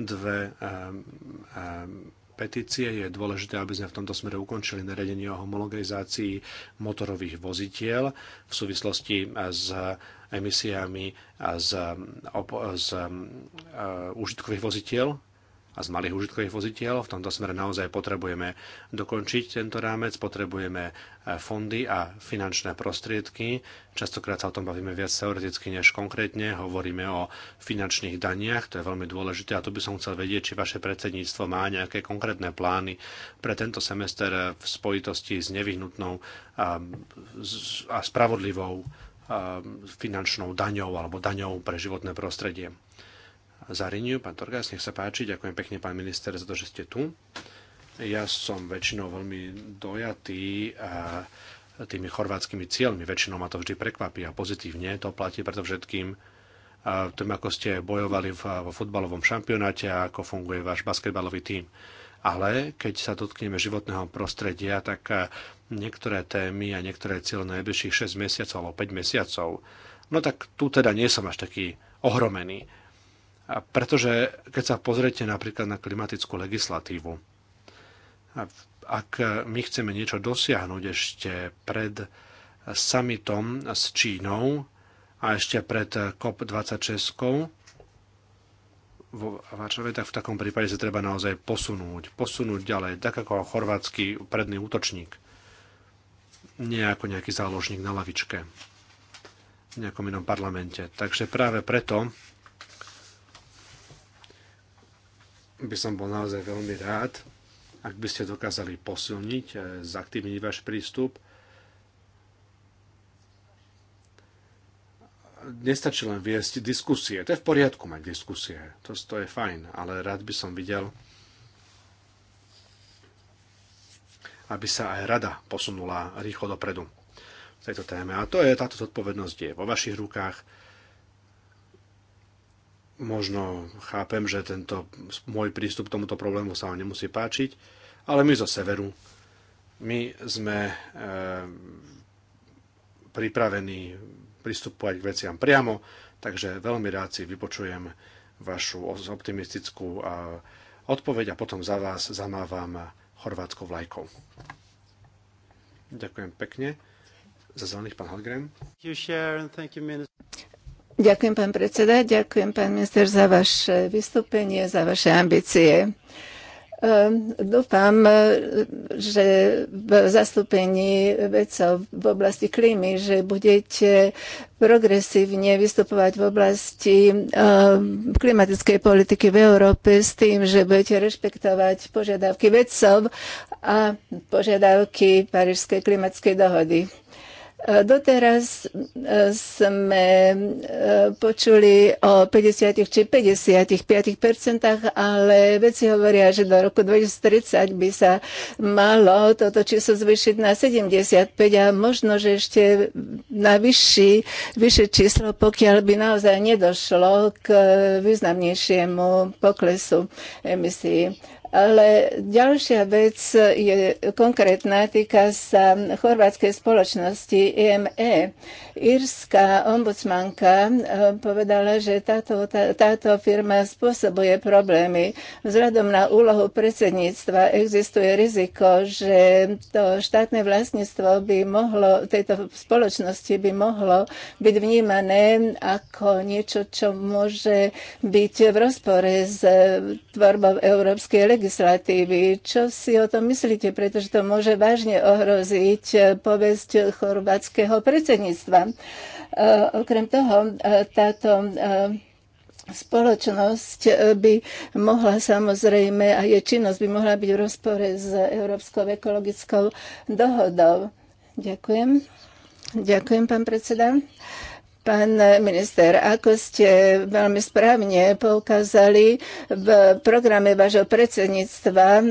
Dve um, um, petície. Je dôležité, aby sme v tomto smere ukončili nariadenie o homologizácii motorových vozidiel v súvislosti s emisiami z, z, z uh, užitkových vozidiel a z malých užitkových voziteľ, V tomto smere naozaj potrebujeme dokončiť tento rámec, potrebujeme eh, fondy a finančné prostriedky. Častokrát sa o tom bavíme viac teoreticky než konkrétne. Hovoríme o finančných daniach, to je veľmi dôležité a tu by som chcel vedieť, či vaše predsedníctvo má nejaké konkrétne plány pre tento semester eh, v spojitosti s nevyhnutnou a, eh, a spravodlivou finančnou daňou alebo daňou pre životné prostredie za Pán Torgás, nech sa páči. Ďakujem pekne, pán minister, za to, že ste tu. Ja som väčšinou veľmi dojatý a tými chorvátskymi cieľmi. Väčšinou ma to vždy prekvapí a pozitívne. To platí preto všetkým a tým, ako ste bojovali vo futbalovom šampionáte a ako funguje váš basketbalový tím. Ale keď sa dotkneme životného prostredia, tak eh, niektoré témy a niektoré cieľe najbližších 6 mesiacov alebo 5 mesiacov, no tak tu teda nie som až taký ohromený pretože keď sa pozriete napríklad na klimatickú legislatívu, ak my chceme niečo dosiahnuť ešte pred summitom s Čínou a ešte pred COP26 vo Varšave, tak v takom prípade sa treba naozaj posunúť, posunúť ďalej, tak ako chorvátsky predný útočník, nie ako nejaký záložník na lavičke v nejakom inom parlamente. Takže práve preto by som bol naozaj veľmi rád, ak by ste dokázali posilniť, e, zaktivniť váš prístup. Nestačí len viesť diskusie. To je v poriadku mať diskusie. To, to je fajn, ale rád by som videl, aby sa aj rada posunula rýchlo dopredu v tejto téme. A to je, táto zodpovednosť je vo vašich rukách Možno chápem, že tento môj prístup k tomuto problému sa vám nemusí páčiť, ale my zo severu, my sme e, pripravení pristupovať k veciam priamo, takže veľmi rád si vypočujem vašu optimistickú odpoveď a potom za vás zamávam chorvátskou vlajkou. Ďakujem pekne. Za zelených pán Halgren. Ďakujem, pán predseda, ďakujem, pán minister, za vaše vystúpenie, za vaše ambície. Ehm, dúfam, že v zastúpení vedcov v oblasti klímy, že budete progresívne vystupovať v oblasti ehm, klimatickej politiky v Európe s tým, že budete rešpektovať požiadavky vedcov a požiadavky Parížskej klimatickej dohody. E, doteraz e, sme e, počuli o 50 či 55 percentách, ale veci hovoria, že do roku 2030 by sa malo toto číslo zvyšiť na 75 a možno, že ešte na vyšší, vyššie číslo, pokiaľ by naozaj nedošlo k významnejšiemu poklesu emisí. Ale ďalšia vec je konkrétna, týka sa chorvátskej spoločnosti IME. E. Írska ombudsmanka eh, povedala, že táto, tá, táto firma spôsobuje problémy. Vzhľadom na úlohu predsedníctva existuje riziko, že to štátne vlastníctvo by mohlo, tejto spoločnosti by mohlo byť vnímané ako niečo, čo môže byť v rozpore s tvorbou európskej legislatívy legislatívy. Čo si o tom myslíte? Pretože to môže vážne ohroziť eh, povesť chorvátskeho predsedníctva. Eh, okrem toho, eh, táto spoločnosť by mohla samozrejme a jej činnosť by mohla byť v rozpore s Európskou ekologickou dohodou. Ďakujem. Ďakujem, pán predseda. Pán minister, ako ste veľmi správne poukázali, v programe vášho predsedníctva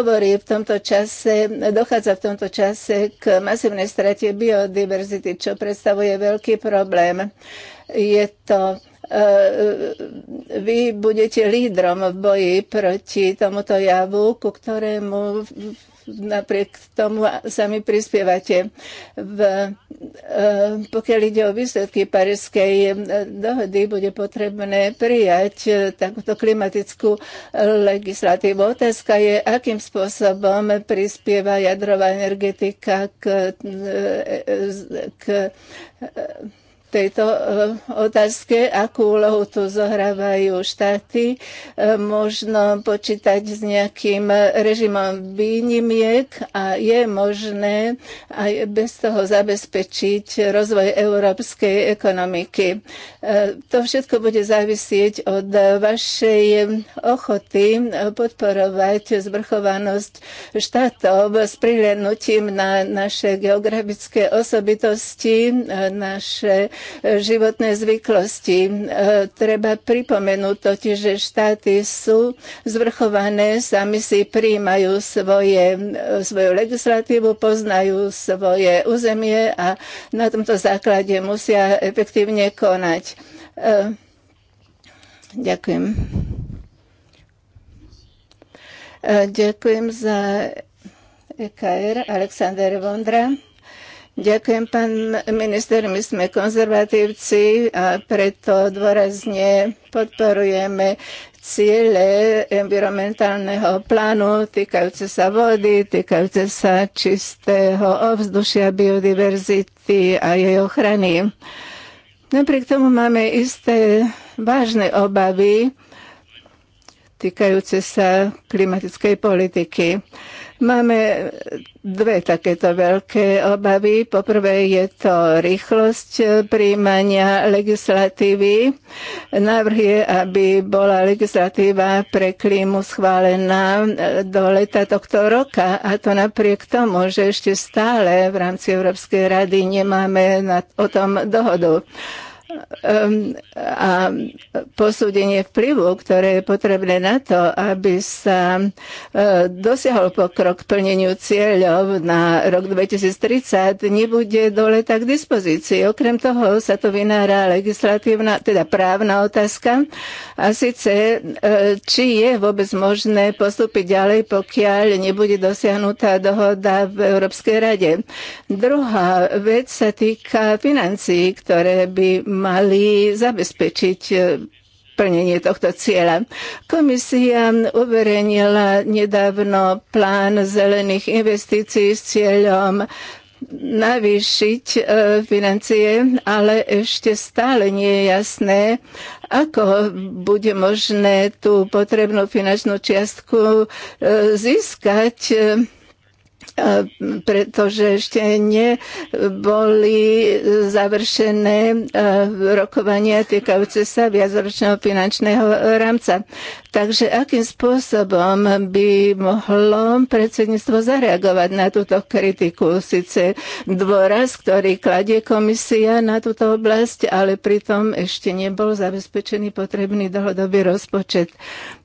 hovorí v tomto čase, dochádza v tomto čase k masívnej strate biodiverzity, čo predstavuje veľký problém. Je to e, e, vy budete lídrom v boji proti tomuto javu, ku ktorému napriek tomu sami prispievate. V, e, pokiaľ ide o výsledky Parískej e, dohody, bude potrebné prijať e, takúto klimatickú legislatívu. Otázka je, akým spôsobom prispieva jadrová energetika k, k tejto e, otázke, akú úlohu tu zohrávajú štáty. E, možno počítať s nejakým režimom výnimiek a je možné aj bez toho zabezpečiť rozvoj európskej ekonomiky. E, to všetko bude závisieť od vašej ochoty podporovať zvrchovanosť štátov s prihľadnutím na naše geografické osobitosti, naše životné zvyklosti. E, treba pripomenúť totiž, že štáty sú zvrchované, sami si príjmajú svoje, e, svoju legislatívu, poznajú svoje územie a na tomto základe musia efektívne konať. E, ďakujem. Ďakujem za EKR Aleksandr Vondra. Ďakujem, pán minister. My sme konzervatívci a preto dôrazne podporujeme ciele environmentálneho plánu týkajúce sa vody, týkajúce sa čistého ovzdušia, biodiverzity a jej ochrany. Napriek tomu máme isté vážne obavy týkajúce sa klimatickej politiky. Máme dve takéto veľké obavy. Poprvé je to rýchlosť príjmania legislatívy. Návrh je, aby bola legislatíva pre klímu schválená do leta tohto roka a to napriek tomu, že ešte stále v rámci Európskej rady nemáme o tom dohodu. Ehm, a posúdenie vplyvu, ktoré je potrebné na to, aby sa e, dosiahol pokrok k plneniu cieľov na rok 2030, nebude dole tak k dispozícii. Okrem toho sa tu vynára legislatívna, teda právna otázka, a síce, e, či je vôbec možné postúpiť ďalej, pokiaľ nebude dosiahnutá dohoda v Európskej rade. Druhá vec sa týka financií, ktoré by mali zabezpečiť e, plnenie tohto cieľa. Komisia uverejnila nedávno plán zelených investícií s cieľom navýšiť e, financie, ale ešte stále nie je jasné, ako bude možné tú potrebnú finančnú čiastku e, získať pretože ešte neboli završené rokovania týkajúce sa viacročného finančného rámca. Takže akým spôsobom by mohlo predsedníctvo zareagovať na túto kritiku? Sice dôraz, ktorý kladie komisia na túto oblasť, ale pritom ešte nebol zabezpečený potrebný dlhodobý rozpočet.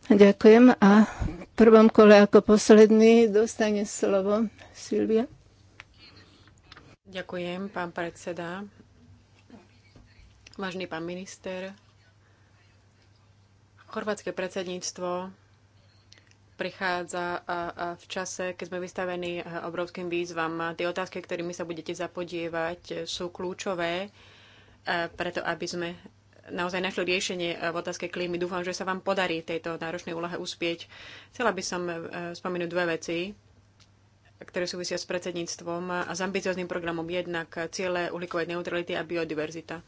Ďakujem a v prvom kole ako posledný dostane slovo Silvia. Ďakujem, pán predseda. Vážny pán minister, chorvátske predsedníctvo prichádza v čase, keď sme vystavení obrovským výzvam. Tie otázky, ktorými sa budete zapodievať, sú kľúčové preto, aby sme naozaj našli riešenie eh, v otázke klímy. Dúfam, že sa vám podarí tejto náročnej úlohe uspieť. Chcela by som eh, spomenúť dve veci, ktoré súvisia s predsedníctvom a s ambiciozným programom jednak ciele uhlíkovej neutrality a biodiverzita.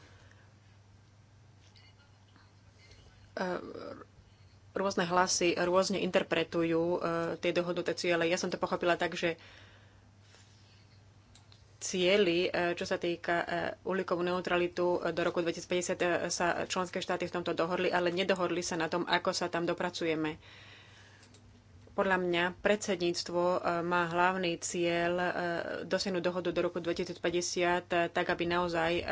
Eh, rôzne hlasy rôzne interpretujú tie dohodnuté ciele. Ja som to pochopila tak, že cieli, e, čo sa týka e, uhlíkovú neutralitu e, do roku 2050 sa členské štáty v tomto dohodli, ale nedohodli sa na tom, ako sa tam dopracujeme. Podľa mňa predsedníctvo má hlavný cieľ dosiahnuť dohodu do roku 2050 tak, aby naozaj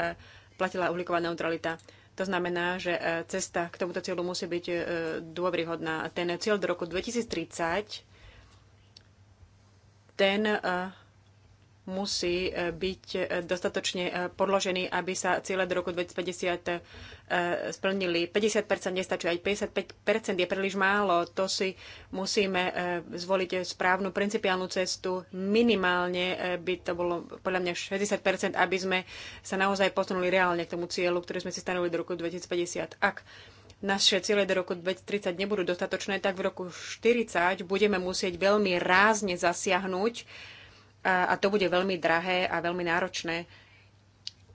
platila uhlíková neutralita. To znamená, že cesta k tomuto cieľu musí byť dôvryhodná. Ten cieľ do roku 2030 ten musí e, byť e, dostatočne e, podložený, aby sa cieľe do roku 2050 splnili. 50% nestačí, aj 55% je príliš málo. To si musíme zvoliť správnu principiálnu cestu. Minimálne by to bolo podľa mňa 60%, aby sme sa naozaj posunuli reálne k tomu cieľu, ktorý sme si stanovili do roku 2050. Ak naše ciele do roku 2030 nebudú dostatočné, tak v roku 40 budeme musieť veľmi rázne zasiahnuť a, a to bude veľmi drahé a veľmi náročné.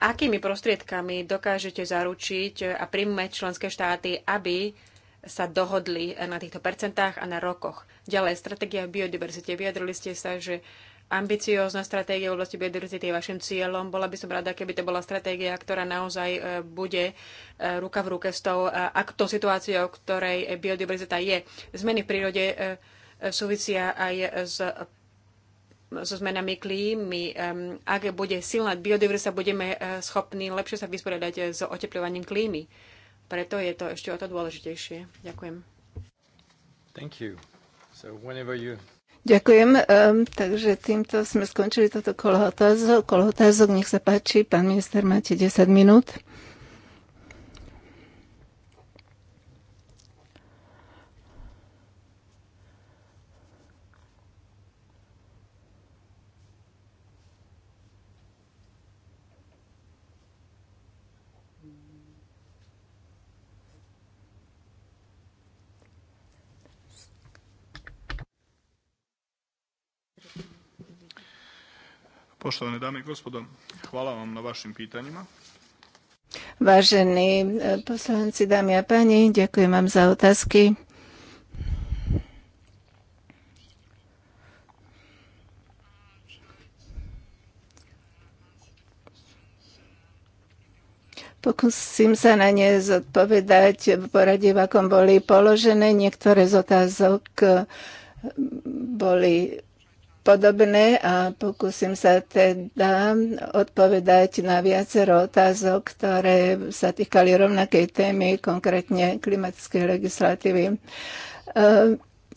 Akými prostriedkami dokážete zaručiť a príjmať členské štáty, aby sa dohodli na týchto percentách a na rokoch? Ďalej, stratégia v biodiverzite. Vyjadrili ste sa, že ambiciózna stratégia v oblasti biodiverzity je vašim cieľom. Bola by som rada, keby to bola stratégia, ktorá naozaj e, bude e, ruka v ruke s tou, e, ak situáciou, ktorej biodiverzita je. Zmeny v prírode súvisia aj s so zmenami klímy. Ak bude silná biodiverzita, budeme eh, schopní lepšie sa vysporiadať eh, s oteplovaním klímy. Preto je to ešte o to dôležitejšie. Ďakujem. Thank you. So whenever you... Ďakujem. Um, takže týmto sme skončili toto kolo otázok. Kolo otázok, nech sa páči. Pán minister, máte 10 minút. Poštovane dame i gospodo, hvala vam na vašim pitanjima. Važeni e, poslanci, dame a páni, ďakujem vám za otázky. Pokúsim sa na ne zodpovedať v poradí, v akom boli položené. Niektoré z otázok e, boli podobné a pokúsim sa teda odpovedať na viacero otázok, ktoré sa týkali rovnakej témy, konkrétne klimatickej legislatívy. E,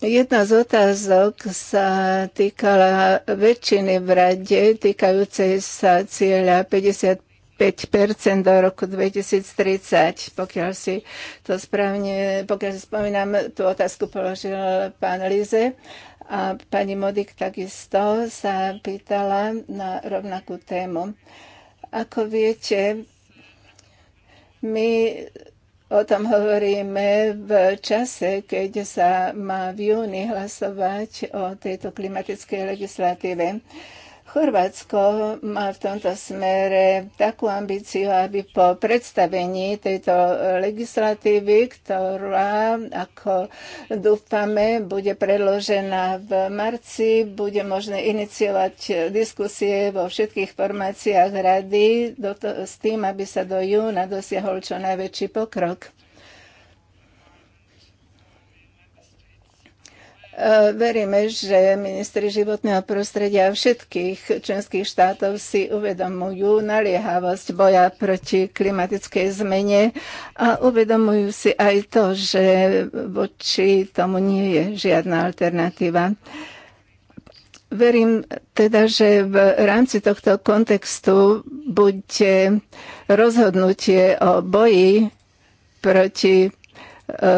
jedna z otázok sa týkala väčšiny v rade, týkajúcej sa cieľa 50 5% do roku 2030, pokiaľ si to správne, pokiaľ si spomínam, tú otázku položil pán Lize. Uh, a pani Modik takisto sa pýtala na rovnakú tému. Ako viete, my o tom hovoríme v čase, keď sa má v júni hlasovať o tejto klimatickej legislatíve. Chorvátsko má v tomto smere takú ambíciu, aby po predstavení tejto legislatívy, ktorá, ako dúfame, bude predložená v marci, bude možné iniciovať diskusie vo všetkých formáciách rady do to, s tým, aby sa do júna dosiahol čo najväčší pokrok. E, veríme, že ministri životného prostredia všetkých členských štátov si uvedomujú naliehavosť boja proti klimatickej zmene a uvedomujú si aj to, že voči tomu nie je žiadna alternatíva. Verím teda, že v rámci tohto kontextu bude rozhodnutie o boji proti E,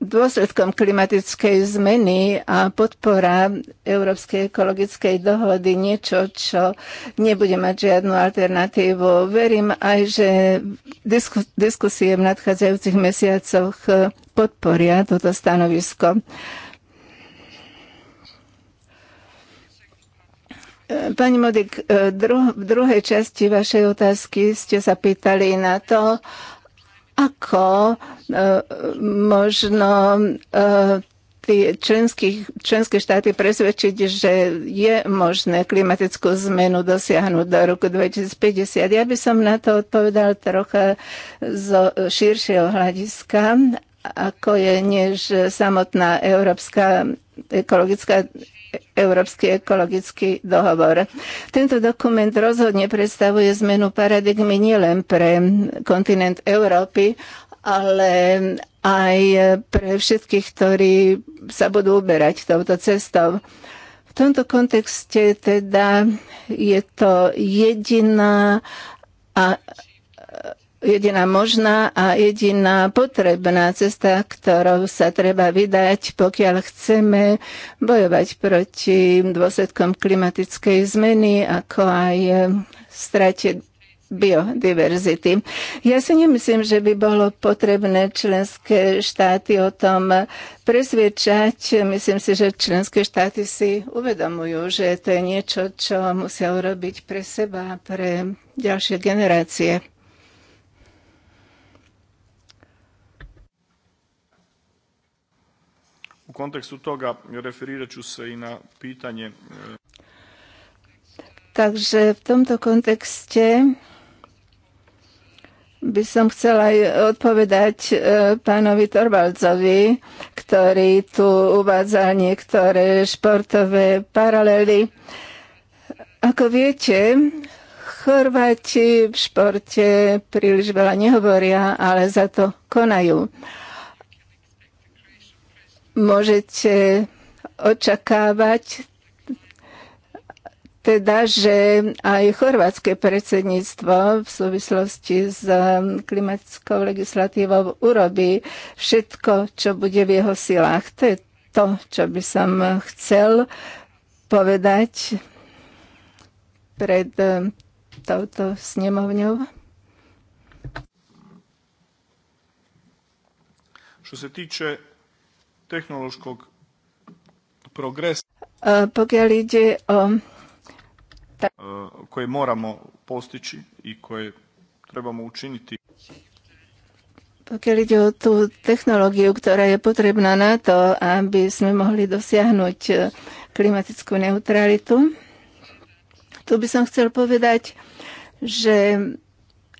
dôsledkom klimatickej zmeny a podpora Európskej ekologickej dohody niečo, čo nebude mať žiadnu alternatívu. Verím aj, že diskusie v nadchádzajúcich mesiacoch podporia toto stanovisko. Pani Modik, e, v druhej časti vašej otázky ste sa pýtali na to, ako e, možno e, členské štáty presvedčiť, že je možné klimatickú zmenu dosiahnuť do roku 2050. Ja by som na to odpovedal trocha zo širšieho hľadiska, ako je než samotná Európska ekologická Európsky ekologický dohovor. Tento dokument rozhodne predstavuje zmenu paradigmy nielen pre kontinent Európy, ale aj pre všetkých, ktorí sa budú uberať touto cestou. V tomto kontexte teda je to jediná a jediná možná a jediná potrebná cesta, ktorou sa treba vydať, pokiaľ chceme bojovať proti dôsledkom klimatickej zmeny, ako aj eh, strate biodiverzity. Ja si nemyslím, že by bolo potrebné členské štáty o tom presviečať. Myslím si, že členské štáty si uvedomujú, že to je niečo, čo musia urobiť pre seba, pre ďalšie generácie. kontekstu toga referirat ću se i na pitanje... E, Takže v tomto kontexte by som chcela odpovedať e, pánovi Torvaldzovi, ktorý tu uvádzal niektoré športové paralely. Ako viete, Chorváti v športe príliš veľa nehovoria, ale za to konajú môžete očakávať teda, že aj chorvátske predsedníctvo v súvislosti s um, klimatickou legislatívou urobí všetko, čo bude v jeho silách. To je to, čo by som chcel povedať pred um, touto snemovňou. Čo sa týče tehnološkog progresa. E, pokiaľ ide o... E, koje moramo postići i koje trebamo učiniti. Pokiaľ ide o tú technológiu, ktorá je potrebná na to, aby sme mohli dosiahnuť e, klimatickú neutralitu, tu by som chcel povedať, že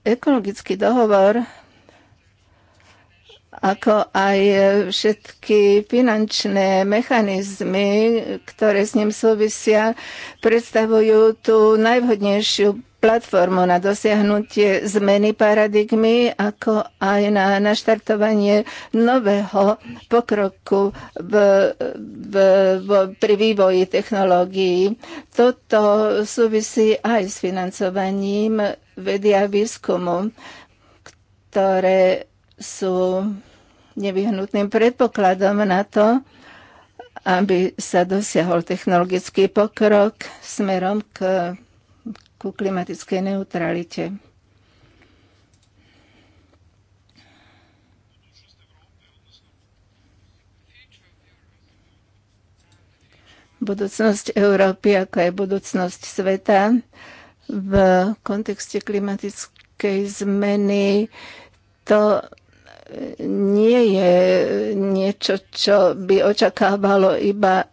ekologický dohovor ako aj všetky finančné mechanizmy, ktoré s ním súvisia, predstavujú tú najvhodnejšiu platformu na dosiahnutie zmeny paradigmy, ako aj na naštartovanie nového pokroku v, v, v, pri vývoji technológií. Toto súvisí aj s financovaním vedia výskumu, ktoré sú nevyhnutným predpokladom na to, aby sa dosiahol technologický pokrok smerom k, ku klimatickej neutralite. Budúcnosť Európy, ako aj budúcnosť sveta v kontexte klimatickej zmeny, to nie je niečo, čo by očakávalo iba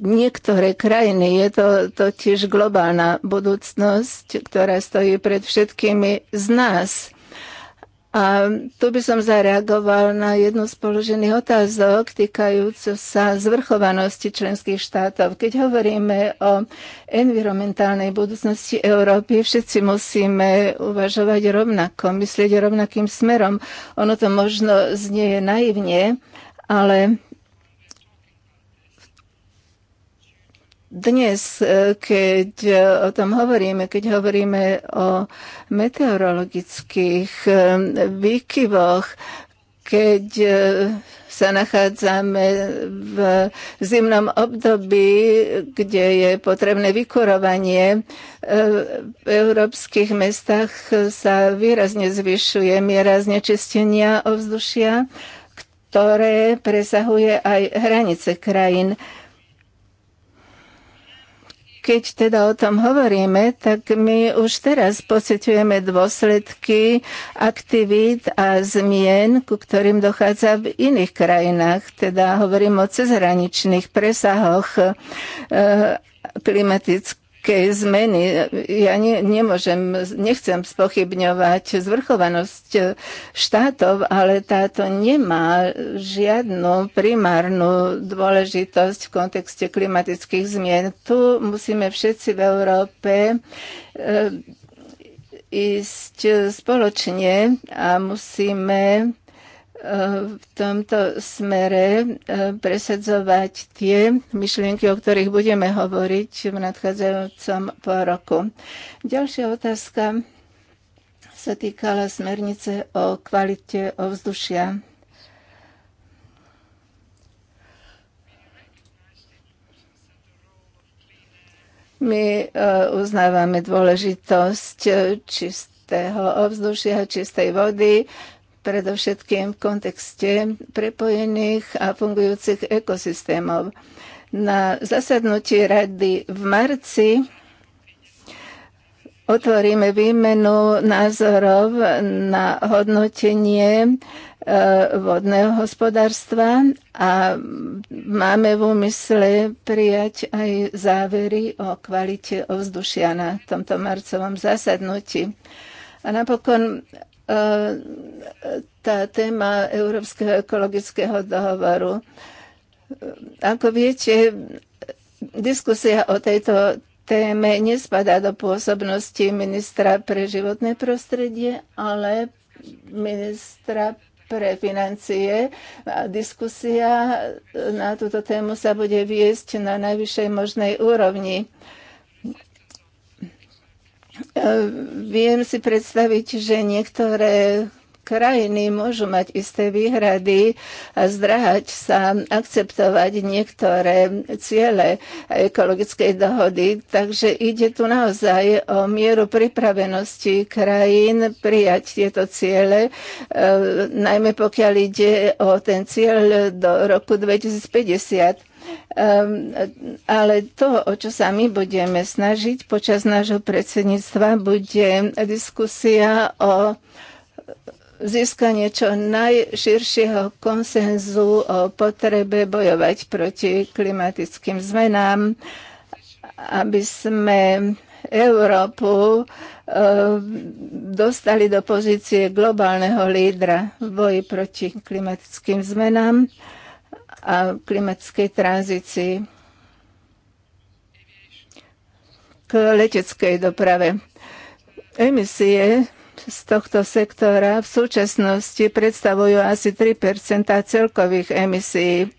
niektoré krajiny. Je to totiž globálna budúcnosť, ktorá stojí pred všetkými z nás. A tu by som zareagoval na jednu z položených otázok týkajúcu sa zvrchovanosti členských štátov. Keď hovoríme o environmentálnej budúcnosti Európy, všetci musíme uvažovať rovnako, myslieť rovnakým smerom. Ono to možno znie naivne, ale Dnes, e, keď e, o tom hovoríme, keď hovoríme o meteorologických e, výkyvoch, keď sa nachádzame v zimnom období, kde je potrebné vykurovanie, v európskych mestách sa výrazne zvyšuje miera znečistenia ovzdušia, ktoré presahuje aj hranice krajín keď teda o tom hovoríme, tak my už teraz pociťujeme dôsledky aktivít a zmien, ku ktorým dochádza v iných krajinách. Teda hovorím o cezhraničných presahoch eh, klimatických veľké zmeny. Ja ne, nemôžem, nechcem spochybňovať zvrchovanosť štátov, ale táto nemá žiadnu primárnu dôležitosť v kontexte klimatických zmien. Tu musíme všetci v Európe eh, ísť spoločne a musíme v tomto smere e, presadzovať tie myšlienky, o ktorých budeme hovoriť v nadchádzajúcom pol roku. Ďalšia otázka sa týkala smernice o kvalite ovzdušia. My e, uznávame dôležitosť e, čistého ovzdušia, čistej vody, predovšetkým v kontexte prepojených a fungujúcich ekosystémov. Na zasadnutí rady v marci otvoríme výmenu názorov na hodnotenie e, vodného hospodárstva a máme v úmysle prijať aj závery o kvalite ovzdušia na tomto marcovom zasadnutí. A napokon tá téma Európskeho ekologického dohovoru. Ako viete, diskusia o tejto téme nespadá do pôsobnosti ministra pre životné prostredie, ale ministra pre financie. Diskusia na túto tému sa bude viesť na najvyššej možnej úrovni. Viem si predstaviť, že niektoré krajiny môžu mať isté výhrady a zdráhať sa akceptovať niektoré ciele ekologickej dohody. Takže ide tu naozaj o mieru pripravenosti krajín prijať tieto ciele, e, najmä pokiaľ ide o ten cieľ do roku 2050. Ehm, ale to, o čo sa my budeme snažiť počas nášho predsedníctva, bude diskusia o získanie čo najširšieho konsenzu o potrebe bojovať proti klimatickým zmenám, aby sme Európu ehm, dostali do pozície globálneho lídra v boji proti klimatickým zmenám a klimatickej tranzícii k leteckej doprave. Emisie z tohto sektora v súčasnosti predstavujú asi 3 celkových emisí.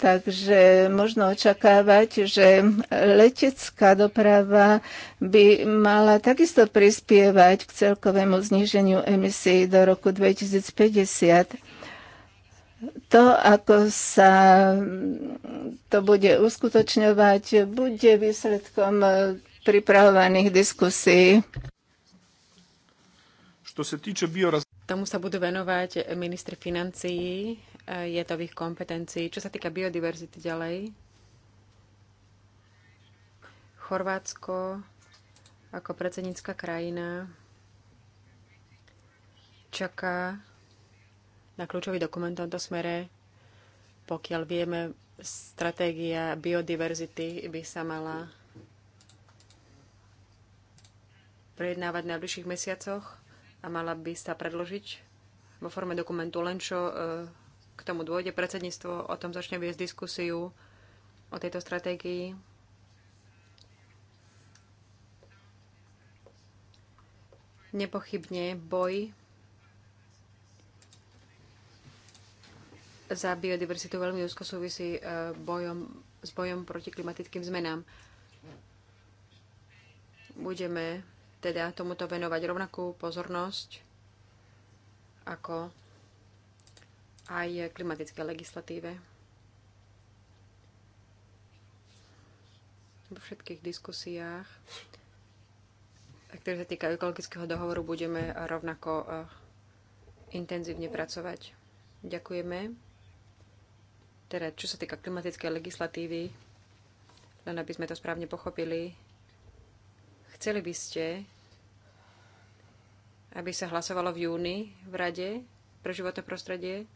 Takže možno očakávať, že letecká doprava by mala takisto prispievať k celkovému zníženiu emisí do roku 2050 to, ako sa to bude uskutočňovať, bude výsledkom e, pripravovaných diskusí. týče bioraz... Tomu sa budú venovať ministri financií, e, je to v ich kompetencii. Čo sa týka biodiverzity ďalej, Chorvátsko ako predsednícka krajina čaká na kľúčový dokument v tomto smere. Pokiaľ vieme, stratégia biodiverzity by sa mala prejednávať v najbližších mesiacoch a mala by sa predložiť vo forme dokumentu len čo e, k tomu dôjde predsedníctvo, o tom začne viesť diskusiu o tejto stratégii. Nepochybne boj za biodiverzitu veľmi úzko súvisí e, bojom, s bojom proti klimatickým zmenám. Budeme teda tomuto venovať rovnakú pozornosť ako aj klimatické legislatíve. Vo všetkých diskusiách, ktoré sa týkajú ekologického dohovoru, budeme rovnako e, intenzívne pracovať. Ďakujeme. Teda, čo sa týka klimatickej legislatívy, len aby sme to správne pochopili, chceli by ste, aby sa hlasovalo v júni v Rade pre životné prostredie?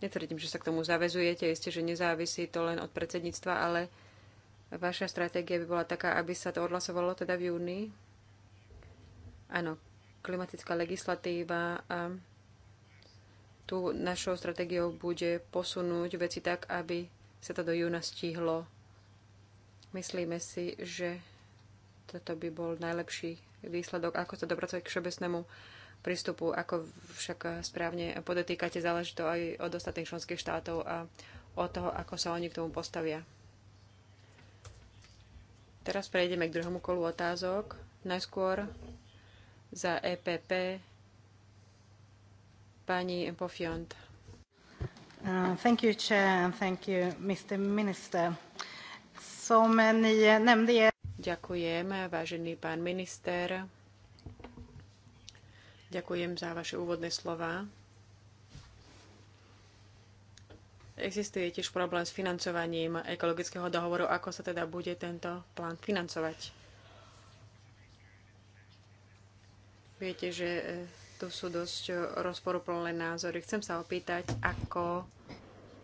Netvrdím, že sa k tomu zavezujete, isté, že nezávisí to len od predsedníctva, ale vaša stratégia by bola taká, aby sa to odhlasovalo teda v júni? Áno, klimatická legislatíva. A tu našou stratégiou bude posunúť veci tak, aby sa to do júna stihlo. Myslíme si, že toto by bol najlepší výsledok, ako sa dopracovať k všeobecnému prístupu, ako však správne podotýkate, záleží to aj od ostatných členských štátov a od toho, ako sa oni k tomu postavia. Teraz prejdeme k druhému kolu otázok. Najskôr za EPP pani Uh, thank you, Chair, and thank you, Mr. Minister. Som uh, ni Ďakujem, vážený pán minister. Ďakujem za vaše úvodné slova. Existuje tiež problém s financovaním ekologického dohovoru. Ako sa teda bude tento plán financovať? Viete, že eh, tu sú dosť rozporuplné názory. Chcem sa opýtať, ako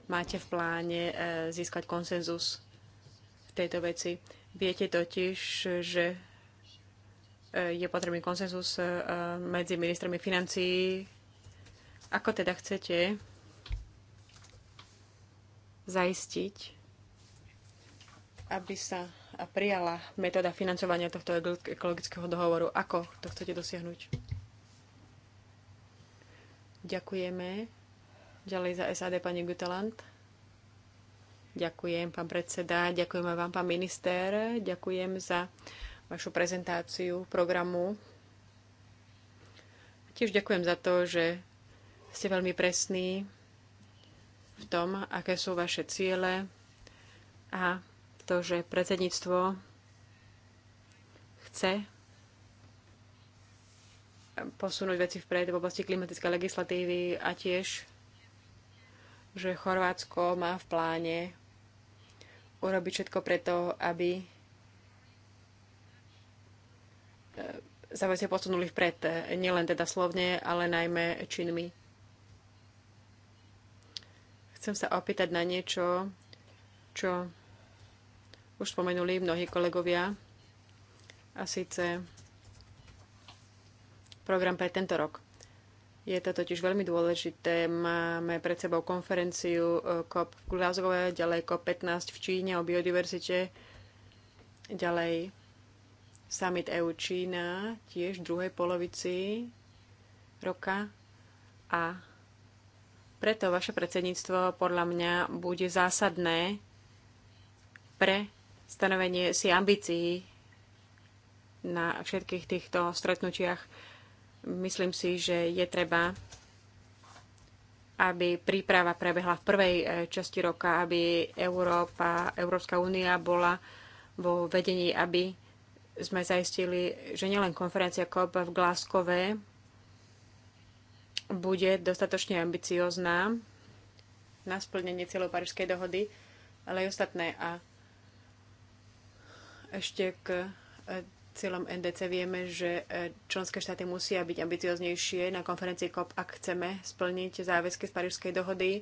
máte v pláne e, získať konsenzus v tejto veci. Viete totiž, že e, je potrebný konsenzus e, medzi ministrami financií. Ako teda chcete zaistiť, aby sa prijala metóda financovania tohto ekologického dohovoru? Ako to chcete dosiahnuť? Ďakujeme. Ďalej za SAD pani Gutelant. Ďakujem, pán predseda, ďakujem aj vám, pán minister, ďakujem za vašu prezentáciu programu. Tiež ďakujem za to, že ste veľmi presní v tom, aké sú vaše ciele a to, že predsedníctvo chce posunúť veci vpred v oblasti klimatickej legislatívy a tiež, že Chorvátsko má v pláne urobiť všetko preto, aby e, sa veci posunuli vpred, e, nielen teda slovne, ale najmä činmi. Chcem sa opýtať na niečo, čo už spomenuli mnohí kolegovia, a síce program pre tento rok. Je to totiž veľmi dôležité. Máme pred sebou konferenciu COP e, v Glasgow, ďalej COP15 v Číne o biodiverzite, ďalej summit EU Čína tiež v druhej polovici roka a preto vaše predsedníctvo podľa mňa bude zásadné pre stanovenie si ambícií na všetkých týchto stretnutiach Myslím si, že je treba, aby príprava prebehla v prvej e, časti roka, aby Európa, Európska únia bola vo vedení, aby sme zaistili, že nielen konferencia COP v Glaskove bude dostatočne ambiciozná na splnenie cieľov Parížskej dohody, ale aj ostatné. A ešte k e, cieľom NDC vieme, že e, členské štáty musia byť ambicioznejšie na konferencii COP, ak chceme splniť záväzky z Parížskej dohody.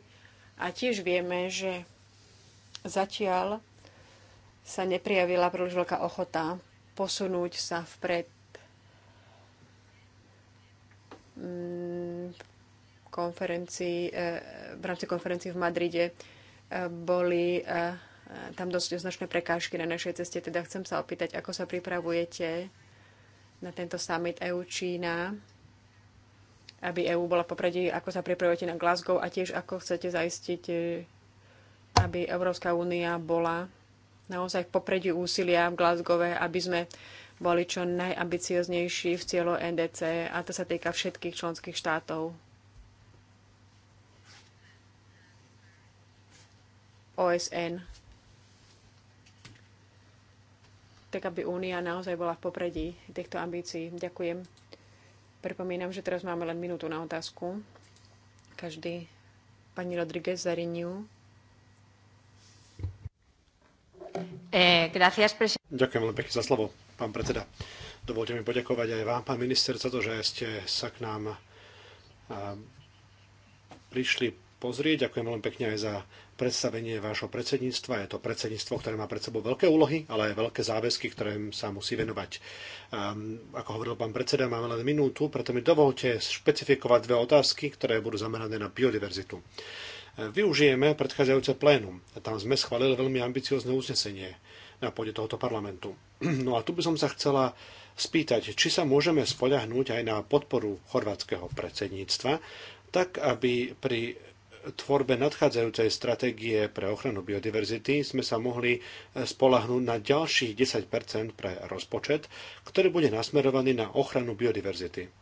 A tiež vieme, že zatiaľ sa neprijavila príliš veľká ochota posunúť sa vpred mm, konferencii, e, v rámci konferencii v Madride e, boli E, tam dosť značné prekážky na našej ceste, teda chcem sa opýtať, ako sa pripravujete na tento summit EU-Čína, aby EU bola popredí, ako sa pripravujete na Glasgow a tiež ako chcete zaistiť, e, aby Európska únia bola naozaj v popredí úsilia v Glasgowe, aby sme boli čo najambicioznejší v cieľo NDC e a to sa týka všetkých členských štátov. OSN tak aby Únia naozaj bola v popredí týchto ambícií. Ďakujem. Pripomínam, že teraz máme len minútu na otázku. Každý. Pani Rodríguez Zariniu. Eh, Ďakujem veľmi pekne za slovo, pán predseda. Dovolte mi poďakovať aj vám, pán minister, za to, že ste sa k nám eh, prišli pozrieť. Ďakujem veľmi pekne aj za predstavenie vášho predsedníctva. Je to predsedníctvo, ktoré má pred sebou veľké úlohy, ale aj veľké záväzky, ktoré sa musí venovať. Um, ako hovoril pán predseda, máme len minútu, preto mi dovolte špecifikovať dve otázky, ktoré budú zamerané na biodiverzitu. Ehm, využijeme predchádzajúce plénum. Tam sme schválili veľmi ambiciozne uznesenie na pôde tohoto parlamentu. No a tu by som sa chcela spýtať, či sa môžeme spoľahnúť aj na podporu chorvátskeho predsedníctva, tak aby pri tvorbe nadchádzajúcej stratégie pre ochranu biodiverzity sme sa mohli spolahnúť na ďalších 10 pre rozpočet, ktorý bude nasmerovaný na ochranu biodiverzity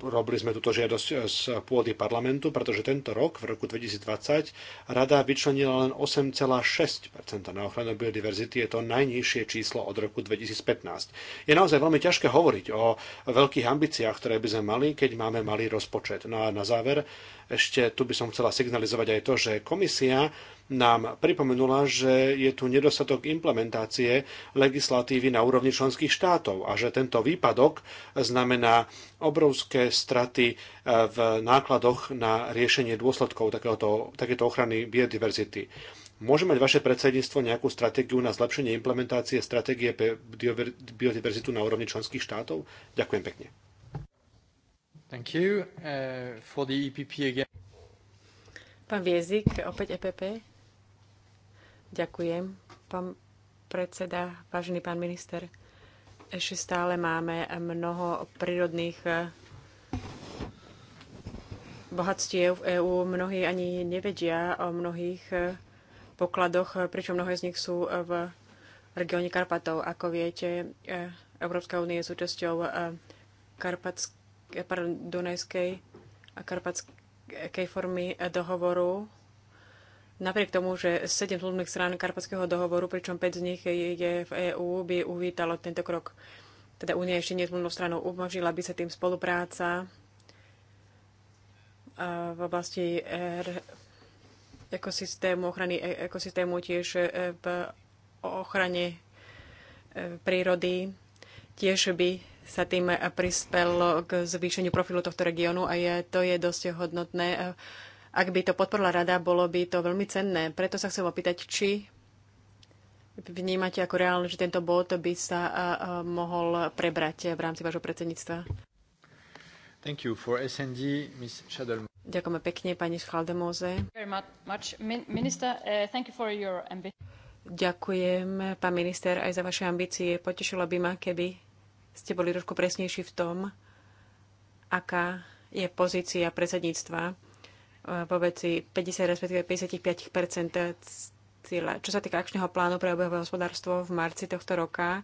Robili sme túto žiadosť eh, z pôdy parlamentu, pretože tento rok, v roku 2020, rada vyčlenila len 8,6 na ochranu biodiverzity. Je to najnižšie číslo od roku 2015. Je naozaj veľmi ťažké hovoriť o veľkých ambíciách, ktoré by sme mali, keď máme malý rozpočet. No a na záver ešte tu by som chcela signalizovať aj to, že komisia nám pripomenula, že je tu nedostatok implementácie legislatívy na úrovni členských štátov a že tento výpadok znamená obrovské straty eh, v nákladoch na riešenie dôsledkov takéhoto, takéto ochrany biodiverzity. Môže mať vaše predsedníctvo nejakú stratégiu na zlepšenie implementácie stratégie pre biodiverzitu na úrovni členských štátov? Ďakujem pekne. Thank you. Uh, for the EPP again. Pán Viezik, opäť EPP. Ďakujem, pán predseda, vážený pán minister. Ešte stále máme mnoho prírodných eh, bohatstiev v EÚ. Mnohí ani nevedia o mnohých eh, pokladoch, eh, pričom mnohé z nich sú v regióne Karpatov. Ako viete, Európska únie je súčasťou Karpatsk- pardon, Dunajskej a Karpatskej formy dohovoru Napriek tomu, že 7 zmluvných strán Karpatského dohovoru, pričom 5 z nich je v EÚ, by uvítalo tento krok. Teda Únia ešte nie zmluvnou stranou umožnila by sa tým spolupráca v oblasti ekosystému, ochrany e, ekosystému tiež e, v ochrane e, prírody. Tiež by sa tým prispelo k zvýšeniu profilu tohto regiónu a je, to je dosť hodnotné ak by to podporila rada, bolo by to veľmi cenné. Preto sa chcem opýtať, či vnímate ako reálne, že tento bod by sa mohol prebrať v rámci vášho predsedníctva. Thank you. For SND, Ms. Ďakujeme pekne, pani Schaldemose. Eh, Ďakujem, pán minister, aj za vaše ambície. Potešilo by ma, keby ste boli trošku presnejší v tom, aká je pozícia predsedníctva Eh, vo veci 50 respektíve 55 cíle. Čo sa týka akčného plánu pre obehové hospodárstvo v marci tohto roka,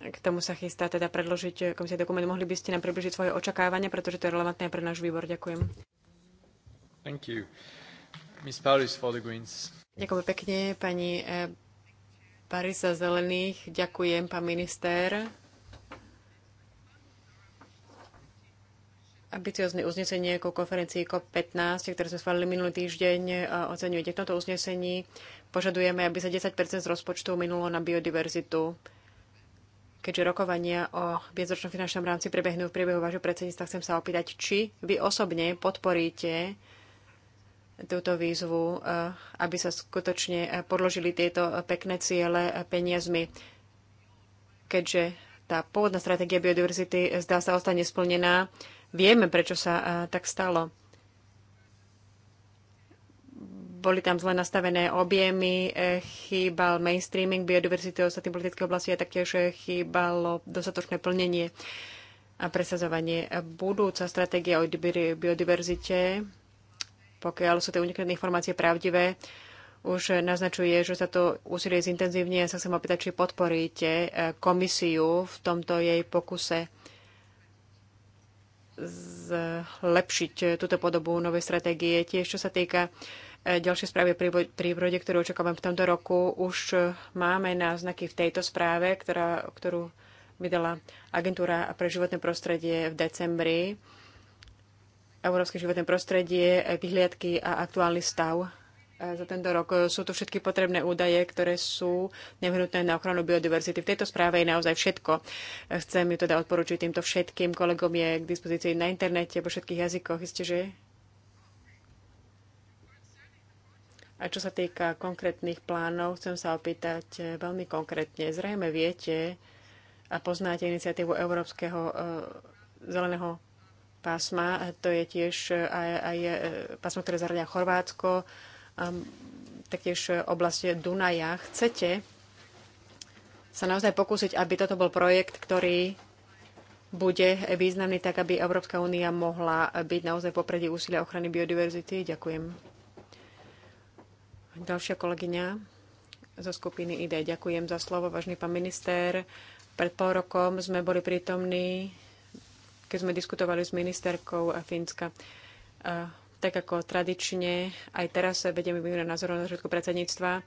k tomu sa chystá teda predložiť komisie dokument. Mohli by ste nám približiť svoje očakávania, pretože to je relevantné pre náš výbor. Ďakujem. Thank you. Paris for the Greens. Ďakujem pekne, pani eh, Paris za zelených. Ďakujem, pán minister. ambiciozne uznesenie ku konferencii COP15, ktoré sme schválili minulý týždeň, e, oceňujete. V tomto uznesení požadujeme, aby sa 10 z rozpočtu minulo na biodiverzitu. Keďže rokovania o viacročnom finančnom rámci prebehnú v priebehu vášho predsedníctva, chcem sa opýtať, či vy osobne podporíte túto výzvu, e, aby sa skutočne e, podložili tieto pekné ciele peniazmi, keďže tá pôvodná stratégia biodiverzity zdá sa ostane splnená Vieme, prečo sa tak stalo. Boli tam zle nastavené objemy, e, chýbal mainstreaming biodiverzity ostatných politických oblasti a taktiež chýbalo dostatočné plnenie a presazovanie. Budúca stratégia o biodiverzite, pokiaľ sú tie uniknuté informácie pravdivé, už naznačuje, že sa to úsilie zintenzívne. Ja sa chcem opýtať, či podporíte e, komisiu v tomto jej pokuse zlepšiť túto podobu novej stratégie. Tiež, čo sa týka e, ďalšie správy o prírode, ktorú očakávam v tomto roku, už máme náznaky v tejto správe, ktorá, ktorú vydala Agentúra pre životné prostredie v decembri. Európske životné prostredie, e, vyhliadky a aktuálny stav E, za tento rok. Sú tu všetky potrebné údaje, ktoré sú nevyhnutné na ochranu biodiverzity. V tejto správe je naozaj všetko. E, chcem ju teda odporučiť týmto všetkým kolegom. Je k dispozícii na internete vo všetkých jazykoch. Isté, že? A čo sa týka konkrétnych plánov, chcem sa opýtať e, veľmi konkrétne. Zrejme viete a poznáte iniciatívu Európskeho zeleného pásma. To je tiež aj, aj pásmo, ktoré zahrania Chorvátsko, taktiež e, oblasti Dunaja. Chcete sa naozaj pokúsiť, aby toto bol projekt, ktorý bude významný tak, aby Európska únia mohla byť naozaj popredí úsilia ochrany biodiverzity. Ďakujem. Ďalšia kolegyňa zo skupiny ID. Ďakujem za slovo, vážny pán minister. Pred pol rokom sme boli prítomní, keď sme diskutovali s ministerkou Fínska e, tak ako tradične, aj teraz vedeme vyvinúť názorov na začiatku predsedníctva, eh,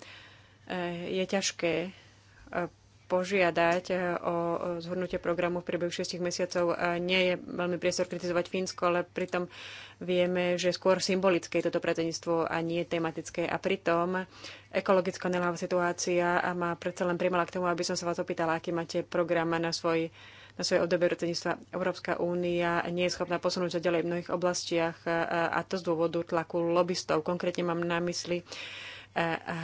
je ťažké eh, požiadať eh, o zhrnutie programu v priebehu 6 mesiacov. Nie je veľmi priestor kritizovať Fínsko, ale pritom vieme, že skôr symbolické je toto predsedníctvo a nie tematické. A pritom ekologická neláva situácia a má predsa len primala k tomu, aby som sa vás opýtala, aký máte program na svoj na svoje odoberu cenictva. Európska únia nie je schopná posunúť sa ďalej v mnohých oblastiach e, a to z dôvodu tlaku lobbystov. Konkrétne mám na mysli e,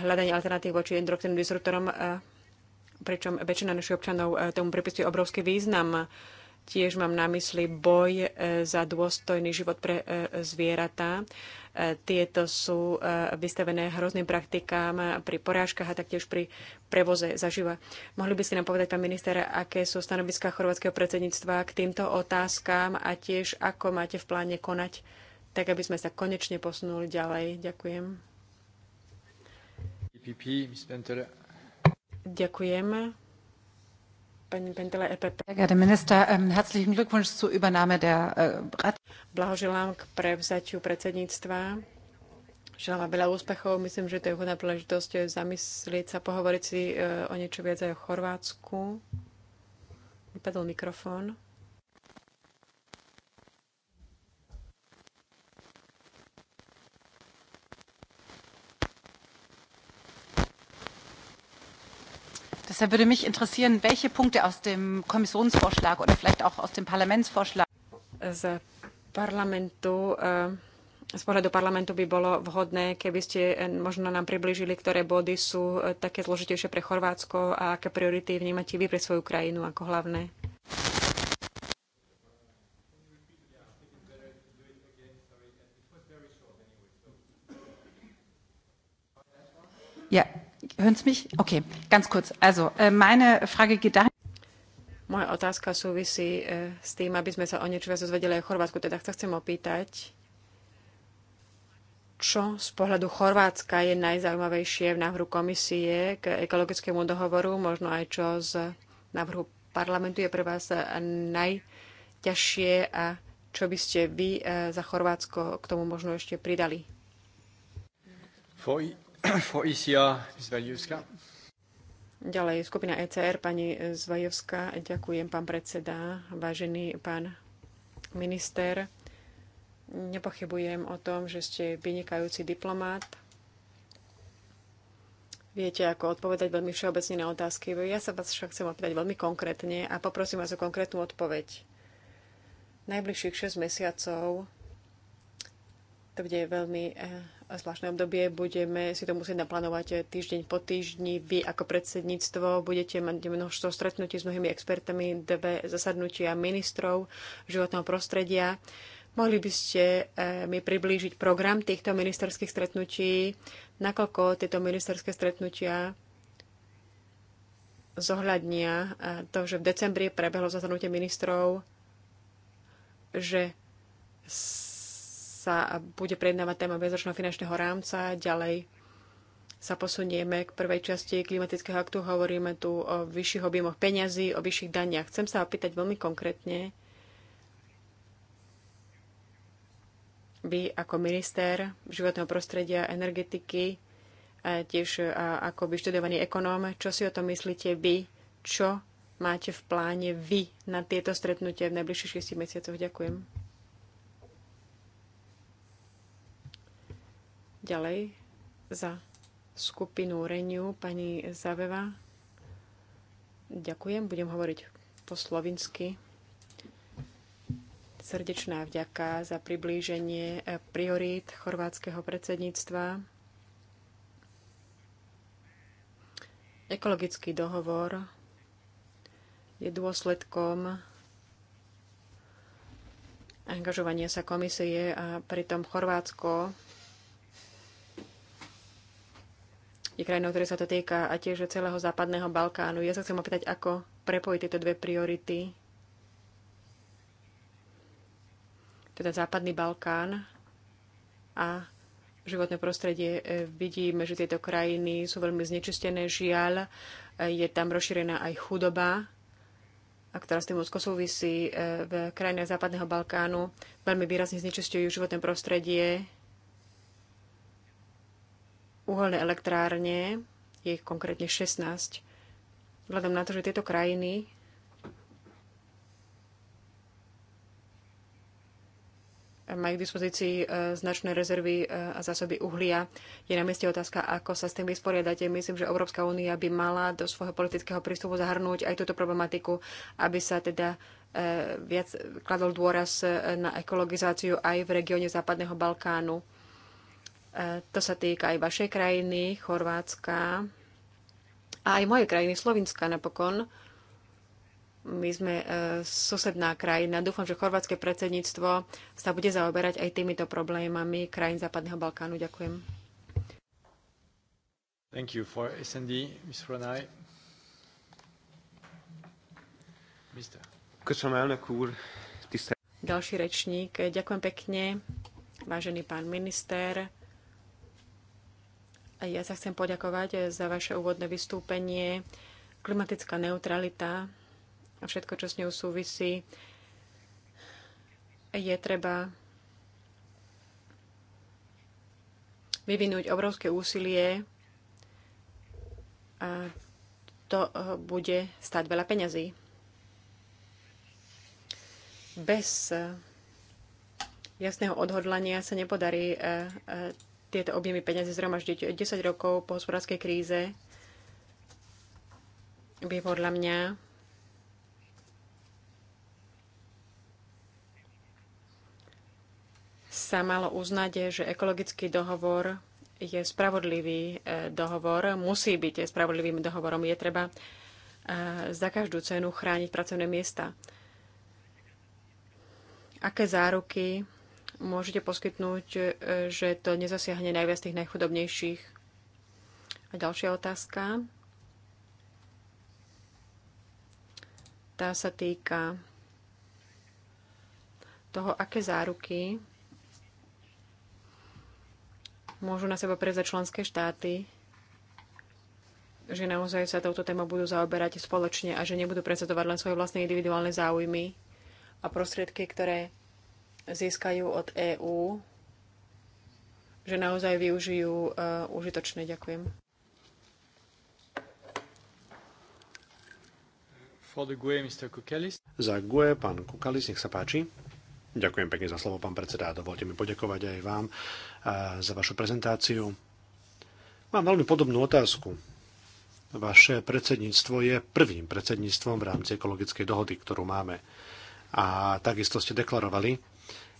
hľadanie alternatív voči endokrinným disruptorom, e, pričom väčšina našich občanov tomu pripisuje obrovský význam. Tiež mám na mysli boj za dôstojný život pre zvieratá E, tieto sú e, vystavené hrozným praktikám pri porážkach a taktiež pri prevoze zaživa. Mohli by ste nám povedať, pán minister, aké sú stanoviská chorvátskeho predsedníctva k týmto otázkám a tiež ako máte v pláne konať, tak aby sme sa konečne posunuli ďalej. Ďakujem. E Ďakujem. Blahoželám k prevzatiu predsedníctva. Želám vám veľa úspechov. Myslím, že to je hodná príležitosť zamyslieť sa, pohovoriť si e, o niečo viac aj o Chorvátsku. Vypadol mikrofón. Deshalb würde mich interessieren, welche Punkte aus dem Kommissionsvorschlag oder vielleicht auch aus dem Parlamentsvorschlag z parlamentu, eh, z pohľadu parlamentu by bolo vhodné, keby ste eh, možno nám priblížili, ktoré body sú eh, také zložitejšie pre Chorvátsko a aké priority vnímate vy pre svoju krajinu ako hlavné. Yeah. Hören Sie mich? Okay, ganz kurz. Also, äh, meine Frage geht dahin. Moja otázka súvisí äh, s tým, aby sme sa o niečo viac dozvedeli aj v Chorvátsku. Teda sa chcem opýtať, čo z pohľadu Chorvátska je najzaujímavejšie v návrhu komisie k ekologickému dohovoru, možno aj čo z návrhu parlamentu je pre vás najťažšie a čo by ste vy äh, za Chorvátsko k tomu možno ešte pridali? Foj. For ECR, Ďalej skupina ECR, pani Zvajovská. Ďakujem, pán predseda, vážený pán minister. Nepochybujem o tom, že ste vynikajúci diplomát. Viete, ako odpovedať veľmi všeobecne na otázky. Ja sa vás však chcem opýtať veľmi konkrétne a poprosím vás o konkrétnu odpoveď. Najbližších 6 mesiacov to bude veľmi eh, zvláštne obdobie. Budeme si to musieť naplánovať týždeň po týždni. Vy ako predsedníctvo budete mať množstvo stretnutí s mnohými expertami, dve zasadnutia ministrov životného prostredia. Mohli by ste e, mi priblížiť program týchto ministerských stretnutí, nakoľko tieto ministerské stretnutia zohľadnia e, to, že v decembri prebehlo zasadnutie ministrov, že sa bude prednávať téma bezročného finančného rámca. Ďalej sa posunieme k prvej časti klimatického aktu. Hovoríme tu o vyšších objemoch peňazí, o vyšších daniach. Chcem sa opýtať veľmi konkrétne, vy ako minister životného prostredia, energetiky, tiež ako vyštudovaný ekonóm, čo si o tom myslíte vy, čo máte v pláne vy na tieto stretnutie v najbližších 6 mesiacoch? Ďakujem. Ďalej za skupinu Reniu pani Zaveva. Ďakujem, budem hovoriť po slovinsky. Srdečná vďaka za priblíženie priorít chorvátskeho predsedníctva. Ekologický dohovor je dôsledkom angažovania sa komisie a pritom Chorvátsko je krajinou, ktoré sa to týka a tiež celého západného Balkánu. Ja sa chcem opýtať, ako prepojiť tieto dve priority, teda západný Balkán a životné prostredie. E, vidíme, že tieto krajiny sú veľmi znečistené, žiaľ. E, je tam rozšírená aj chudoba, a ktorá s tým úzko súvisí e, v krajinách Západného Balkánu. Veľmi výrazne znečistujú životné prostredie, uholné elektrárne, je ich konkrétne 16, vzhľadom na to, že tieto krajiny majú k dispozícii e, značné rezervy e, a zásoby uhlia. Je na mieste otázka, ako sa s tým vysporiadate. Myslím, že Európska únia by mala do svojho politického prístupu zahrnúť aj túto problematiku, aby sa teda e, viac kladol dôraz na ekologizáciu aj v regióne Západného Balkánu. E, to sa týka aj vašej krajiny, Chorvátska a aj mojej krajiny, Slovenska napokon. My sme e, susedná krajina. Dúfam, že chorvátske predsedníctvo sa bude zaoberať aj týmito problémami krajín Západného Balkánu. Ďakujem. Thank you for SND, Ms. Ronay. Mr. Ďalší rečník. Ďakujem pekne, vážený pán minister. A ja sa chcem poďakovať eh, za vaše úvodné vystúpenie. Klimatická neutralita a všetko, čo s ňou súvisí, je treba vyvinúť obrovské úsilie a to eh, bude stať veľa peňazí. Bez eh, jasného odhodlania sa nepodarí tieto objemy peniazy zhromaždiť 10 rokov po hospodárskej kríze by podľa mňa sa malo uznať, že ekologický dohovor je spravodlivý e, dohovor, musí byť spravodlivým dohovorom. Je treba e, za každú cenu chrániť pracovné miesta. Aké záruky môžete poskytnúť, e, že to nezasiahne najviac tých najchudobnejších? A ďalšia otázka. Tá sa týka toho, aké záruky môžu na seba prevzať členské štáty, že naozaj sa touto témou budú zaoberať spoločne a že nebudú prezentovať len svoje vlastné individuálne záujmy a prostriedky, ktoré získajú od EÚ, že naozaj využijú uh, užitočné. Ďakujem. E, za GUE, pán Kukalis, nech sa páči. Ďakujem pekne za slovo, pán predseda. Dovolte mi poďakovať aj vám e, za vašu prezentáciu. Mám veľmi podobnú otázku. Vaše predsedníctvo je prvým predsedníctvom v rámci ekologickej dohody, ktorú máme. A takisto ste deklarovali,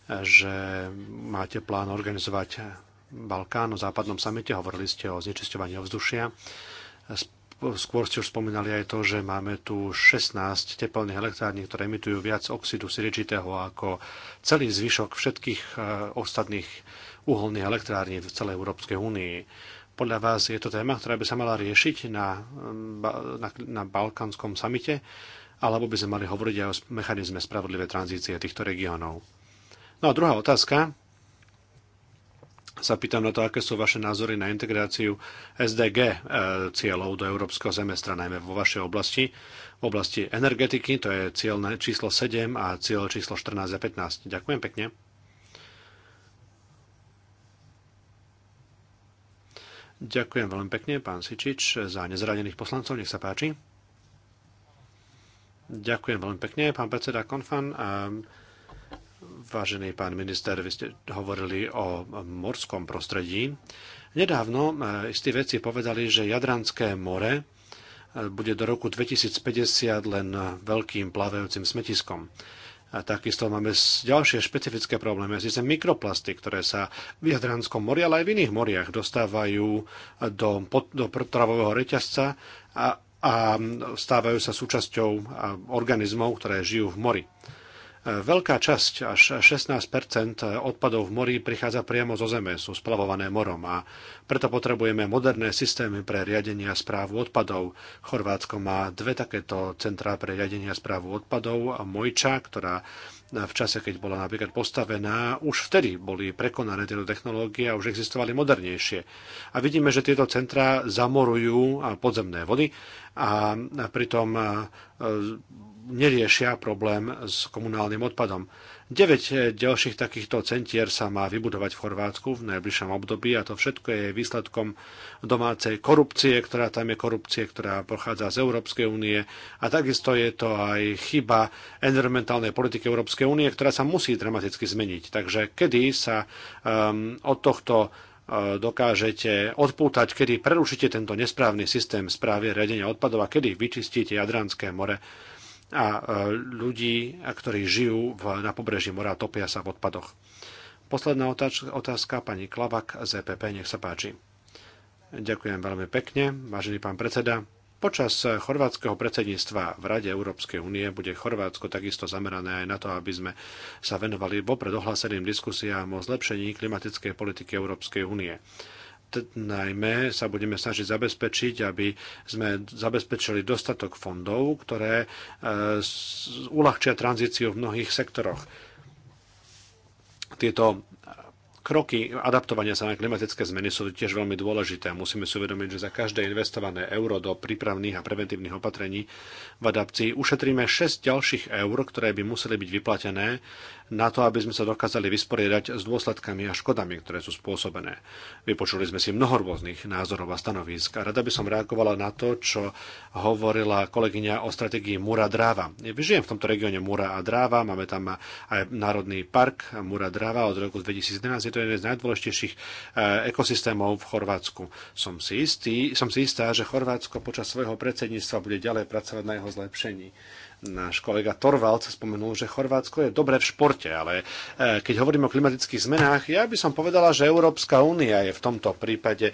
že máte plán organizovať Balkán o západnom samite, hovorili ste o znečisťovaní ovzdušia. Skôr ste už spomínali aj to, že máme tu 16 tepelných elektrární, ktoré emitujú viac oxidu siričitého ako celý zvyšok všetkých e, ostatných uholných elektrární v celej Európskej únii. Podľa vás je to téma, ktorá by sa mala riešiť na, na, na balkánskom samite, alebo by sme mali hovoriť aj o mechanizme spravodlivej tranzície týchto regiónov? No a druhá otázka sa pýtam na to, aké sú vaše názory na integráciu SDG eh, cieľov do európskeho semestra, najmä vo vašej oblasti. V oblasti energetiky to je cieľ číslo 7 a cieľ číslo 14 a 15. Ďakujem pekne. Ďakujem veľmi pekne, pán Sičič, za nezranených poslancov. Nech sa páči. Ďakujem veľmi pekne, pán predseda Konfan. Ehm, Vážený pán minister, vy ste hovorili o morskom prostredí. Nedávno e, istí vedci povedali, že Jadranské more e, bude do roku 2050 len veľkým plávajúcim smetiskom. A takisto máme ďalšie špecifické problémy, a síce mikroplasty, ktoré sa v Jadranskom mori, ale aj v iných moriach dostávajú do, pod, do potravového reťazca a, a stávajú sa súčasťou organizmov, ktoré žijú v mori. Veľká časť, až 16 odpadov v mori prichádza priamo zo zeme, sú splavované morom a preto potrebujeme moderné systémy pre riadenie a správu odpadov. Chorvátsko má dve takéto centrá pre riadenie a správu odpadov a Mojča, ktorá v čase, keď bola napríklad postavená, už vtedy boli prekonané tieto technológie a už existovali modernejšie. A vidíme, že tieto centrá zamorujú podzemné vody a pritom neriešia problém s komunálnym odpadom. 9 eh, ďalších takýchto centier sa má vybudovať v Chorvátsku v najbližšom období a to všetko je výsledkom domácej korupcie, ktorá tam je korupcie, ktorá pochádza z Európskej únie a takisto je to aj chyba environmentálnej politiky Európskej únie, ktorá sa musí dramaticky zmeniť. Takže kedy sa um, od tohto eh, dokážete odpútať, kedy prerušíte tento nesprávny systém správy riadenia odpadov a kedy vyčistíte Jadranské more a e, ľudí, ktorí žijú v, na pobreží mora a topia sa v odpadoch. Posledná otázka, pani Klavak z EPP, nech sa páči. Ďakujem veľmi pekne, vážený pán predseda. Počas chorvátskeho predsedníctva v Rade Európskej únie bude Chorvátsko takisto zamerané aj na to, aby sme sa venovali vopred ohláseným diskusiám o zlepšení klimatickej politiky Európskej únie najmä sa budeme snažiť zabezpečiť, aby sme zabezpečili dostatok fondov, ktoré e, uľahčia tranzíciu v mnohých sektoroch. Tieto kroky adaptovania sa na klimatické zmeny sú tiež veľmi dôležité. Musíme si uvedomiť, že za každé investované euro do prípravných a preventívnych opatrení v adapcii ušetríme 6 ďalších eur, ktoré by museli byť vyplatené na to, aby sme sa dokázali vysporiadať s dôsledkami a škodami, ktoré sú spôsobené. Vypočuli sme si mnoho rôznych názorov a stanovísk a rada by som reagovala na to, čo hovorila kolegyňa o strategii Mura Dráva. Žijem v tomto regióne Mura a Dráva, máme tam aj Národný park Mura Dráva od roku 2011. Je to jeden z najdôležitejších eh, ekosystémov v Chorvátsku. Som si, istý, som si istá, že Chorvátsko počas svojho predsedníctva bude ďalej pracovať na jeho zlepšení. Náš kolega sa spomenul, že Chorvátsko je dobre v športe, ale e, keď hovoríme o klimatických zmenách, ja by som povedala, že Európska únia je v tomto prípade e,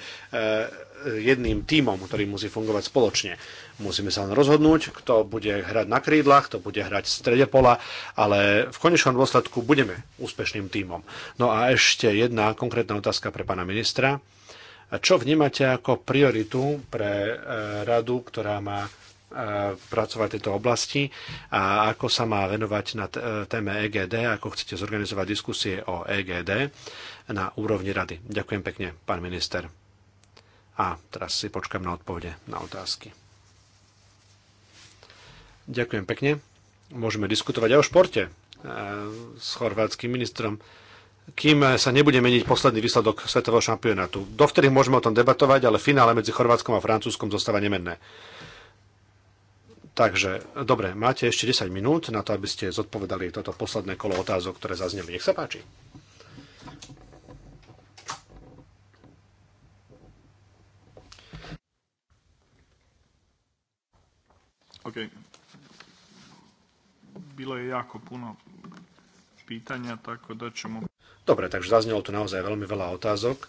jedným tímom, ktorý musí fungovať spoločne. Musíme sa len rozhodnúť, kto bude hrať na krídlach, kto bude hrať v strede pola, ale v konečnom dôsledku budeme úspešným tímom. No a ešte jedna konkrétna otázka pre pána ministra. Čo vnímate ako prioritu pre e, radu, ktorá má E, pracovať v tejto oblasti a ako sa má venovať na e, téme EGD, ako chcete zorganizovať diskusie o EGD na úrovni rady. Ďakujem pekne, pán minister. A teraz si počkám na odpovede na otázky. Ďakujem pekne. Môžeme diskutovať aj o športe e, s chorvátským ministrom kým sa nebude meniť posledný výsledok svetového šampionátu. Dovtedy môžeme o tom debatovať, ale finále medzi Chorvátskom a Francúzskom zostáva nemenné. Takže, dobre, máte ešte 10 minút na to, aby ste zodpovedali toto posledné kolo otázok, ktoré zazneli. Nech sa páči. OK. Bilo je jako puno pýtania, tako da čemu... Dobre, takže zaznelo tu naozaj veľmi veľa otázok.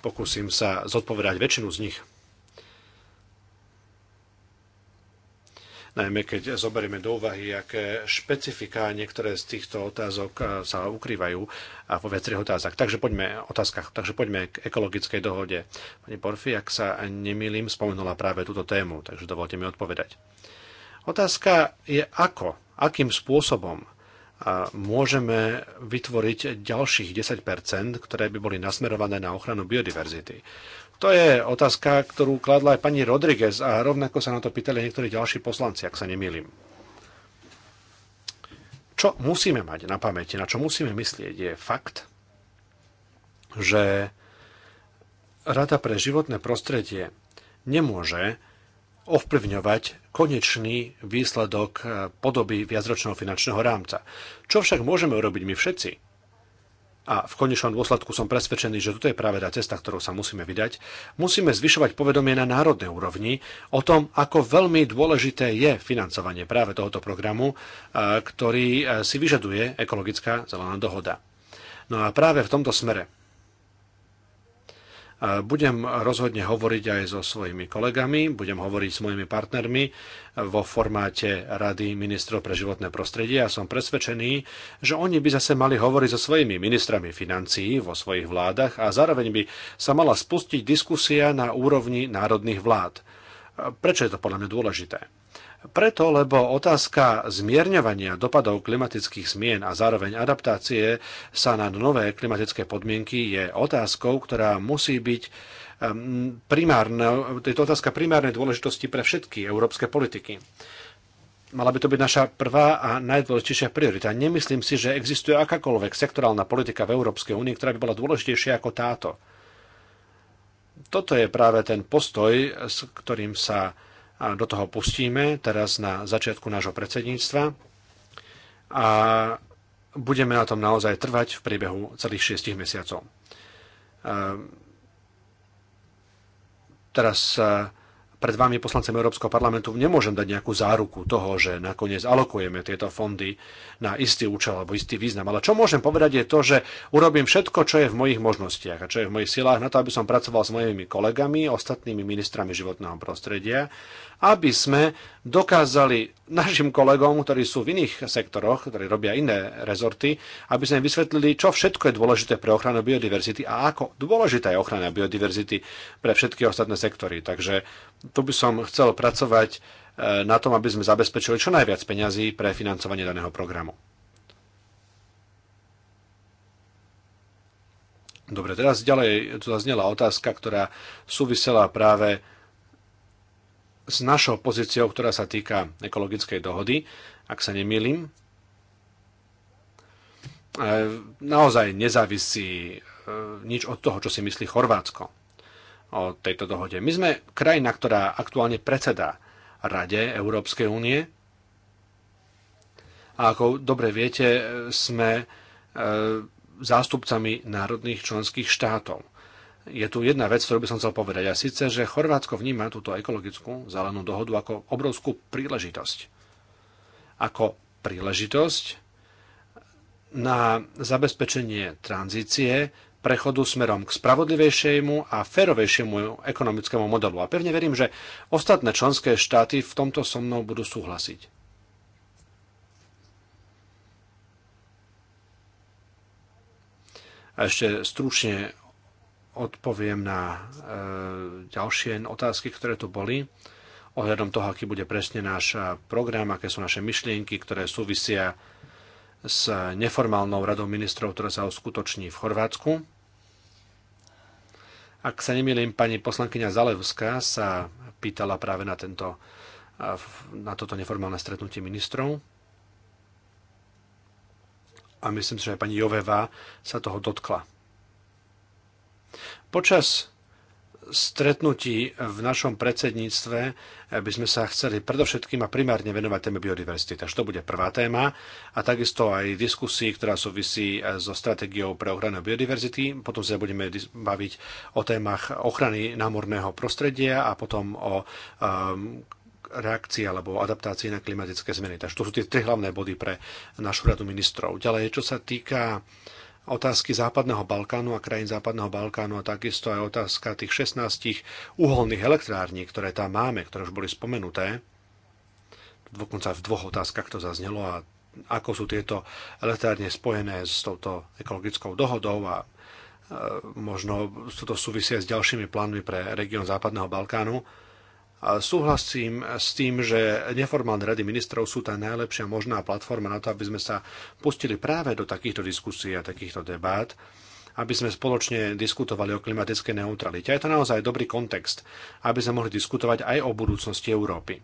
Pokúsim sa zodpovedať väčšinu z nich. najmä keď zoberieme do úvahy, aké špecifiká niektoré z týchto otázok e, sa ukrývajú a vo viacerých otázkach. Takže poďme otázkach. Takže poďme k ekologickej dohode. Pani Porfi, ak sa nemýlim, spomenula práve túto tému, takže dovolte mi odpovedať. Otázka je ako, akým spôsobom a e, môžeme vytvoriť ďalších 10 ktoré by boli nasmerované na ochranu biodiverzity. To je otázka, ktorú kladla aj pani Rodriguez a rovnako sa na to pýtali niektorí ďalší poslanci, ak sa nemýlim. Čo musíme mať na pamäti, na čo musíme myslieť, je fakt, že Rada pre životné prostredie nemôže ovplyvňovať konečný výsledok eh, podoby viacročného finančného rámca. Čo však môžeme urobiť my všetci? a v konečnom dôsledku som presvedčený, že toto je práve tá cesta, ktorou sa musíme vydať, musíme zvyšovať povedomie na národnej úrovni o tom, ako veľmi dôležité je financovanie práve tohoto programu, e, ktorý e, si vyžaduje ekologická zelená dohoda. No a práve v tomto smere budem rozhodne hovoriť aj so svojimi kolegami, budem hovoriť s mojimi partnermi vo formáte Rady ministrov pre životné prostredie a som presvedčený, že oni by zase mali hovoriť so svojimi ministrami financií vo svojich vládach a zároveň by sa mala spustiť diskusia na úrovni národných vlád. Prečo je to podľa mňa dôležité? Preto, lebo otázka zmierňovania dopadov klimatických zmien a zároveň adaptácie sa na nové klimatické podmienky je otázkou, ktorá musí byť primárne, je to otázka primárnej dôležitosti pre všetky európske politiky. Mala by to byť naša prvá a najdôležitejšia priorita. Nemyslím si, že existuje akákoľvek sektorálna politika v Európskej únii, ktorá by bola dôležitejšia ako táto. Toto je práve ten postoj, s ktorým sa a do toho pustíme teraz na začiatku nášho predsedníctva a budeme na tom naozaj trvať v priebehu celých 6 mesiacov. Ehm, teraz eh, pred vami poslancem Európskeho parlamentu nemôžem dať nejakú záruku toho, že nakoniec alokujeme tieto fondy na istý účel alebo istý význam. Ale čo môžem povedať je to, že urobím všetko, čo je v mojich možnostiach a čo je v mojich silách na to, aby som pracoval s mojimi kolegami, ostatnými ministrami životného prostredia, aby sme dokázali našim kolegom, ktorí sú v iných sektoroch, ktorí robia iné rezorty, aby sme vysvetlili, čo všetko je dôležité pre ochranu biodiverzity a ako dôležitá je ochrana biodiverzity pre všetky ostatné sektory. Takže tu by som chcel pracovať e, na tom, aby sme zabezpečili čo najviac peňazí pre financovanie daného programu. Dobre, teraz ďalej tu zaznela otázka, ktorá súvisela práve s našou pozíciou, ktorá sa týka ekologickej dohody, ak sa nemýlim, e, naozaj nezávisí e, nič od toho, čo si myslí Chorvátsko o tejto dohode. My sme krajina, ktorá aktuálne predsedá Rade Európskej únie. A ako dobre viete, sme e, zástupcami národných členských štátov je tu jedna vec, ktorú by som chcel povedať, a síce, že Chorvátsko vníma túto ekologickú zelenú dohodu ako obrovskú príležitosť. Ako príležitosť na zabezpečenie tranzície prechodu smerom k spravodlivejšiemu a férovejšiemu ekonomickému modelu. A pevne verím, že ostatné členské štáty v tomto so mnou budú súhlasiť. A ešte stručne odpoviem na e, ďalšie otázky, ktoré tu boli ohľadom toho, aký bude presne náš e, program, aké sú naše myšlienky, ktoré súvisia s neformálnou radou ministrov, ktorá sa uskutoční v Chorvátsku. Ak sa nemýlim, pani poslankyňa Zalevská sa pýtala práve na, tento, e, na toto neformálne stretnutie ministrov. A myslím si, že aj pani Joveva sa toho dotkla. Počas stretnutí v našom predsedníctve eh, by sme sa chceli predovšetkým a primárne venovať téme biodiverzity. Takže to bude prvá téma a takisto aj diskusii, ktorá súvisí eh, so stratégiou pre ochranu biodiverzity. Potom sa budeme baviť o témach ochrany námorného prostredia a potom o um, reakcii alebo adaptácii na klimatické zmeny. Takže to sú tie tri hlavné body pre našu radu ministrov. Ďalej, čo sa týka uh, otázky Západného Balkánu a krajín Západného Balkánu a takisto aj otázka tých 16 uholných elektrární, ktoré tam máme, ktoré už boli spomenuté. Dokonca v dvoch otázkach to zaznelo a ako sú tieto elektrárne spojené s touto ekologickou dohodou a e, možno toto súvisia s ďalšími plánmi pre región Západného Balkánu Súhlasím s tým, že neformálne rady ministrov sú tá najlepšia možná platforma na to, aby sme sa pustili práve do takýchto diskusí a takýchto debát aby sme spoločne diskutovali o klimatickej neutralite. Je to naozaj dobrý kontext, aby sme mohli diskutovať aj o budúcnosti Európy.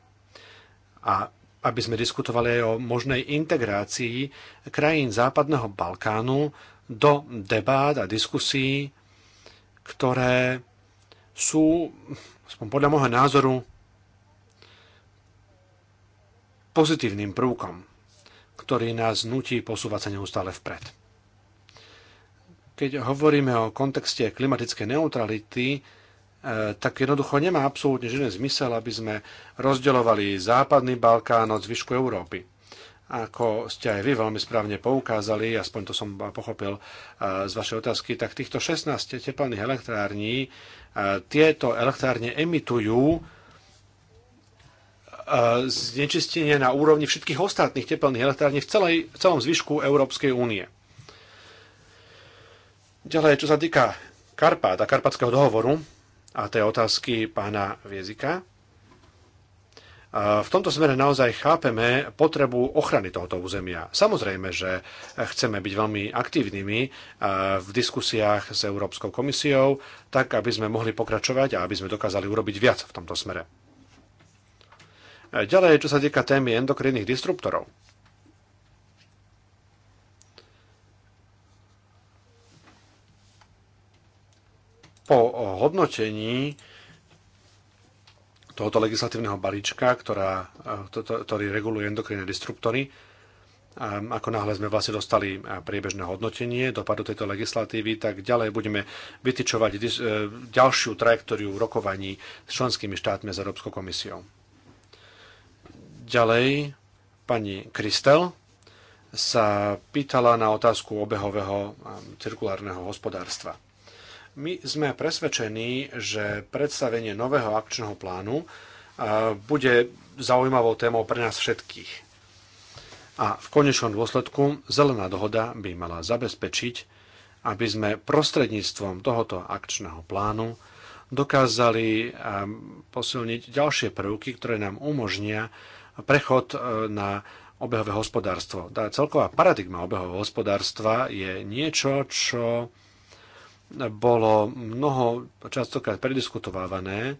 A aby sme diskutovali aj o možnej integrácii krajín Západného Balkánu do debát a diskusí, ktoré sú aspoň podľa môjho názoru, pozitívnym prvkom, ktorý nás nutí posúvať sa neustále vpred. Keď hovoríme o kontexte klimatickej neutrality, e, tak jednoducho nemá absolútne žiaden zmysel, aby sme rozdeľovali západný Balkán od zvyšku Európy. Ako ste aj vy veľmi správne poukázali, aspoň to som pochopil e, z vašej otázky, tak týchto 16 teplných elektrární tieto elektrárne emitujú e, znečistenie na úrovni všetkých ostatných tepelných elektrární v, celej, v celom zvyšku Európskej únie. Ďalej, čo sa týka Karpát a Karpatského dohovoru a tej otázky pána Viezika, v tomto smere naozaj chápeme potrebu ochrany tohoto územia. Samozrejme, že chceme byť veľmi aktívnymi e, v diskusiách s Európskou komisiou, tak aby sme mohli pokračovať a aby sme dokázali urobiť viac v tomto smere. E, ďalej, čo sa týka témy endokrinných disruptorov. Po hodnotení tohoto legislatívneho balíčka, ktorá, eh, to, to, ktorý reguluje endokrinné disruptory. Ako náhle sme vlastne dostali eh, priebežné hodnotenie dopadu tejto legislatívy, tak ďalej budeme dis- eh, ďalšiu trajektóriu rokovaní s členskými štátmi a s Európskou komisiou. Ďalej pani Kristel sa pýtala na otázku obehového cirkulárneho hospodárstva. My sme presvedčení, že predstavenie nového akčného plánu e, bude zaujímavou témou pre nás všetkých. A v konečnom dôsledku zelená dohoda by mala zabezpečiť, aby sme prostredníctvom tohoto akčného plánu dokázali e, posilniť ďalšie prvky, ktoré nám umožnia prechod e, na obehové hospodárstvo. Tá celková paradigma obehového hospodárstva je niečo, čo bolo mnoho častokrát prediskutovávané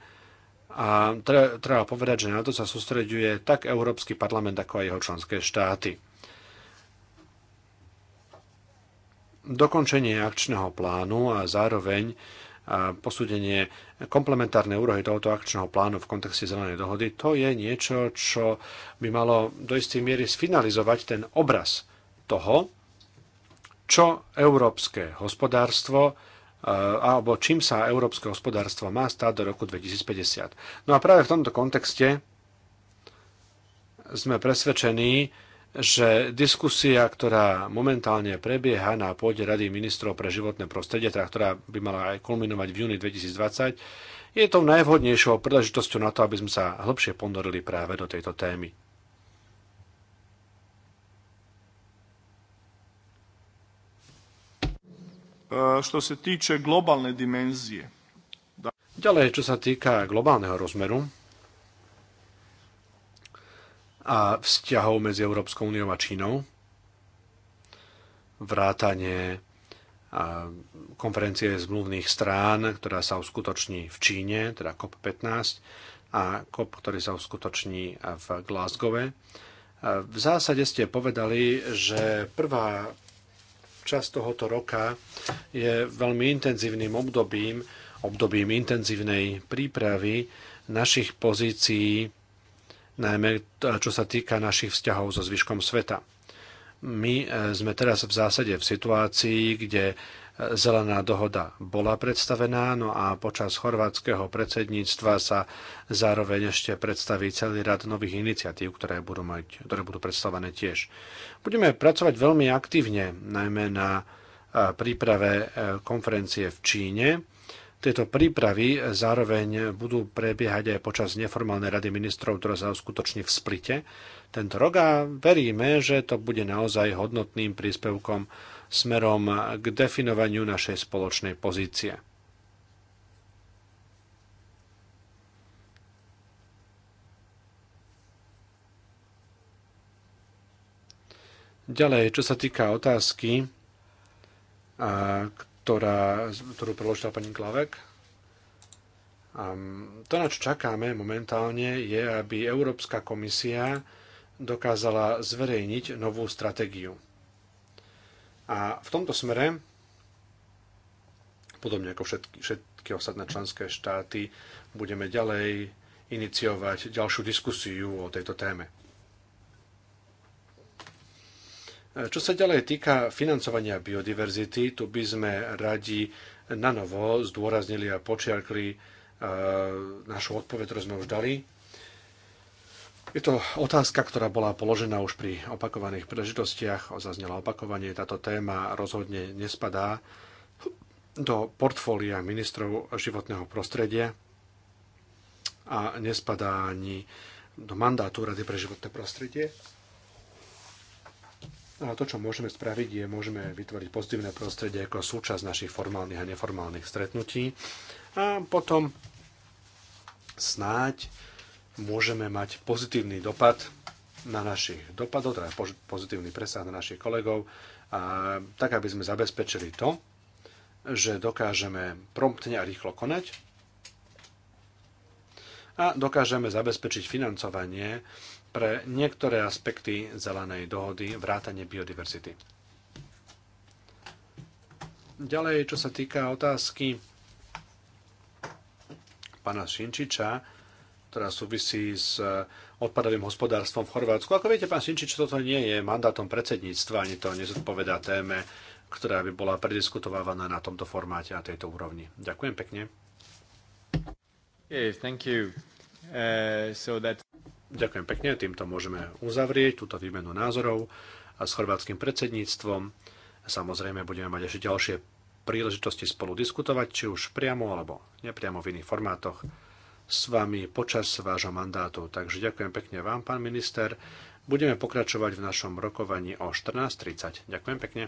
a treba povedať, že na to sa sústreďuje tak Európsky parlament, ako aj jeho členské štáty. Dokončenie akčného plánu a zároveň a posúdenie komplementárnej úrohy tohoto akčného plánu v kontexte zelenej dohody, to je niečo, čo by malo do istej miery sfinalizovať ten obraz toho, čo európske hospodárstvo Eh, alebo čím sa európske hospodárstvo má stať do roku 2050. No a práve v tomto kontexte sme presvedčení, že diskusia, ktorá momentálne prebieha na pôde Rady ministrov pre životné prostredie, teda ktorá by mala aj kulminovať v júni 2020, je tou najvhodnejšou príležitosťou na to, aby sme sa hĺbšie ponorili práve do tejto témy. E, što se tiče globalne dimenzije. Ďalej, čo sa týka globálneho rozmeru a vzťahov medzi Európskou úniou a Čínou, vrátanie konferencie zmluvných strán, ktorá sa uskutoční v Číne, teda COP15, a COP, ktorý sa uskutoční v Glasgow. V zásade ste povedali, že prvá čas tohoto roka je veľmi intenzívnym obdobím, obdobím intenzívnej prípravy našich pozícií, najmä e, čo sa týka našich vzťahov so zvyškom sveta. My e, sme teraz v zásade v situácii, kde Zelená dohoda bola predstavená, no a počas chorvátskeho predsedníctva sa zároveň ešte predstaví celý rad nových iniciatív, ktoré budú, mať, ktoré budú predstavené tiež. Budeme pracovať veľmi aktívne, najmä na e, príprave e, konferencie v Číne. Tieto prípravy zároveň budú prebiehať aj počas neformálnej rady ministrov, ktorá sa uskutoční v Splite tento rok a veríme, že to bude naozaj hodnotným príspevkom smerom k definovaniu našej spoločnej pozície. Ďalej, čo sa týka otázky, ktorá, ktorú preložila pani Klavek, to, na čo čakáme momentálne, je, aby Európska komisia dokázala zverejniť novú stratégiu. A v tomto smere, podobne ako všetky, všetky ostatné členské štáty, budeme ďalej iniciovať ďalšiu diskusiu o tejto téme. Čo sa ďalej týka financovania biodiverzity, tu by sme radi na novo zdôraznili a počiarkli eh, našu odpoveď, ktorú sme už dali je to otázka, ktorá bola položená už pri opakovaných príležitostiach, zaznela opakovanie, táto téma rozhodne nespadá do portfólia ministrov životného prostredia a nespadá ani do mandátu Rady pre životné prostredie. A to, čo môžeme spraviť, je, môžeme vytvoriť pozitívne prostredie ako súčasť našich formálnych a neformálnych stretnutí a potom snáď môžeme mať pozitívny dopad na našich dopadov, teda pozitívny presah na našich kolegov, a tak aby sme zabezpečili to, že dokážeme promptne a rýchlo konať a dokážeme zabezpečiť financovanie pre niektoré aspekty zelenej dohody vrátane biodiverzity. Ďalej, čo sa týka otázky pána Šinčiča, ktorá súvisí s e, odpadovým hospodárstvom v Chorvátsku. Ako viete, pán Sinčič, toto nie je mandátom predsedníctva, ani to nezodpovedá téme, ktorá by bola prediskutovávaná na tomto formáte a tejto úrovni. Ďakujem pekne. Yes, thank you. Uh, so that... Ďakujem pekne, týmto môžeme uzavrieť túto výmenu názorov a s chorvátským predsedníctvom. Samozrejme, budeme mať ešte ďalšie príležitosti spolu diskutovať, či už priamo alebo nepriamo v iných formátoch s vami počas vášho mandátu. Takže ďakujem pekne vám, pán minister. Budeme pokračovať v našom rokovaní o 14.30. Ďakujem pekne.